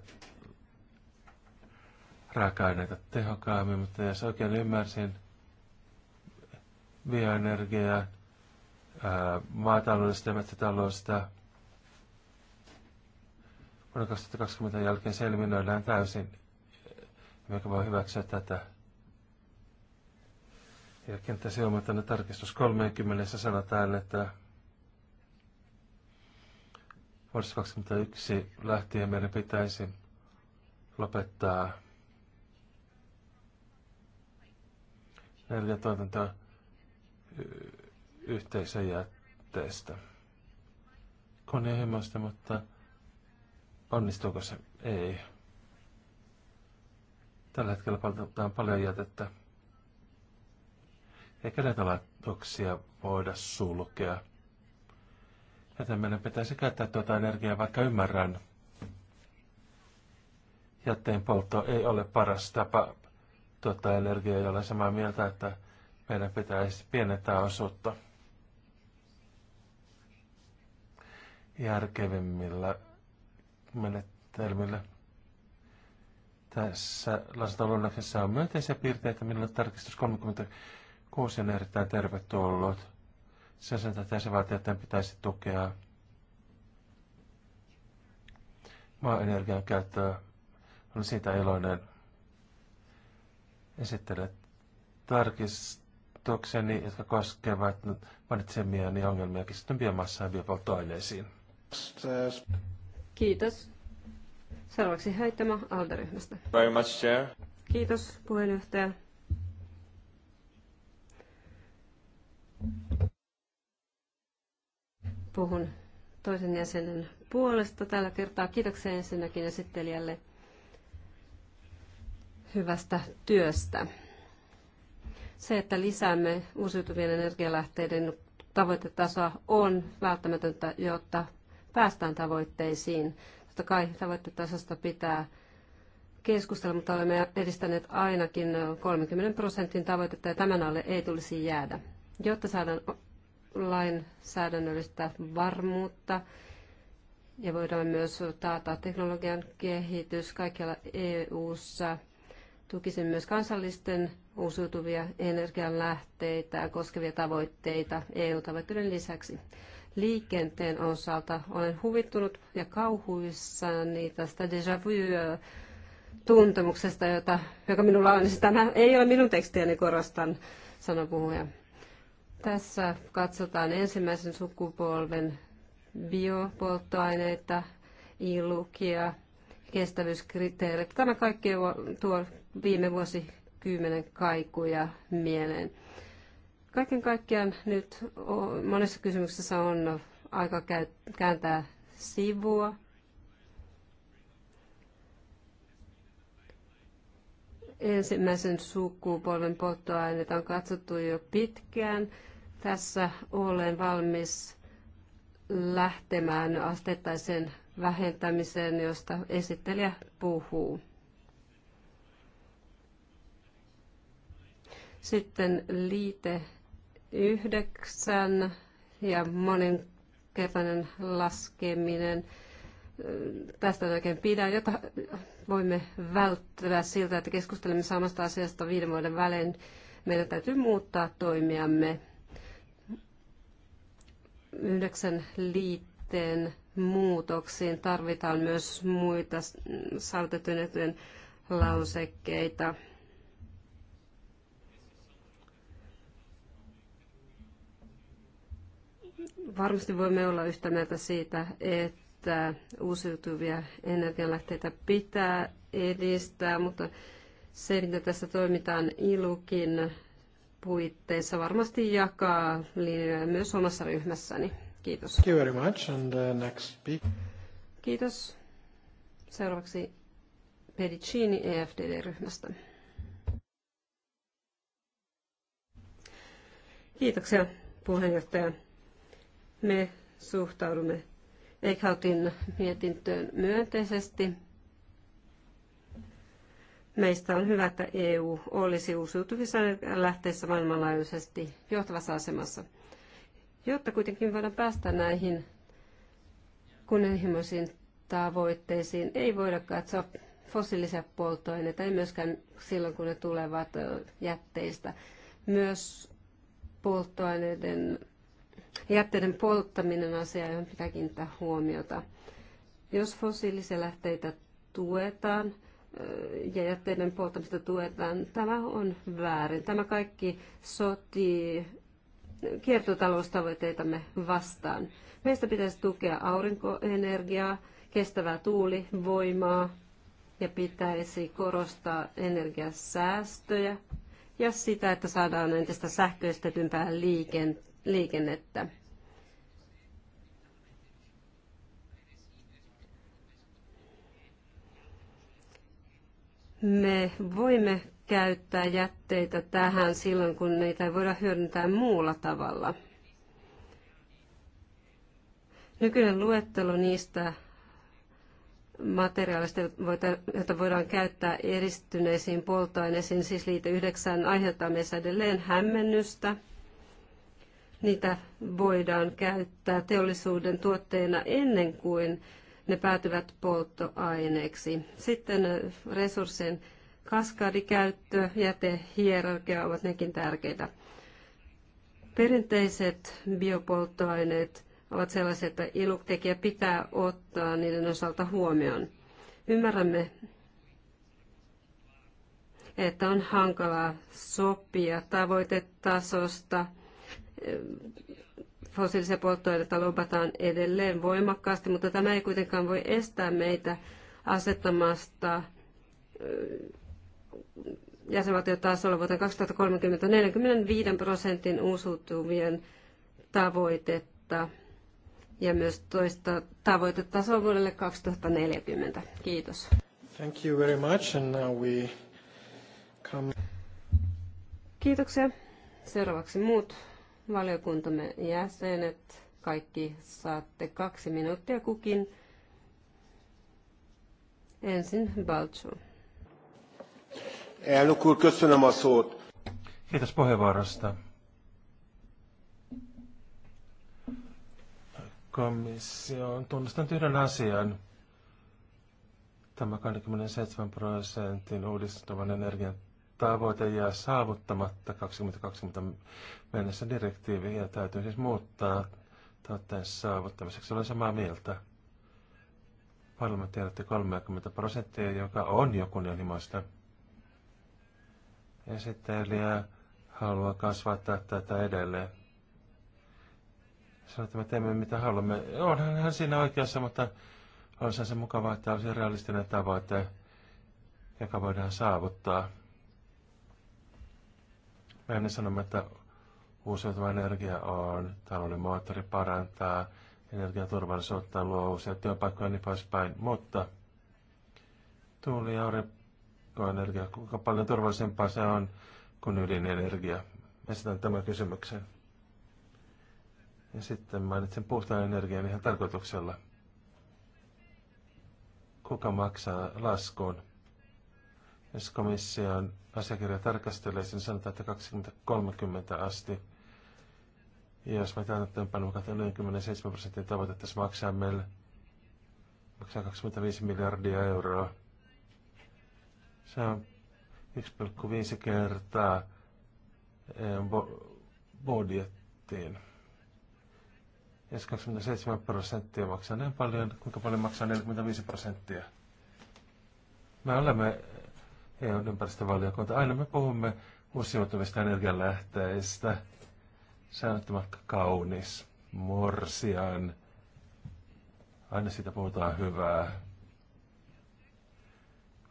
raaka-aineita tehokkaammin, mutta jos oikein ymmärsin, bioenergiaa, maataloudesta ja metsätaloudesta vuonna 2020 jälkeen selvinnoidaan täysin, mikä voi hyväksyä tätä. Ja kenttäsi ilmoittanut tarkistus 30 sanotaan, että vuodesta 2021 lähtien meidän pitäisi lopettaa energiantuotantoa yhteisöjätteestä. Kunnianhimoista, mutta onnistuuko se? Ei. Tällä hetkellä poltetaan paljon jätettä. Eikä näitä laitoksia voida sulkea. Joten meidän pitäisi käyttää tuota energiaa, vaikka ymmärrän. Jätteen poltto ei ole paras tapa tuottaa energiaa, ja olen samaa mieltä, että meidän pitäisi pienentää osuutta järkevimmillä menetelmillä. Tässä lausuntoluonnoksessa on myönteisiä piirteitä, millä tarkistus 36 on erittäin tervetullut. Sen sen takia että pitäisi tukea maa-energian käyttöä. Olen siitä iloinen esittelee tarkistukseni, jotka koskevat mainitsemiani ongelmia sitten biomassaan ja biopolttoaineisiin. Kiitos. Seuraavaksi Heittämä Alderyhmästä. Very much, Chair. Kiitos puheenjohtaja. Puhun toisen jäsenen puolesta tällä kertaa. Kiitoksia ensinnäkin esittelijälle hyvästä työstä. Se, että lisäämme uusiutuvien energialähteiden tavoitetasoa on välttämätöntä, jotta päästään tavoitteisiin. Totta kai tavoitetasosta pitää keskustella, mutta olemme edistäneet ainakin 30 prosentin tavoitetta ja tämän alle ei tulisi jäädä. Jotta saadaan lainsäädännöllistä varmuutta ja voidaan myös taata teknologian kehitys kaikkialla EU-ssa – tukisin myös kansallisten uusiutuvia energianlähteitä koskevia tavoitteita EU-tavoitteiden lisäksi. Liikenteen osalta olen huvittunut ja kauhuissani tästä déjà vu tuntemuksesta, jota, joka minulla on. Siis tämä ei ole minun tekstiäni, korostan, sanoi puhuja. Tässä katsotaan ensimmäisen sukupolven biopolttoaineita, ilukia, kestävyyskriteerit. Tämä kaikki tuo viime vuosi kymmenen kaikuja mieleen. Kaiken kaikkiaan nyt monessa kysymyksessä on aika kääntää sivua. Ensimmäisen sukupolven polttoaineita on katsottu jo pitkään. Tässä olen valmis lähtemään asteittaisen vähentämiseen, josta esittelijä puhuu. Sitten liite yhdeksän ja moninkertainen laskeminen. Tästä en oikein pidä, jota voimme välttää siltä, että keskustelemme samasta asiasta viiden vuoden välein. Meidän täytyy muuttaa toimiamme. Yhdeksän liitteen muutoksiin tarvitaan myös muita saavutettujen lausekkeita. Varmasti voimme olla yhtä mieltä siitä, että uusiutuvia energianlähteitä pitää edistää, mutta se, mitä tässä toimitaan ilukin puitteissa, varmasti jakaa linjoja myös omassa ryhmässäni. Kiitos. Thank you very much. And the uh, next Kiitos. Seuraavaksi Pedicini EFDD-ryhmästä. Kiitoksia puheenjohtaja. Me suhtaudumme Eichhautin mietintöön myönteisesti. Meistä on hyvä, että EU olisi uusiutuvissa lähteissä maailmanlaajuisesti johtavassa asemassa. Jotta kuitenkin voidaan päästä näihin kunnianhimoisiin tavoitteisiin, ei voida katsoa fossiilisia polttoaineita, ei myöskään silloin, kun ne tulevat jätteistä. Myös polttoaineiden Jätteiden polttaminen on asia, johon pitää kiinnittää huomiota. Jos fossiilisia lähteitä tuetaan ja jätteiden polttamista tuetaan, tämä on väärin. Tämä kaikki sotii kiertotaloustavoitteitamme vastaan. Meistä pitäisi tukea aurinkoenergiaa, kestävää tuulivoimaa ja pitäisi korostaa energiasäästöjä ja sitä, että saadaan entistä sähköistetympää liikennettä liikennettä. Me voimme käyttää jätteitä tähän silloin, kun niitä ei voida hyödyntää muulla tavalla. Nykyinen luettelo niistä materiaalista, joita voidaan käyttää eristyneisiin polttoaineisiin, siis liite 9, aiheuttaa meissä edelleen hämmennystä – niitä voidaan käyttää teollisuuden tuotteena ennen kuin ne päätyvät polttoaineeksi. Sitten resurssien kaskadikäyttö, jätehierarkia ovat nekin tärkeitä. Perinteiset biopolttoaineet ovat sellaisia, että iluktekijä pitää ottaa niiden osalta huomioon. Ymmärrämme, että on hankalaa sopia tavoitetasosta – fossiilisia polttoaineita lobataan edelleen voimakkaasti, mutta tämä ei kuitenkaan voi estää meitä asettamasta jäsenvaltiotasolla vuoteen 2030 45 prosentin uusiutuvien tavoitetta ja myös toista tavoitetasoa vuodelle 2040. Kiitos. Thank you very much and now we come... Kiitoksia. Seuraavaksi muut valiokuntamme jäsenet, kaikki saatte kaksi minuuttia kukin. Ensin Balcho. Kiitos puheenvuorosta. Komissio on tunnistanut yhden asian. Tämä 27 prosentin uudistuvan energian tavoite jää saavuttamatta 2020 mennessä direktiiviä täytyy siis muuttaa tavoitteen saavuttamiseksi. Olen samaa mieltä. Parlamentti ehdotti 30 prosenttia, joka on jo kunnianhimoista. Esittelijä haluaa kasvattaa tätä edelleen. Sanoit, että me teemme mitä haluamme. Onhan hän siinä oikeassa, mutta olisi se mukavaa, että olisi realistinen tavoite, joka voidaan saavuttaa lähinnä sanomme, että uusiutuva energia on talouden moottori, parantaa energiaturvallisuutta, luo uusia työpaikkoja ja niin poispäin, mutta tuuli- ja aurinkoenergia, kuinka paljon turvallisempaa se on kuin ydinenergia? Esitän tämän kysymyksen. Ja sitten mainitsen puhtaan energian ihan tarkoituksella. Kuka maksaa laskun? Jos komission asiakirja tarkastelee, sen sanotaan, että 2030 asti. Ja jos me panemme 47 prosentin tavoitetta, se maksaa meille maksaa 25 miljardia euroa. Se on 1,5 kertaa budjettiin. Jos 27 prosenttia maksaa näin paljon, kuinka paljon maksaa 45 prosenttia? Me olemme ja ympäristövaliokunta. Aina me puhumme uusiutuvista energialähteistä. Säännöttömän kaunis, morsian. Aina siitä puhutaan hyvää.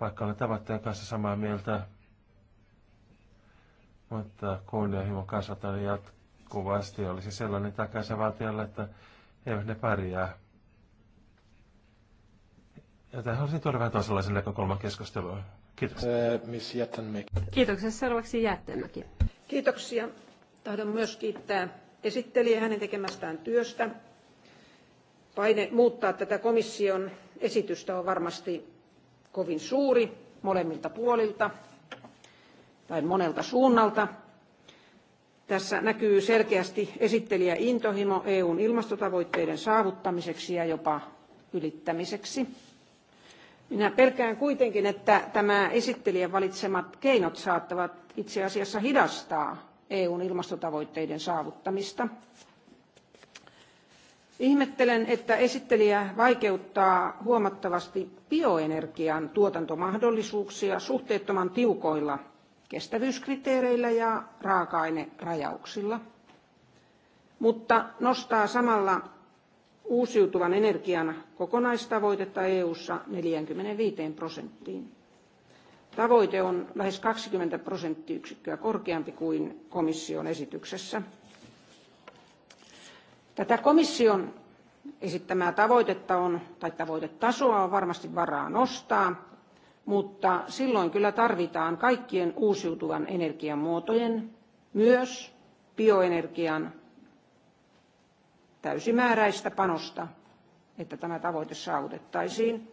Vaikka olen tavoitteen kanssa samaa mieltä, mutta kunnianhimon kasvattaminen jatkuvasti olisi sellainen takaisin valtiolle, että eivät ne pärjää. Ja tähän olisin tuoda vähän toisenlaisen näkökulman keskustelua. Kiitos. Eh, Miss Kiitoksia. Seuraavaksi Jättenmäki. Kiitoksia. Tahdon myös kiittää esittelijä hänen tekemästään työstä. Paine muuttaa tätä komission esitystä on varmasti kovin suuri molemmilta puolilta tai monelta suunnalta. Tässä näkyy selkeästi esittelijä intohimo EUn ilmastotavoitteiden saavuttamiseksi ja jopa ylittämiseksi. Minä pelkään kuitenkin, että tämä esittelijän valitsemat keinot saattavat itse asiassa hidastaa EUn ilmastotavoitteiden saavuttamista. Ihmettelen, että esittelijä vaikeuttaa huomattavasti bioenergian tuotantomahdollisuuksia suhteettoman tiukoilla kestävyyskriteereillä ja raaka-ainerajauksilla, mutta nostaa samalla uusiutuvan energian kokonaistavoitetta EU:ssa 45 prosenttiin. Tavoite on lähes 20 prosenttiyksikköä korkeampi kuin komission esityksessä. Tätä komission esittämää tavoitetta on, tai tavoitetasoa on varmasti varaa nostaa, mutta silloin kyllä tarvitaan kaikkien uusiutuvan energian muotojen, myös bioenergian täysimääräistä panosta, että tämä tavoite saavutettaisiin.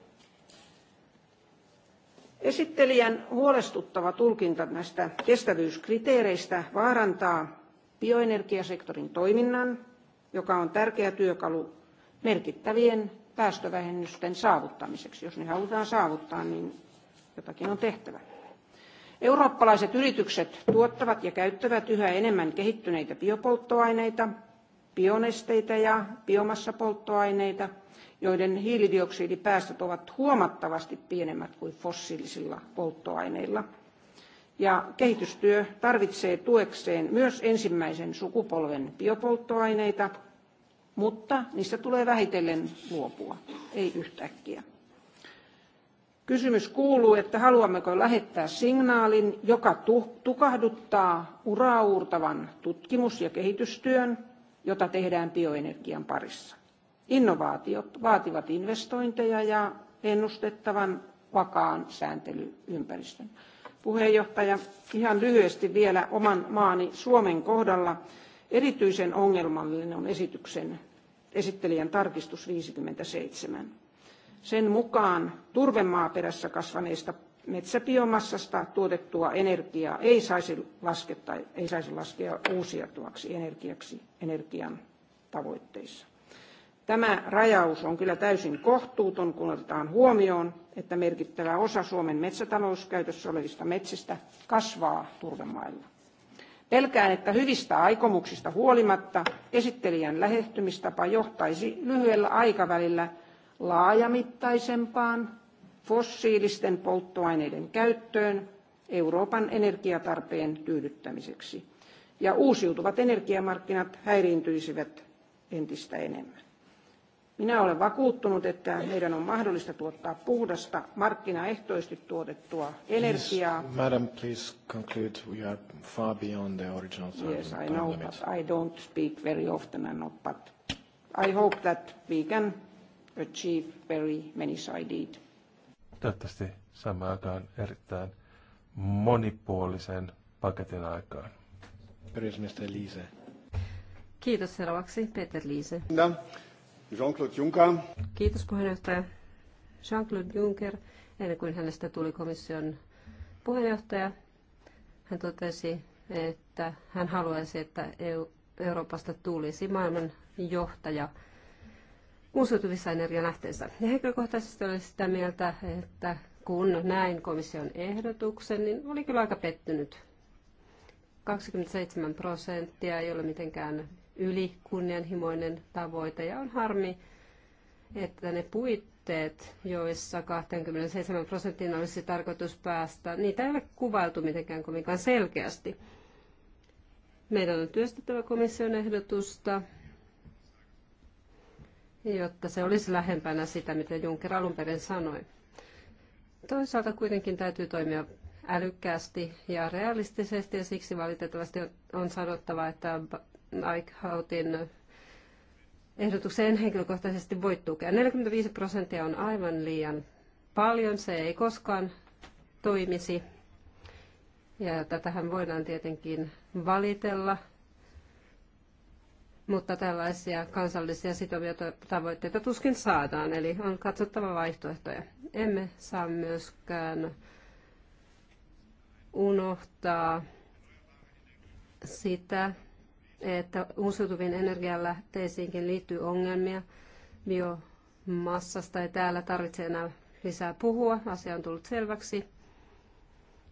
Esittelijän huolestuttava tulkinta näistä kestävyyskriteereistä vaarantaa bioenergiasektorin toiminnan, joka on tärkeä työkalu merkittävien päästövähennysten saavuttamiseksi. Jos ne halutaan saavuttaa, niin jotakin on tehtävä. Eurooppalaiset yritykset tuottavat ja käyttävät yhä enemmän kehittyneitä biopolttoaineita – bionesteitä ja biomassapolttoaineita, joiden hiilidioksidipäästöt ovat huomattavasti pienemmät kuin fossiilisilla polttoaineilla. Ja kehitystyö tarvitsee tuekseen myös ensimmäisen sukupolven biopolttoaineita, mutta niistä tulee vähitellen luopua, ei yhtäkkiä. Kysymys kuuluu, että haluammeko lähettää signaalin, joka tukahduttaa uraauurtavan tutkimus- ja kehitystyön jota tehdään bioenergian parissa. Innovaatiot vaativat investointeja ja ennustettavan vakaan sääntelyympäristön. Puheenjohtaja, ihan lyhyesti vielä oman maani Suomen kohdalla. Erityisen ongelmallinen on esityksen esittelijän tarkistus 57. Sen mukaan turvemaaperässä kasvaneista metsäbiomassasta tuotettua energiaa ei saisi, ei saisi laskea uusiutuvaksi energiaksi energian tavoitteissa. Tämä rajaus on kyllä täysin kohtuuton, kun otetaan huomioon, että merkittävä osa Suomen metsätalouskäytössä olevista metsistä kasvaa turvemailla. Pelkään, että hyvistä aikomuksista huolimatta esittelijän lähestymistapa johtaisi lyhyellä aikavälillä laajamittaisempaan fossiilisten polttoaineiden käyttöön Euroopan energiatarpeen tyydyttämiseksi. Ja uusiutuvat energiamarkkinat häiriintyisivät entistä enemmän. Minä olen vakuuttunut, että meidän on mahdollista tuottaa puhdasta, markkinaehtoisesti tuotettua energiaa. Please, madam, please conclude. We are far beyond the original time Yes, I know, limit. but I don't speak very often and not, but I hope that we can achieve very many-sided Toivottavasti saamme aikaan erittäin monipuolisen paketin aikaan. Perusministeri Liise. Kiitos seuraavaksi Peter Liise. Jean-Claude Juncker. Kiitos puheenjohtaja. Jean-Claude Juncker, ennen kuin hänestä tuli komission puheenjohtaja, hän totesi, että hän haluaisi, että EU, Euroopasta tulisi maailman johtaja uusiutuvissa energialähteissä. Ja henkilökohtaisesti olen sitä mieltä, että kun näin komission ehdotuksen, niin oli kyllä aika pettynyt. 27 prosenttia ei ole mitenkään yli kunnianhimoinen tavoite ja on harmi, että ne puitteet, joissa 27 prosenttiin olisi tarkoitus päästä, niitä ei ole kuvailtu mitenkään kovinkaan selkeästi. Meidän on työstettävä komission ehdotusta jotta se olisi lähempänä sitä, mitä Juncker alun perin sanoi. Toisaalta kuitenkin täytyy toimia älykkäästi ja realistisesti ja siksi valitettavasti on sanottava, että Eichhautin ehdotukseen henkilökohtaisesti voi tukea. 45 prosenttia on aivan liian paljon, se ei koskaan toimisi. Ja tätähän voidaan tietenkin valitella mutta tällaisia kansallisia sitovia tavoitteita tuskin saadaan, eli on katsottava vaihtoehtoja. Emme saa myöskään unohtaa sitä, että uusiutuviin energialähteisiinkin liittyy ongelmia. Biomassasta ei täällä tarvitse enää lisää puhua, asia on tullut selväksi.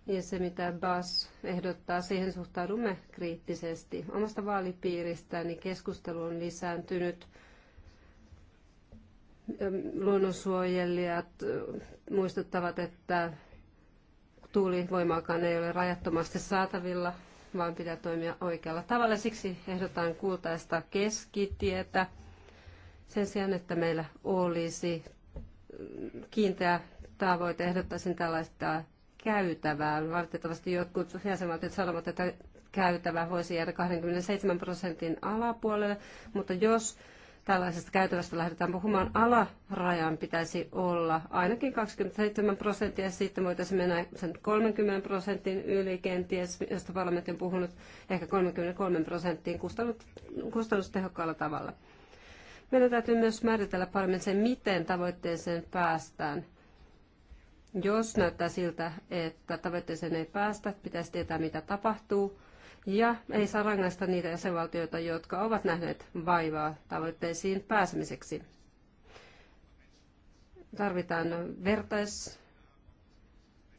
Ja se, mitä Bas ehdottaa, siihen suhtaudumme kriittisesti. Omasta vaalipiiristäni keskustelu on lisääntynyt. Luonnonsuojelijat muistuttavat, että tuulivoimaakaan ei ole rajattomasti saatavilla, vaan pitää toimia oikealla tavalla. Siksi ehdotan kultaista keskitietä sen sijaan, että meillä olisi kiinteä tavoite, ehdottaisin tällaista käytävää. Valitettavasti jotkut jäsenvaltiot sanovat, että käytävä voisi jäädä 27 prosentin alapuolelle, mutta jos tällaisesta käytävästä lähdetään puhumaan, alarajan pitäisi olla ainakin 27 prosenttia, sitten voitaisiin mennä sen 30 prosentin yli kenties, josta parlamentti on puhunut ehkä 33 prosenttiin kustannustehokkaalla tavalla. Meidän täytyy myös määritellä paremmin sen, miten tavoitteeseen päästään. Jos näyttää siltä, että tavoitteeseen ei päästä, pitäisi tietää, mitä tapahtuu, ja ei saa rangaista niitä jäsenvaltioita, jotka ovat nähneet vaivaa tavoitteisiin pääsemiseksi. Tarvitaan vertais-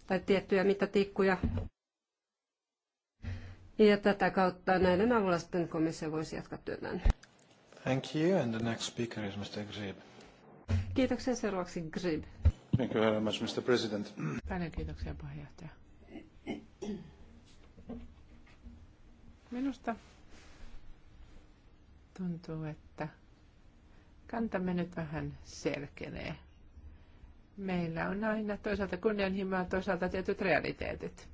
tai tiettyjä mittatiikkuja. Ja tätä kautta näiden avulla sitten komissio voisi jatkaa työtään. Thank you, and the next speaker is Mr. Grib. Kiitoksia seuraavaksi Grib. Thank you very much, Mr. President. Paljon kiitoksia puheenjohtaja. Minusta tuntuu, että kantamme nyt vähän selkenee. Meillä on aina toisaalta kunnianhimoa, toisaalta tietyt realiteetit.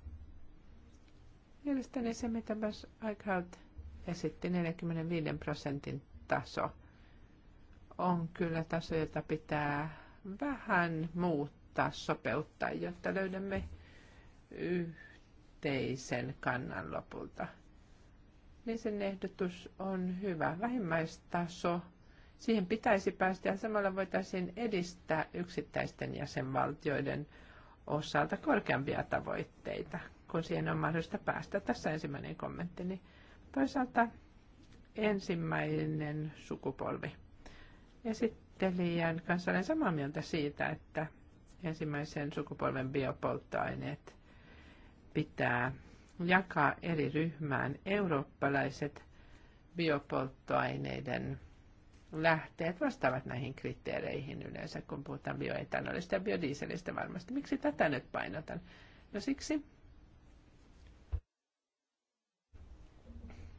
Mielestäni se, mitä myös Eichhout esitti, 45 prosentin taso, on kyllä taso, jota pitää vähän muuttaa, sopeuttaa, jotta löydämme yhteisen kannan lopulta. Niin sen ehdotus on hyvä. Vähimmäistaso, siihen pitäisi päästä ja samalla voitaisiin edistää yksittäisten jäsenvaltioiden osalta korkeampia tavoitteita, kun siihen on mahdollista päästä. Tässä ensimmäinen kommentti Niin Toisaalta ensimmäinen sukupolvi. Ja sitten esittelijän kanssa olen samaa mieltä siitä, että ensimmäisen sukupolven biopolttoaineet pitää jakaa eri ryhmään. Eurooppalaiset biopolttoaineiden lähteet vastaavat näihin kriteereihin yleensä, kun puhutaan bioetanolista ja biodieselistä varmasti. Miksi tätä nyt painotan? No siksi,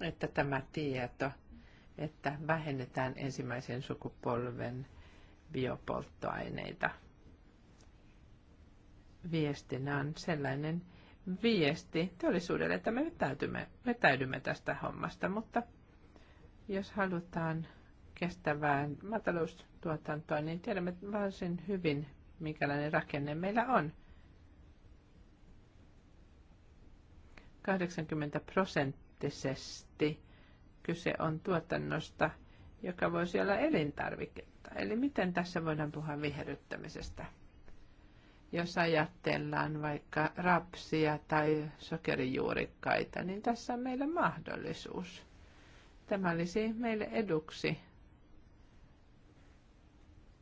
että tämä tieto, että vähennetään ensimmäisen sukupolven biopolttoaineita. Viestinä on sellainen viesti teollisuudelle, että me vetäydymme, vetäydymme tästä hommasta, mutta jos halutaan kestävää maataloustuotantoa, niin tiedämme varsin hyvin, minkälainen rakenne meillä on. 80 prosenttisesti kyse on tuotannosta, joka voisi olla elintarvike Eli miten tässä voidaan puhua viherryttämisestä? Jos ajatellaan vaikka rapsia tai sokerijuurikkaita, niin tässä on meillä mahdollisuus. Tämä olisi meille eduksi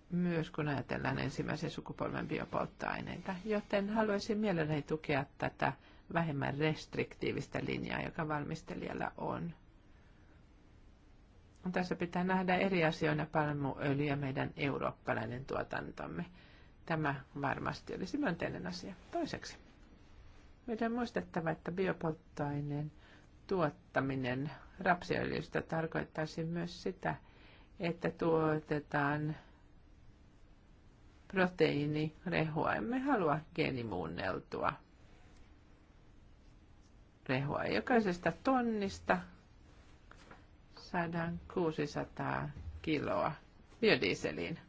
myös kun ajatellaan ensimmäisen sukupolven biopolttoaineita, joten haluaisin mielelläni tukea tätä vähemmän restriktiivistä linjaa, joka valmistelijalla on. Tässä pitää nähdä eri asioina palmuöljy ja meidän eurooppalainen tuotantomme. Tämä varmasti olisi myönteinen asia. Toiseksi, meidän on muistettava, että biopolttoaineen tuottaminen rapsiöljystä tarkoittaisi myös sitä, että tuotetaan proteiinirehua. Emme halua geenimuunneltua rehua. Jokaisesta tonnista saadaan 600 kiloa biodieseliin.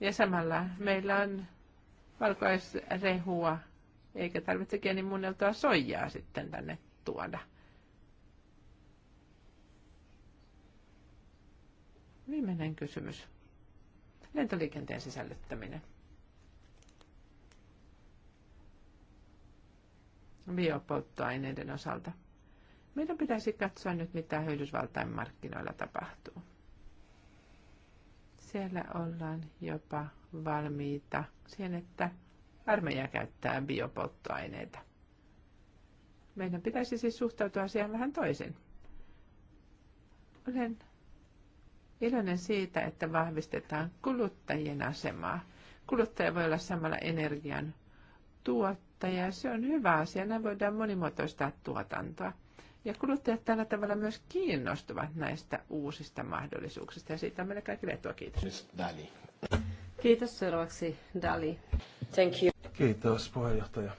Ja samalla meillä on valkoisrehua, eikä tarvitse geenimuunneltua soijaa sitten tänne tuoda. Viimeinen kysymys. Lentoliikenteen sisällyttäminen. biopolttoaineiden osalta. Meidän pitäisi katsoa nyt, mitä Yhdysvaltain markkinoilla tapahtuu. Siellä ollaan jopa valmiita siihen, että armeija käyttää biopolttoaineita. Meidän pitäisi siis suhtautua siihen vähän toisin. Olen iloinen siitä, että vahvistetaan kuluttajien asemaa. Kuluttaja voi olla samalla energian tuot tuottajia ja se on hyvä asia. Näin voidaan monimuotoistaa tuotantoa. Ja kuluttajat tällä tavalla myös kiinnostuvat näistä uusista mahdollisuuksista ja siitä on meille kaikille etua. Kiitos. Dali. Kiitos seuraavaksi Dali. Thank you. Kiitos puheenjohtaja.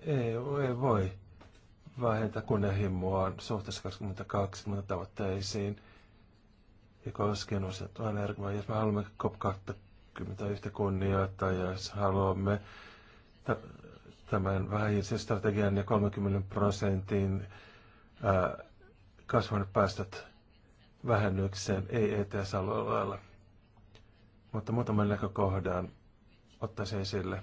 Ei, ei voi vähentää kunnianhimoaan suhteessa 2020 tavoitteisiin ja koskien uusia energiaa. Jos me haluamme COP yhtä kunnioittaa ja jos haluamme tämän vähäisen strategian ja 30 prosentin kasvanut päästöt vähennykseen ei ETS-alueella. Mutta muutaman näkökohdan ottaisin esille.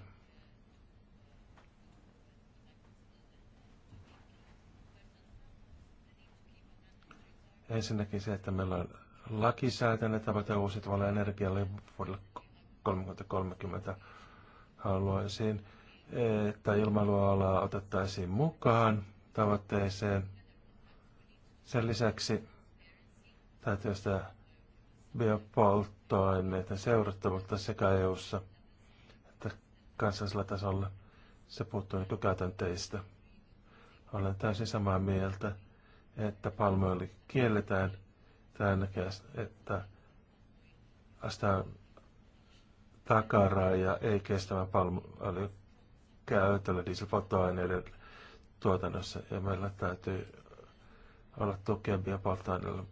Ensinnäkin se, että meillä on lakisääteinen tavoite uusiutuvalle energialle vuodelle 2030. Haluaisin, että ilmailualaa otettaisiin mukaan tavoitteeseen. Sen lisäksi täytyy sitä biopolttoaineiden seurattavuutta sekä EU-ssa että kansallisella tasolla. Se puuttuu nykykäytänteistä. Olen täysin samaa mieltä, että palmoili kielletään tännekäs, että sitä takaraja ei kestävän palmuöljyn käytöllä dieselpolttoaineiden tuotannossa ja meillä täytyy olla tukea biopolttoaineilla.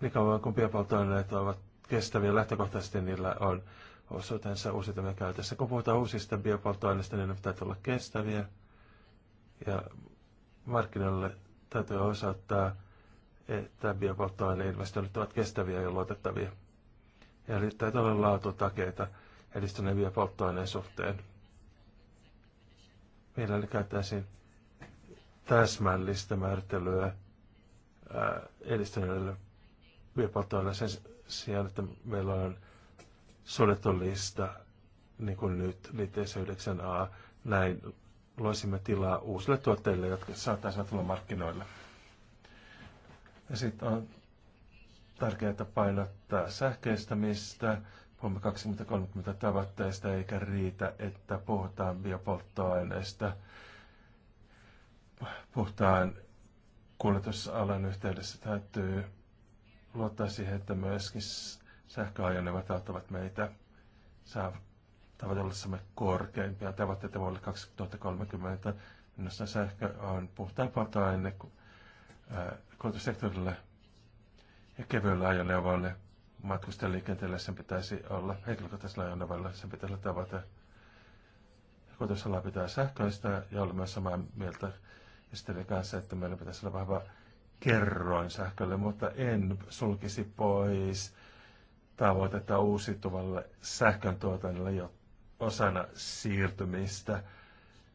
Niin kauan kuin biopolttoaineet ovat kestäviä lähtökohtaisesti, niillä on osuutensa uusiutuvia käytössä. Kun puhutaan uusista biopolttoaineista, niin ne pitää olla kestäviä ja markkinoille täytyy osoittaa, että biopolttoaineinvestoinnit ovat kestäviä ja luotettavia ja yrittää olla laatutakeita edistäneviä polttoaineen suhteen. Mielelläni käyttäisin täsmällistä määrittelyä edistäneille biopolttoaineille sen sijaan, että meillä on suljettu lista, niin kuin nyt liitteessä 9a, näin loisimme tilaa uusille tuotteille, jotka saattaisivat tulla markkinoille. Ja sitten on tärkeää painottaa sähköistämistä. Puhumme 2030 tavoitteista eikä riitä, että puhutaan biopolttoaineista. Puhutaan kuljetusalan yhteydessä täytyy luottaa siihen, että myöskin sähköajoneuvot auttavat meitä saavutellessamme korkeimpia tavoitteita vuodelle 2030. Minusta sähkö on puhtaan polttoaine kuljetussektorille ja kevyellä ajoneuvoille matkustajaliikenteellä sen pitäisi olla, henkilökohtaisella ajoneuvolla sen pitäisi tavata. Kotosala pitää sähköistä ja olla myös samaa mieltä ystävien kanssa, että meillä pitäisi olla vahva kerroin sähkölle, mutta en sulkisi pois tavoitetta uusiutuvalle sähkön tuotannolle jo osana siirtymistä.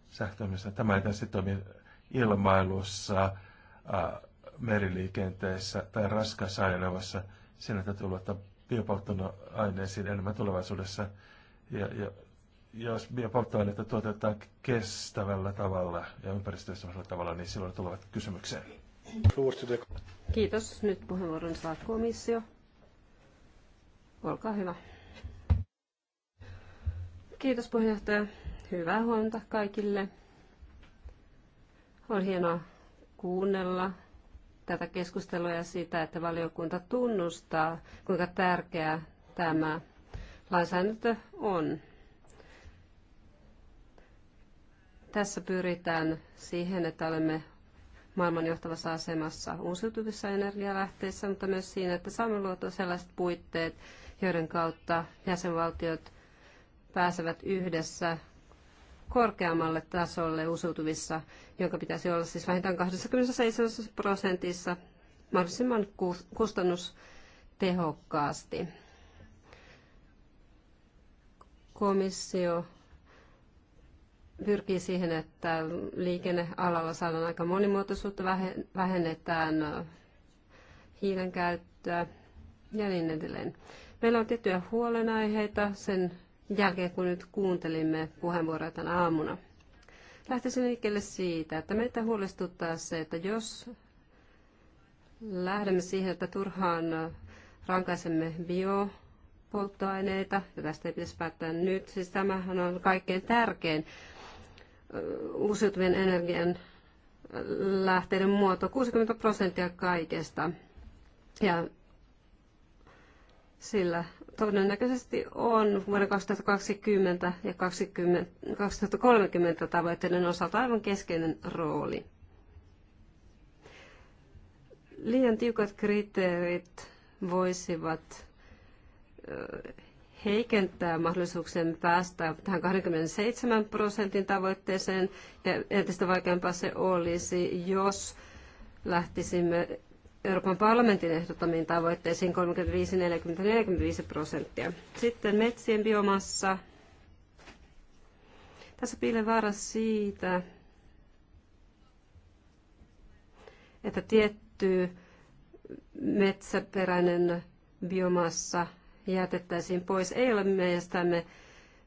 Sähkömistä. Tämä ei tietysti toimi ilmailussa, äh, meriliikenteessä tai raskaassa ajoneuvossa. Siinä täytyy luottaa biopolttoaineisiin enemmän tulevaisuudessa. Ja, ja jos biopolttoaineita tuotetaan kestävällä tavalla ja ympäristöllisellä tavalla, niin silloin tulevat kysymykseen. Kiitos. Nyt puheenvuoron saa komissio. Olkaa hyvä. Kiitos puheenjohtaja. Hyvää huomenta kaikille. On hienoa kuunnella tätä keskustelua ja sitä, että valiokunta tunnustaa, kuinka tärkeää tämä lainsäädäntö on. Tässä pyritään siihen, että olemme maailmanjohtavassa asemassa uusiutuvissa energialähteissä, mutta myös siinä, että saamme luotua sellaiset puitteet, joiden kautta jäsenvaltiot pääsevät yhdessä korkeammalle tasolle uusiutuvissa, jonka pitäisi olla siis vähintään 27 prosentissa mahdollisimman kustannustehokkaasti. Komissio pyrkii siihen, että liikennealalla saadaan aika monimuotoisuutta, vähennetään hiilen käyttöä ja niin edelleen. Meillä on tiettyjä huolenaiheita sen jälkeen, kun nyt kuuntelimme puheenvuoroja tänä aamuna. Lähtisin liikkeelle siitä, että meitä huolestuttaa se, että jos lähdemme siihen, että turhaan rankaisemme biopolttoaineita, ja tästä ei pitäisi päättää nyt, siis tämähän on kaikkein tärkein uusiutuvien energian lähteiden muoto, 60 prosenttia kaikesta. Ja sillä todennäköisesti on vuoden 2020 ja 20, 2030 tavoitteiden osalta aivan keskeinen rooli. Liian tiukat kriteerit voisivat heikentää mahdollisuuksien päästä tähän 27 prosentin tavoitteeseen, ja entistä vaikeampaa se olisi, jos lähtisimme Euroopan parlamentin ehdottamiin tavoitteisiin 35-40-45 prosenttia. Sitten metsien biomassa. Tässä piilee vaara siitä, että tietty metsäperäinen biomassa jätettäisiin pois. Ei ole mielestämme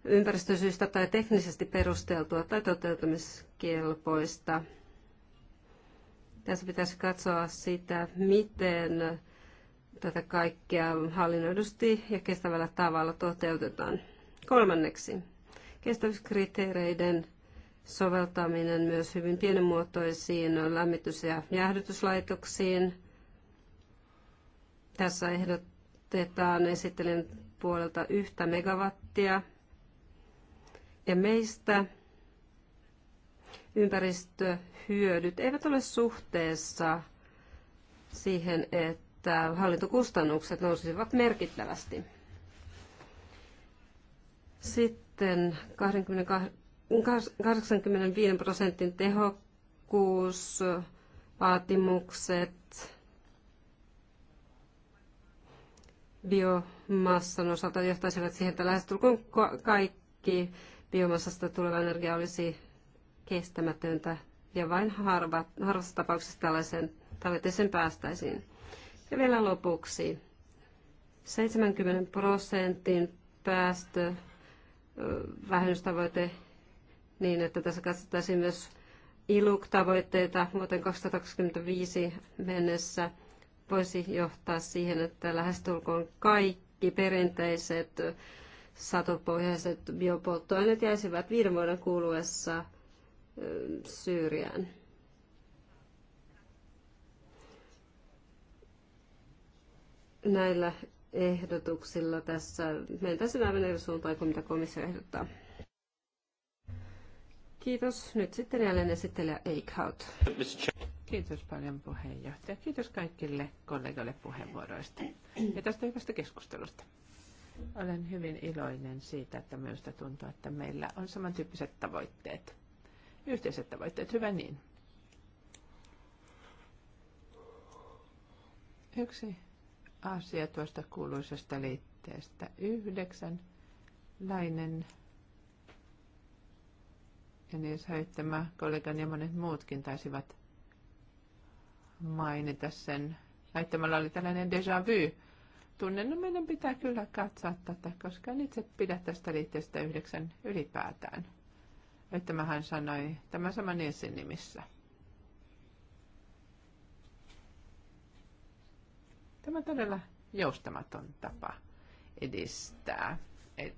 ympäristösyistä tai teknisesti perusteltua tai toteutumiskelpoista. Tässä pitäisi katsoa sitä, miten tätä kaikkea hallinnoidusti ja kestävällä tavalla toteutetaan. Kolmanneksi, kestävyyskriteereiden soveltaminen myös hyvin pienimuotoisiin lämmitys- ja jäähdytyslaitoksiin. Tässä ehdotetaan esittelen puolelta yhtä megawattia. Ja meistä ympäristöhyödyt eivät ole suhteessa siihen, että hallintokustannukset nousisivat merkittävästi. Sitten 85 prosentin tehokkuusvaatimukset biomassan osalta johtaisivat siihen, että lähestulkoon kaikki biomassasta tuleva energia olisi kestämätöntä ja vain harva, harvassa tapauksessa tällaisen tavoitteeseen päästäisiin. Ja vielä lopuksi 70 prosentin päästö vähennystavoite niin, että tässä katsottaisiin myös ILUK-tavoitteita vuoteen 2025 mennessä voisi johtaa siihen, että lähestulkoon kaikki perinteiset satopohjaiset biopolttoaineet jäisivät viiden vuoden kuluessa Syyriään. Näillä ehdotuksilla tässä mentäisiin aivan eri suuntaan kuin mitä komissio ehdottaa. Kiitos. Nyt sitten jälleen esittelijä Eichhout. Kiitos paljon puheenjohtaja. Kiitos kaikille kollegoille puheenvuoroista ja tästä hyvästä keskustelusta. Olen hyvin iloinen siitä, että minusta tuntuu, että meillä on samantyyppiset tavoitteet yhteiset tavoitteet, hyvä niin. Yksi asia tuosta kuuluisesta liitteestä yhdeksän lainen ja Nils niin Heittämä, kollegan ja monet muutkin taisivat mainita sen. Laittamalla oli tällainen déjà vu. Tunnen, no meidän pitää kyllä katsoa tätä, koska en itse pidä tästä liitteestä yhdeksän ylipäätään että mä hän sanoi tämän saman Ensin nimissä. Tämä on todella joustamaton tapa edistää e-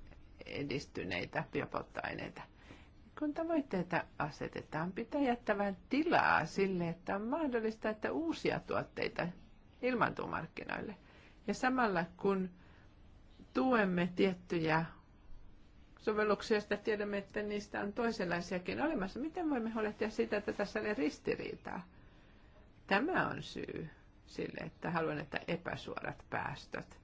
edistyneitä biopolttoaineita. Kun tavoitteita asetetaan, pitää jättävän tilaa sille, että on mahdollista, että uusia tuotteita ilmaantuu markkinoille. Ja samalla kun tuemme tiettyjä sovelluksia, joista tiedämme, että niistä on toisenlaisiakin olemassa. Miten voimme huolehtia siitä, että tässä ei ristiriitaa? Tämä on syy sille, että haluan, että epäsuorat päästöt.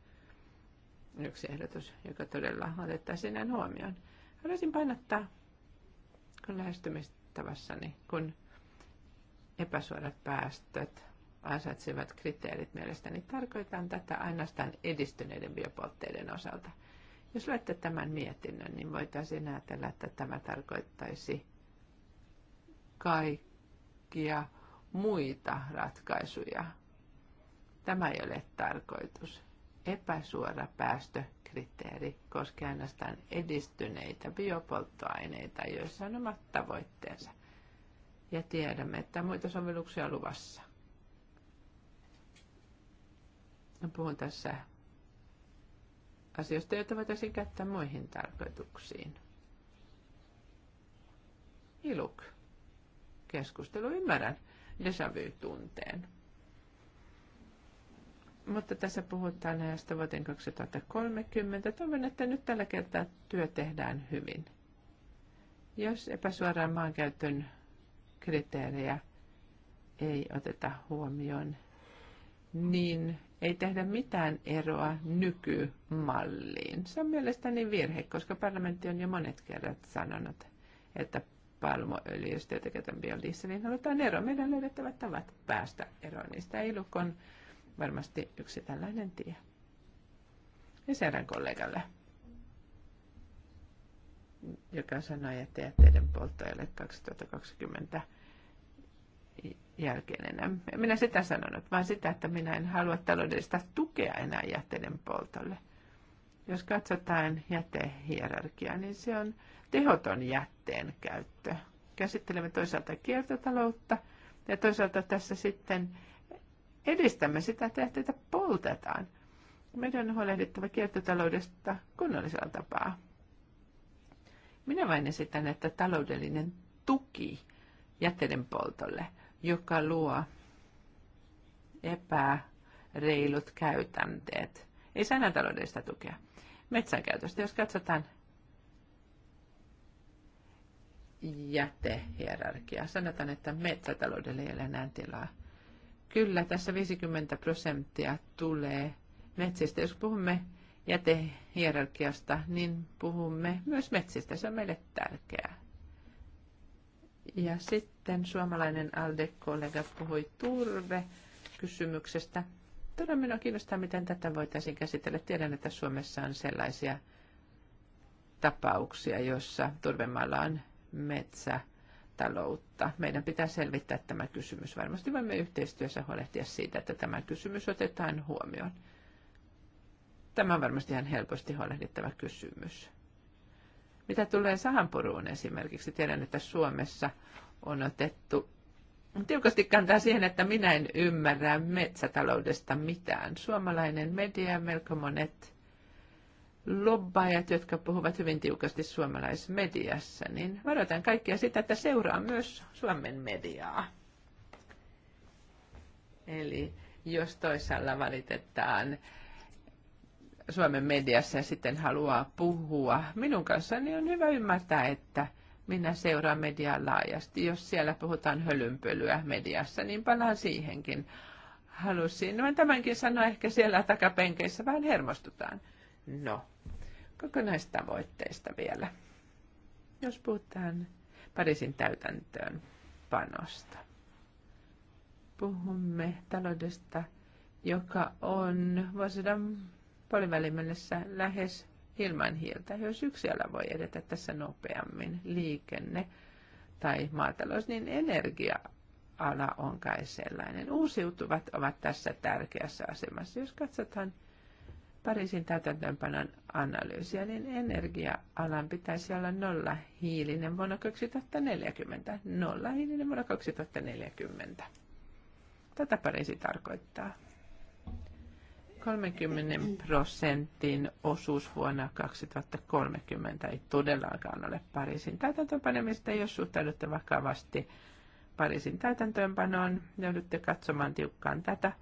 Yksi ehdotus, joka todella otettaisiin näin huomioon. Haluaisin painottaa kun lähestymistavassani, kun epäsuorat päästöt ansaitsevat kriteerit mielestäni, tarkoitan tätä ainoastaan edistyneiden biopoltteiden osalta – jos luette tämän mietinnön, niin voitaisiin ajatella, että tämä tarkoittaisi kaikkia muita ratkaisuja. Tämä ei ole tarkoitus. Epäsuora päästökriteeri koskee ainoastaan edistyneitä biopolttoaineita, joissa on omat tavoitteensa. Ja tiedämme, että muita sovelluksia on luvassa. Puhun tässä asioista, joita voitaisiin käyttää muihin tarkoituksiin. Iluk. Keskustelu ymmärrän déjà tunteen Mutta tässä puhutaan ajasta vuoteen 2030. Toivon, että nyt tällä kertaa työ tehdään hyvin. Jos epäsuoraan maankäytön kriteerejä ei oteta huomioon, niin ei tehdä mitään eroa nykymalliin. Se on mielestäni virhe, koska parlamentti on jo monet kerrat sanonut, että palmoöljystä ja tekemään biodieselin halutaan ero. Meidän löydettävät tavat päästä eroon niistä. ei lukon varmasti yksi tällainen tie. Ja seuraan kollegalle, joka sanoi, että jätteiden poltto ei ole 2020 jälkeen enää. Minä sitä sanonut, vaan sitä, että minä en halua taloudellista tukea enää jätteiden poltolle. Jos katsotaan jätehierarkiaa, niin se on tehoton jätteen käyttö. Käsittelemme toisaalta kiertotaloutta ja toisaalta tässä sitten edistämme sitä, että jätteitä poltetaan. Meidän on huolehdittava kiertotaloudesta kunnollisella tapaa. Minä vain esitän, että taloudellinen tuki jätteiden poltolle – joka luo epäreilut käytänteet. Ei taloudellista tukea. Metsänkäytöstä, jos katsotaan jätehierarkia. Sanotaan, että metsätaloudelle ei ole enää tilaa. Kyllä, tässä 50 prosenttia tulee metsistä. Jos puhumme jätehierarkiasta, niin puhumme myös metsistä. Se on meille tärkeää. Ja sitten suomalainen ALDE-kollega puhui turve-kysymyksestä. Todella minua kiinnostaa, miten tätä voitaisiin käsitellä. Tiedän, että Suomessa on sellaisia tapauksia, joissa turvemaalla on metsätaloutta. Meidän pitää selvittää tämä kysymys. Varmasti voimme yhteistyössä huolehtia siitä, että tämä kysymys otetaan huomioon. Tämä on varmasti ihan helposti huolehdittava kysymys. Mitä tulee sahanpuruun esimerkiksi, tiedän, että Suomessa on otettu tiukasti kantaa siihen, että minä en ymmärrä metsätaloudesta mitään. Suomalainen media, melko monet lobbaajat, jotka puhuvat hyvin tiukasti suomalaismediassa, niin varoitan kaikkia sitä, että seuraa myös Suomen mediaa. Eli jos toisaalla valitetaan Suomen mediassa ja sitten haluaa puhua. Minun kanssani on hyvä ymmärtää, että minä seuraan mediaa laajasti. Jos siellä puhutaan hölynpölyä mediassa, niin palaan siihenkin. Halusin no, tämänkin sanoa, ehkä siellä takapenkeissä vähän hermostutaan. No, kokonaistavoitteista vielä. Jos puhutaan Pariisin täytäntöön panosta. Puhumme taloudesta, joka on vuosisadan mennessä lähes ilman hiiltä. Jos yksi voi edetä tässä nopeammin, liikenne tai maatalous, niin energia-ala on kai sellainen. Uusiutuvat ovat tässä tärkeässä asemassa. Jos katsotaan Pariisin täytäntöönpanon analyysiä, niin energia-alan pitäisi olla nolla hiilinen vuonna 2040. Nolla hiilinen vuonna 2040. Tätä Pariisi tarkoittaa. 30 prosentin osuus vuonna 2030 ei todellakaan ole Pariisin täytäntöönpanemista, jos suhtaudutte vakavasti Pariisin täytäntöönpanoon, joudutte katsomaan tiukkaan tätä.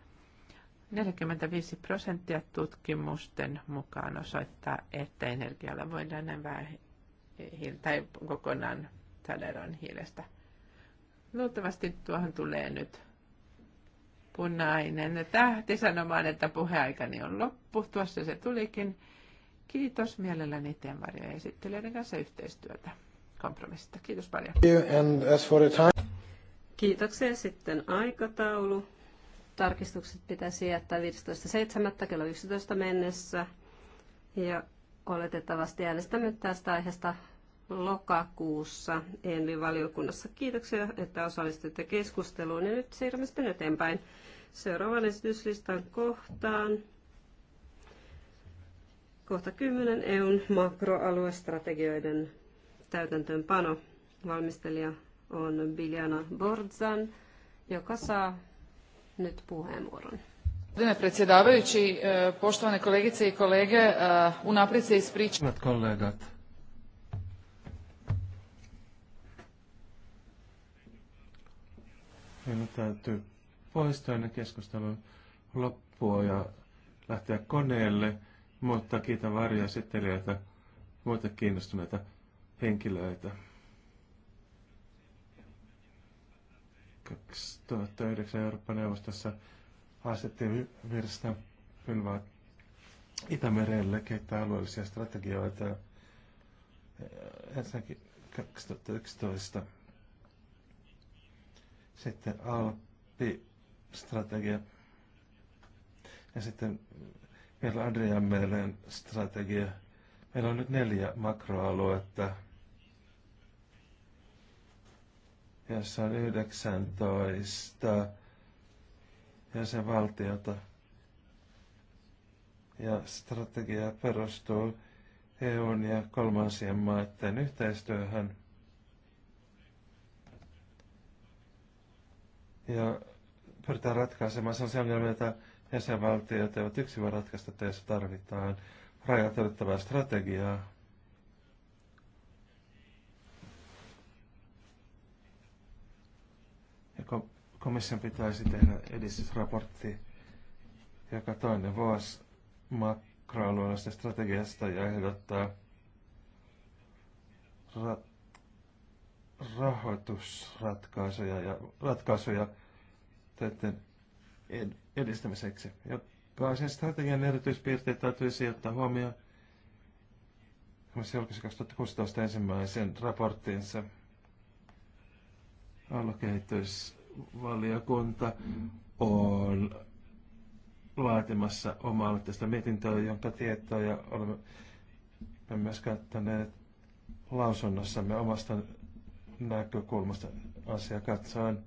45 prosenttia tutkimusten mukaan osoittaa, että energialla voidaan näin vähän tai kokonaan saada hiilestä. Luultavasti tuohon tulee nyt punainen tähti sanomaan, että puheaikani on loppu. Tuossa se tulikin. Kiitos mielelläni teen varjojen esittelijöiden kanssa yhteistyötä kompromissista. Kiitos paljon. Kiitoksia. Sitten aikataulu. Tarkistukset pitäisi jättää 15.7. kello 11 mennessä. Ja oletettavasti äänestämme tästä aiheesta lokakuussa ENVI-valiokunnassa. Kiitoksia, että osallistuitte keskusteluun ja nyt siirrymme sitten eteenpäin seuraavan esityslistan kohtaan. Kohta 10 EUn makroaluestrategioiden täytäntöönpano. Valmistelija on Biljana Bordzan, joka saa nyt puheenvuoron. Gospodine predsjedavajući, poštovane kolegice i kolege, unaprijed se ispričavam. kollegat, Minun täytyy poistaa ne keskustelun loppua ja lähteä koneelle, mutta kiitän varjoesittelijöitä, muita kiinnostuneita henkilöitä. 2009 Euroopan neuvostossa asetettiin virsta pylvää Itämerelle kehittää alueellisia strategioita. Ensinnäkin 2011 sitten Alppi-strategia. Ja sitten vielä Meren strategia. Meillä on nyt neljä makroaluetta, jossa on 19 jäsenvaltiota. Ja strategia perustuu EUn ja kolmansien maiden yhteistyöhön – ja pyritään ratkaisemaan sellaisia ongelmia, joita jäsenvaltiot eivät yksin voi ratkaista, jos tarvitaan rajat ylittävää strategiaa. Ja komission pitäisi tehdä edistysraportti joka toinen vuosi makroalueellisesta strategiasta ja ehdottaa rat- rahoitusratkaisuja ja ratkaisuja täten edistämiseksi. Jokaisen strategian erityispiirteet täytyisi ottaa huomioon. Komissio julkaisi 2016 ensimmäisen raporttinsa. Aluekehitysvaliokunta on laatimassa omaa tästä mietintöä, jonka tietoja olemme myös käyttäneet lausunnossamme omasta näkökulmasta asia katsoen.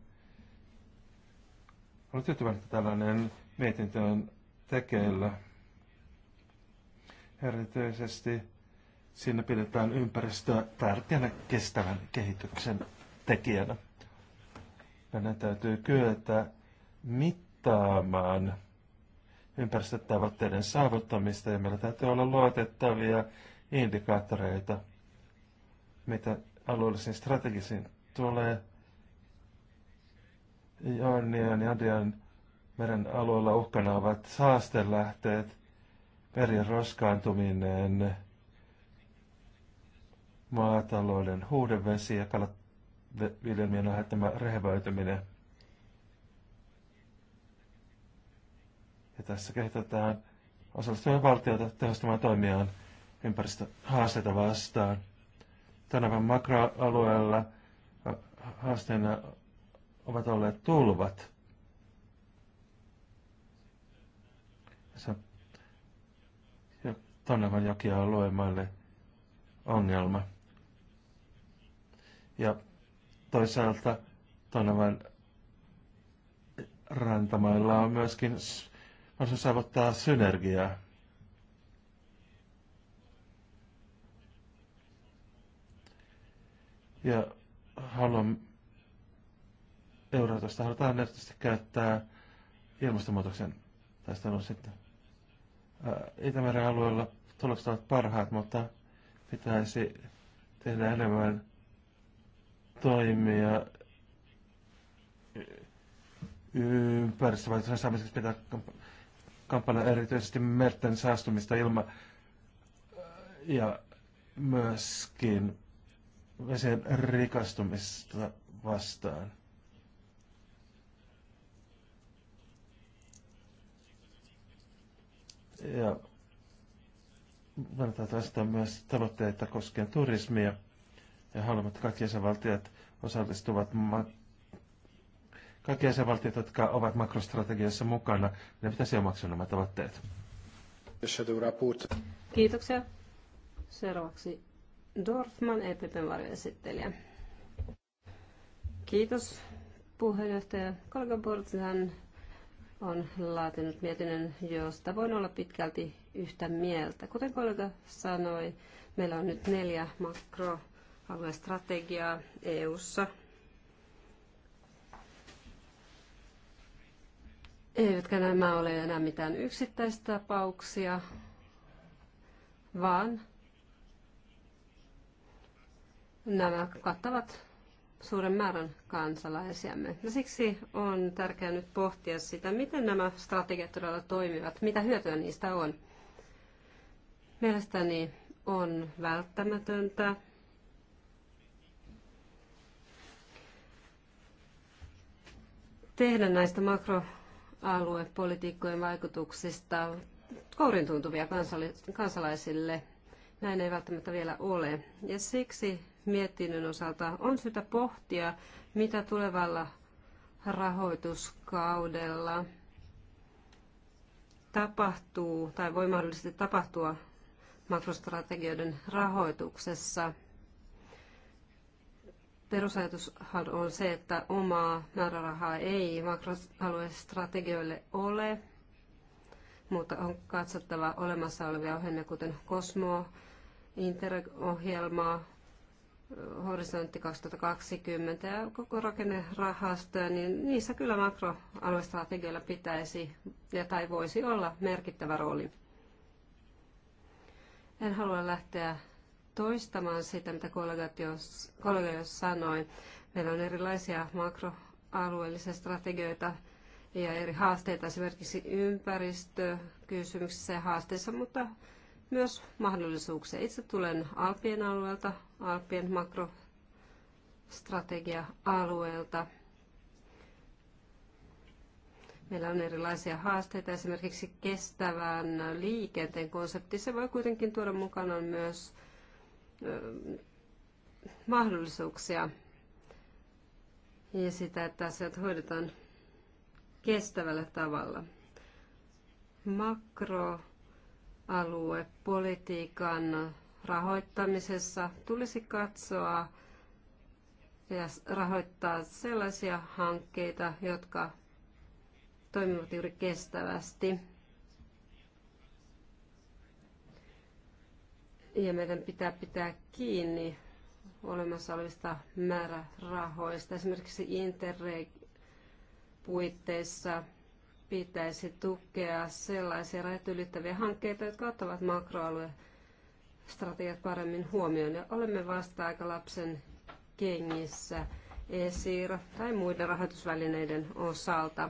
Olen tyytyväinen, että tällainen mietintö on tekeillä. Erityisesti siinä pidetään ympäristöä tärkeänä kestävän kehityksen tekijänä. Meidän täytyy kyetä mittaamaan ympäristötavoitteiden saavuttamista ja meillä täytyy olla luotettavia indikaattoreita, mitä alueellisiin strategisiin tulee Ionian ja Adean meren alueella uhkana ovat saastelähteet, merien roskaantuminen, maatalouden huudevesi ja kalaviljelmien aiheuttama rehevöityminen. Ja tässä kehitetään osallistuvia valtioita tehostamaan toimiaan ympäristöhaasteita vastaan. Tanavan makroalueella haasteena ovat olleet tulvat. Tonavan jokialueen maille ongelma. Ja toisaalta Tanavan rantamailla on myöskin osa saavuttaa synergiaa. Ja haluan tästä. halutaan erityisesti käyttää ilmastonmuutoksen taistelun sitten. Itämeren alueella tulokset ovat parhaat, mutta pitäisi tehdä enemmän toimia ympäristövaikutuksen saamiseksi pitää kampanja erityisesti merten saastumista ilma ja myöskin vesien rikastumista vastaan. Ja kannattaa tästä myös tavoitteita koskien turismia ja haluamme, että kaikki jäsenvaltiot osallistuvat kaikki jäsenvaltiot, jotka ovat makrostrategiassa mukana, ne pitäisi omaksua nämä tavoitteet. Kiitoksia. Seuraavaksi Dorfman, EPPn varjoesittelijä. Kiitos puheenjohtaja Kolga hän on laatinut mietinnön, josta voin olla pitkälti yhtä mieltä. Kuten kollega sanoi, meillä on nyt neljä makroaluestrategiaa EU-ssa. Eivätkä nämä ole enää mitään yksittäistapauksia, vaan Nämä kattavat suuren määrän kansalaisiamme. Ja no siksi on tärkeää nyt pohtia sitä, miten nämä strategiat todella toimivat, mitä hyötyä niistä on. Mielestäni on välttämätöntä tehdä näistä makroaluepolitiikkojen vaikutuksista kourin tuntuvia kansalaisille. Näin ei välttämättä vielä ole. Ja siksi mietinnön osalta on syytä pohtia, mitä tulevalla rahoituskaudella tapahtuu tai voi mahdollisesti tapahtua makrostrategioiden rahoituksessa. Perusajatushan on se, että omaa määrärahaa ei makroalue-strategioille ole, mutta on katsottava olemassa olevia ohjelmia, kuten Kosmo, Interreg-ohjelmaa, horisontti 2020 ja koko rakennerahastoja, niin niissä kyllä makroaluestrategioilla pitäisi ja tai voisi olla merkittävä rooli. En halua lähteä toistamaan sitä, mitä kollegat jo, kollega jo sanoi. Meillä on erilaisia makroalueellisia strategioita ja eri haasteita esimerkiksi ympäristökysymyksissä ja haasteissa, mutta myös mahdollisuuksia. Itse tulen Alpien alueelta, Alpien makrostrategia-alueelta. Meillä on erilaisia haasteita, esimerkiksi kestävän liikenteen konsepti. Se voi kuitenkin tuoda mukanaan myös mahdollisuuksia ja sitä, että asiat hoidetaan kestävällä tavalla. Makro aluepolitiikan rahoittamisessa tulisi katsoa ja rahoittaa sellaisia hankkeita, jotka toimivat juuri kestävästi. Ja meidän pitää pitää kiinni olemassa olevista määrärahoista. Esimerkiksi Interreg-puitteissa pitäisi tukea sellaisia rajat ylittäviä hankkeita, jotka ottavat makroaluestrategiat paremmin huomioon. Ja olemme vasta aika lapsen kengissä ESIR tai muiden rahoitusvälineiden osalta.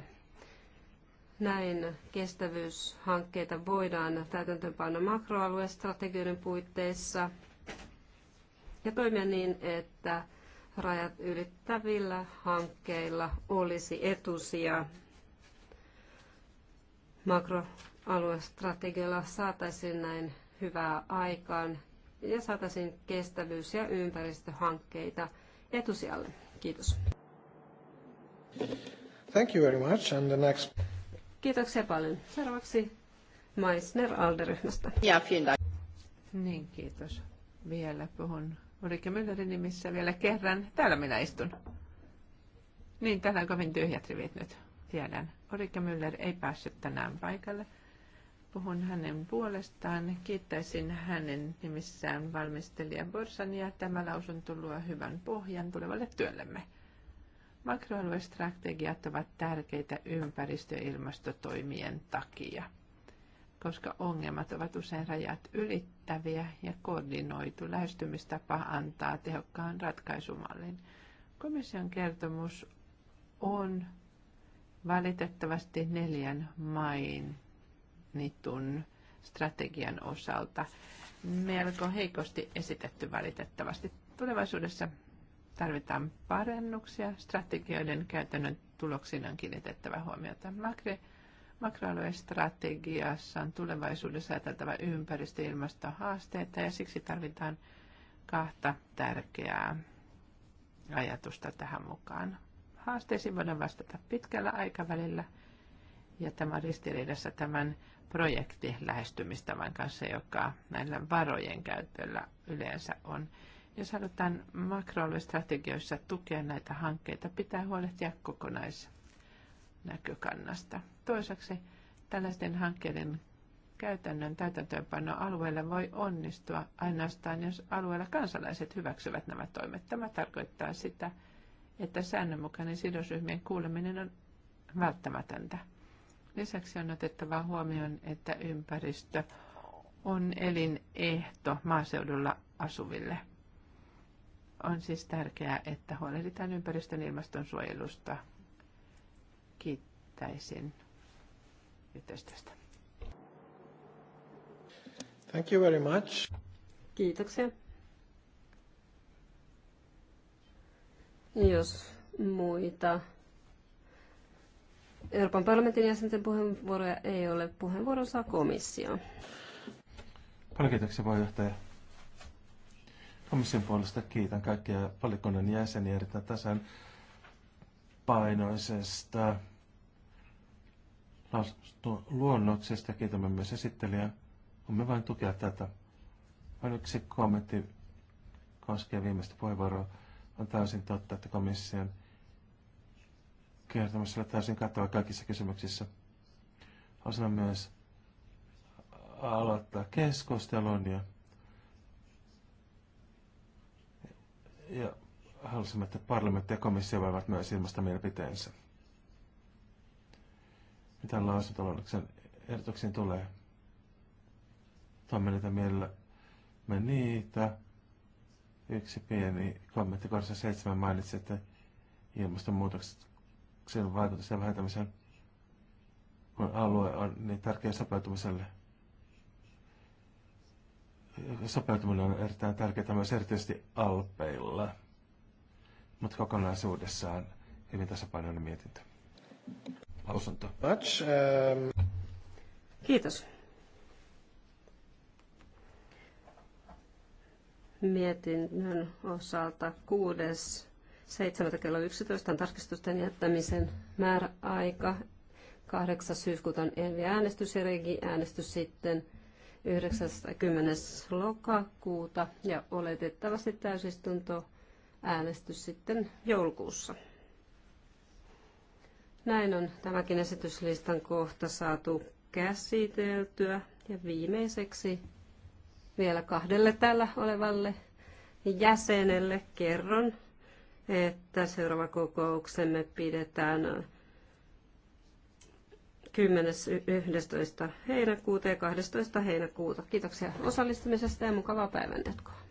Näin kestävyyshankkeita voidaan täytäntöönpanna makroaluestrategioiden puitteissa ja toimia niin, että rajat ylittävillä hankkeilla olisi etusija makroaluestrategialla saataisiin näin hyvää aikaan ja saataisiin kestävyys- ja ympäristöhankkeita etusijalle. Kiitos. Thank you very much. And the next... Kiitoksia paljon. Seuraavaksi Meissner Alderyhmästä. Ja, vielen Niin, kiitos. Vielä puhun Ulrike Müllerin nimissä vielä kerran. Täällä minä istun. Niin, täällä on kovin tyhjät rivit nyt. Tiedän. Orika Müller ei päässyt tänään paikalle. Puhun hänen puolestaan. Kiittäisin hänen nimissään valmistelija Borsania. Tämä lausunto luo hyvän pohjan tulevalle työllemme. Makroaluestrategiat ovat tärkeitä ympäristö- ja ilmastotoimien takia, koska ongelmat ovat usein rajat ylittäviä ja koordinoitu lähestymistapa antaa tehokkaan ratkaisumallin. Komission kertomus on Valitettavasti neljän mainitun strategian osalta melko heikosti esitetty valitettavasti. Tulevaisuudessa tarvitaan parannuksia. Strategioiden käytännön tuloksiin on kiinnitettävä huomiota. Makre, strategiassa on tulevaisuudessa ajateltava ympäristö- ja ilmastohaasteita ja siksi tarvitaan kahta tärkeää ajatusta tähän mukaan haasteisiin voidaan vastata pitkällä aikavälillä. Ja tämä on ristiriidassa tämän projekti lähestymistavan kanssa, joka näillä varojen käytöllä yleensä on. Jos halutaan makroaluestrategioissa tukea näitä hankkeita, pitää huolehtia kokonaisnäkökannasta. Toiseksi tällaisten hankkeiden käytännön täytäntöönpano alueella voi onnistua ainoastaan, jos alueella kansalaiset hyväksyvät nämä toimet. Tämä tarkoittaa sitä, että säännönmukainen sidosryhmien kuuleminen on välttämätöntä. Lisäksi on otettava huomioon, että ympäristö on elinehto maaseudulla asuville. On siis tärkeää, että huolehditaan ympäristön ilmastonsuojelusta. Kiittäisin yhteistyöstä. Thank you very much. Kiitoksia. jos muita Euroopan parlamentin jäsenten puheenvuoroja ei ole. Puheenvuoron saa komissio. Paljon kiitoksia puheenjohtaja. Komission puolesta kiitän kaikkia valikunnan jäseniä erittäin tasan painoisesta luonnoksesta. Kiitämme myös esittelijä. Voimme vain tukea tätä. Vain yksi kommentti koskee viimeistä puheenvuoroa on täysin totta, että komission kertomus oli täysin kattava kaikissa kysymyksissä. Osana myös aloittaa keskustelun ja, ja halusimme, että parlamentti ja komissio voivat myös ilmaista mielipiteensä. Mitä lausuntoluonnoksen ehdotuksiin tulee? Tuomme niitä mielellä me niitä Yksi pieni kommentti, korsa seitsemän mainitsi, että ilmastonmuutoksen ja vähentämisen kun alue on niin tärkeä sopeutumiselle. Sopeutuminen on erittäin tärkeää myös erityisesti alpeilla, mutta kokonaisuudessaan hyvin tasapainoinen mietintö. Lausunto. Um, Kiitos. mietinnön osalta 6. 7. kello 11 on tarkistusten jättämisen määräaika. 8. syyskuuta on ENVI-äänestys ja REGI-äänestys sitten 90. lokakuuta ja oletettavasti täysistunto äänestys sitten joulukuussa. Näin on tämäkin esityslistan kohta saatu käsiteltyä ja viimeiseksi vielä kahdelle täällä olevalle jäsenelle kerron, että seuraava kokouksemme pidetään 10.11. heinäkuuta ja 12. heinäkuuta. Kiitoksia osallistumisesta ja mukavaa päivänjatkoa.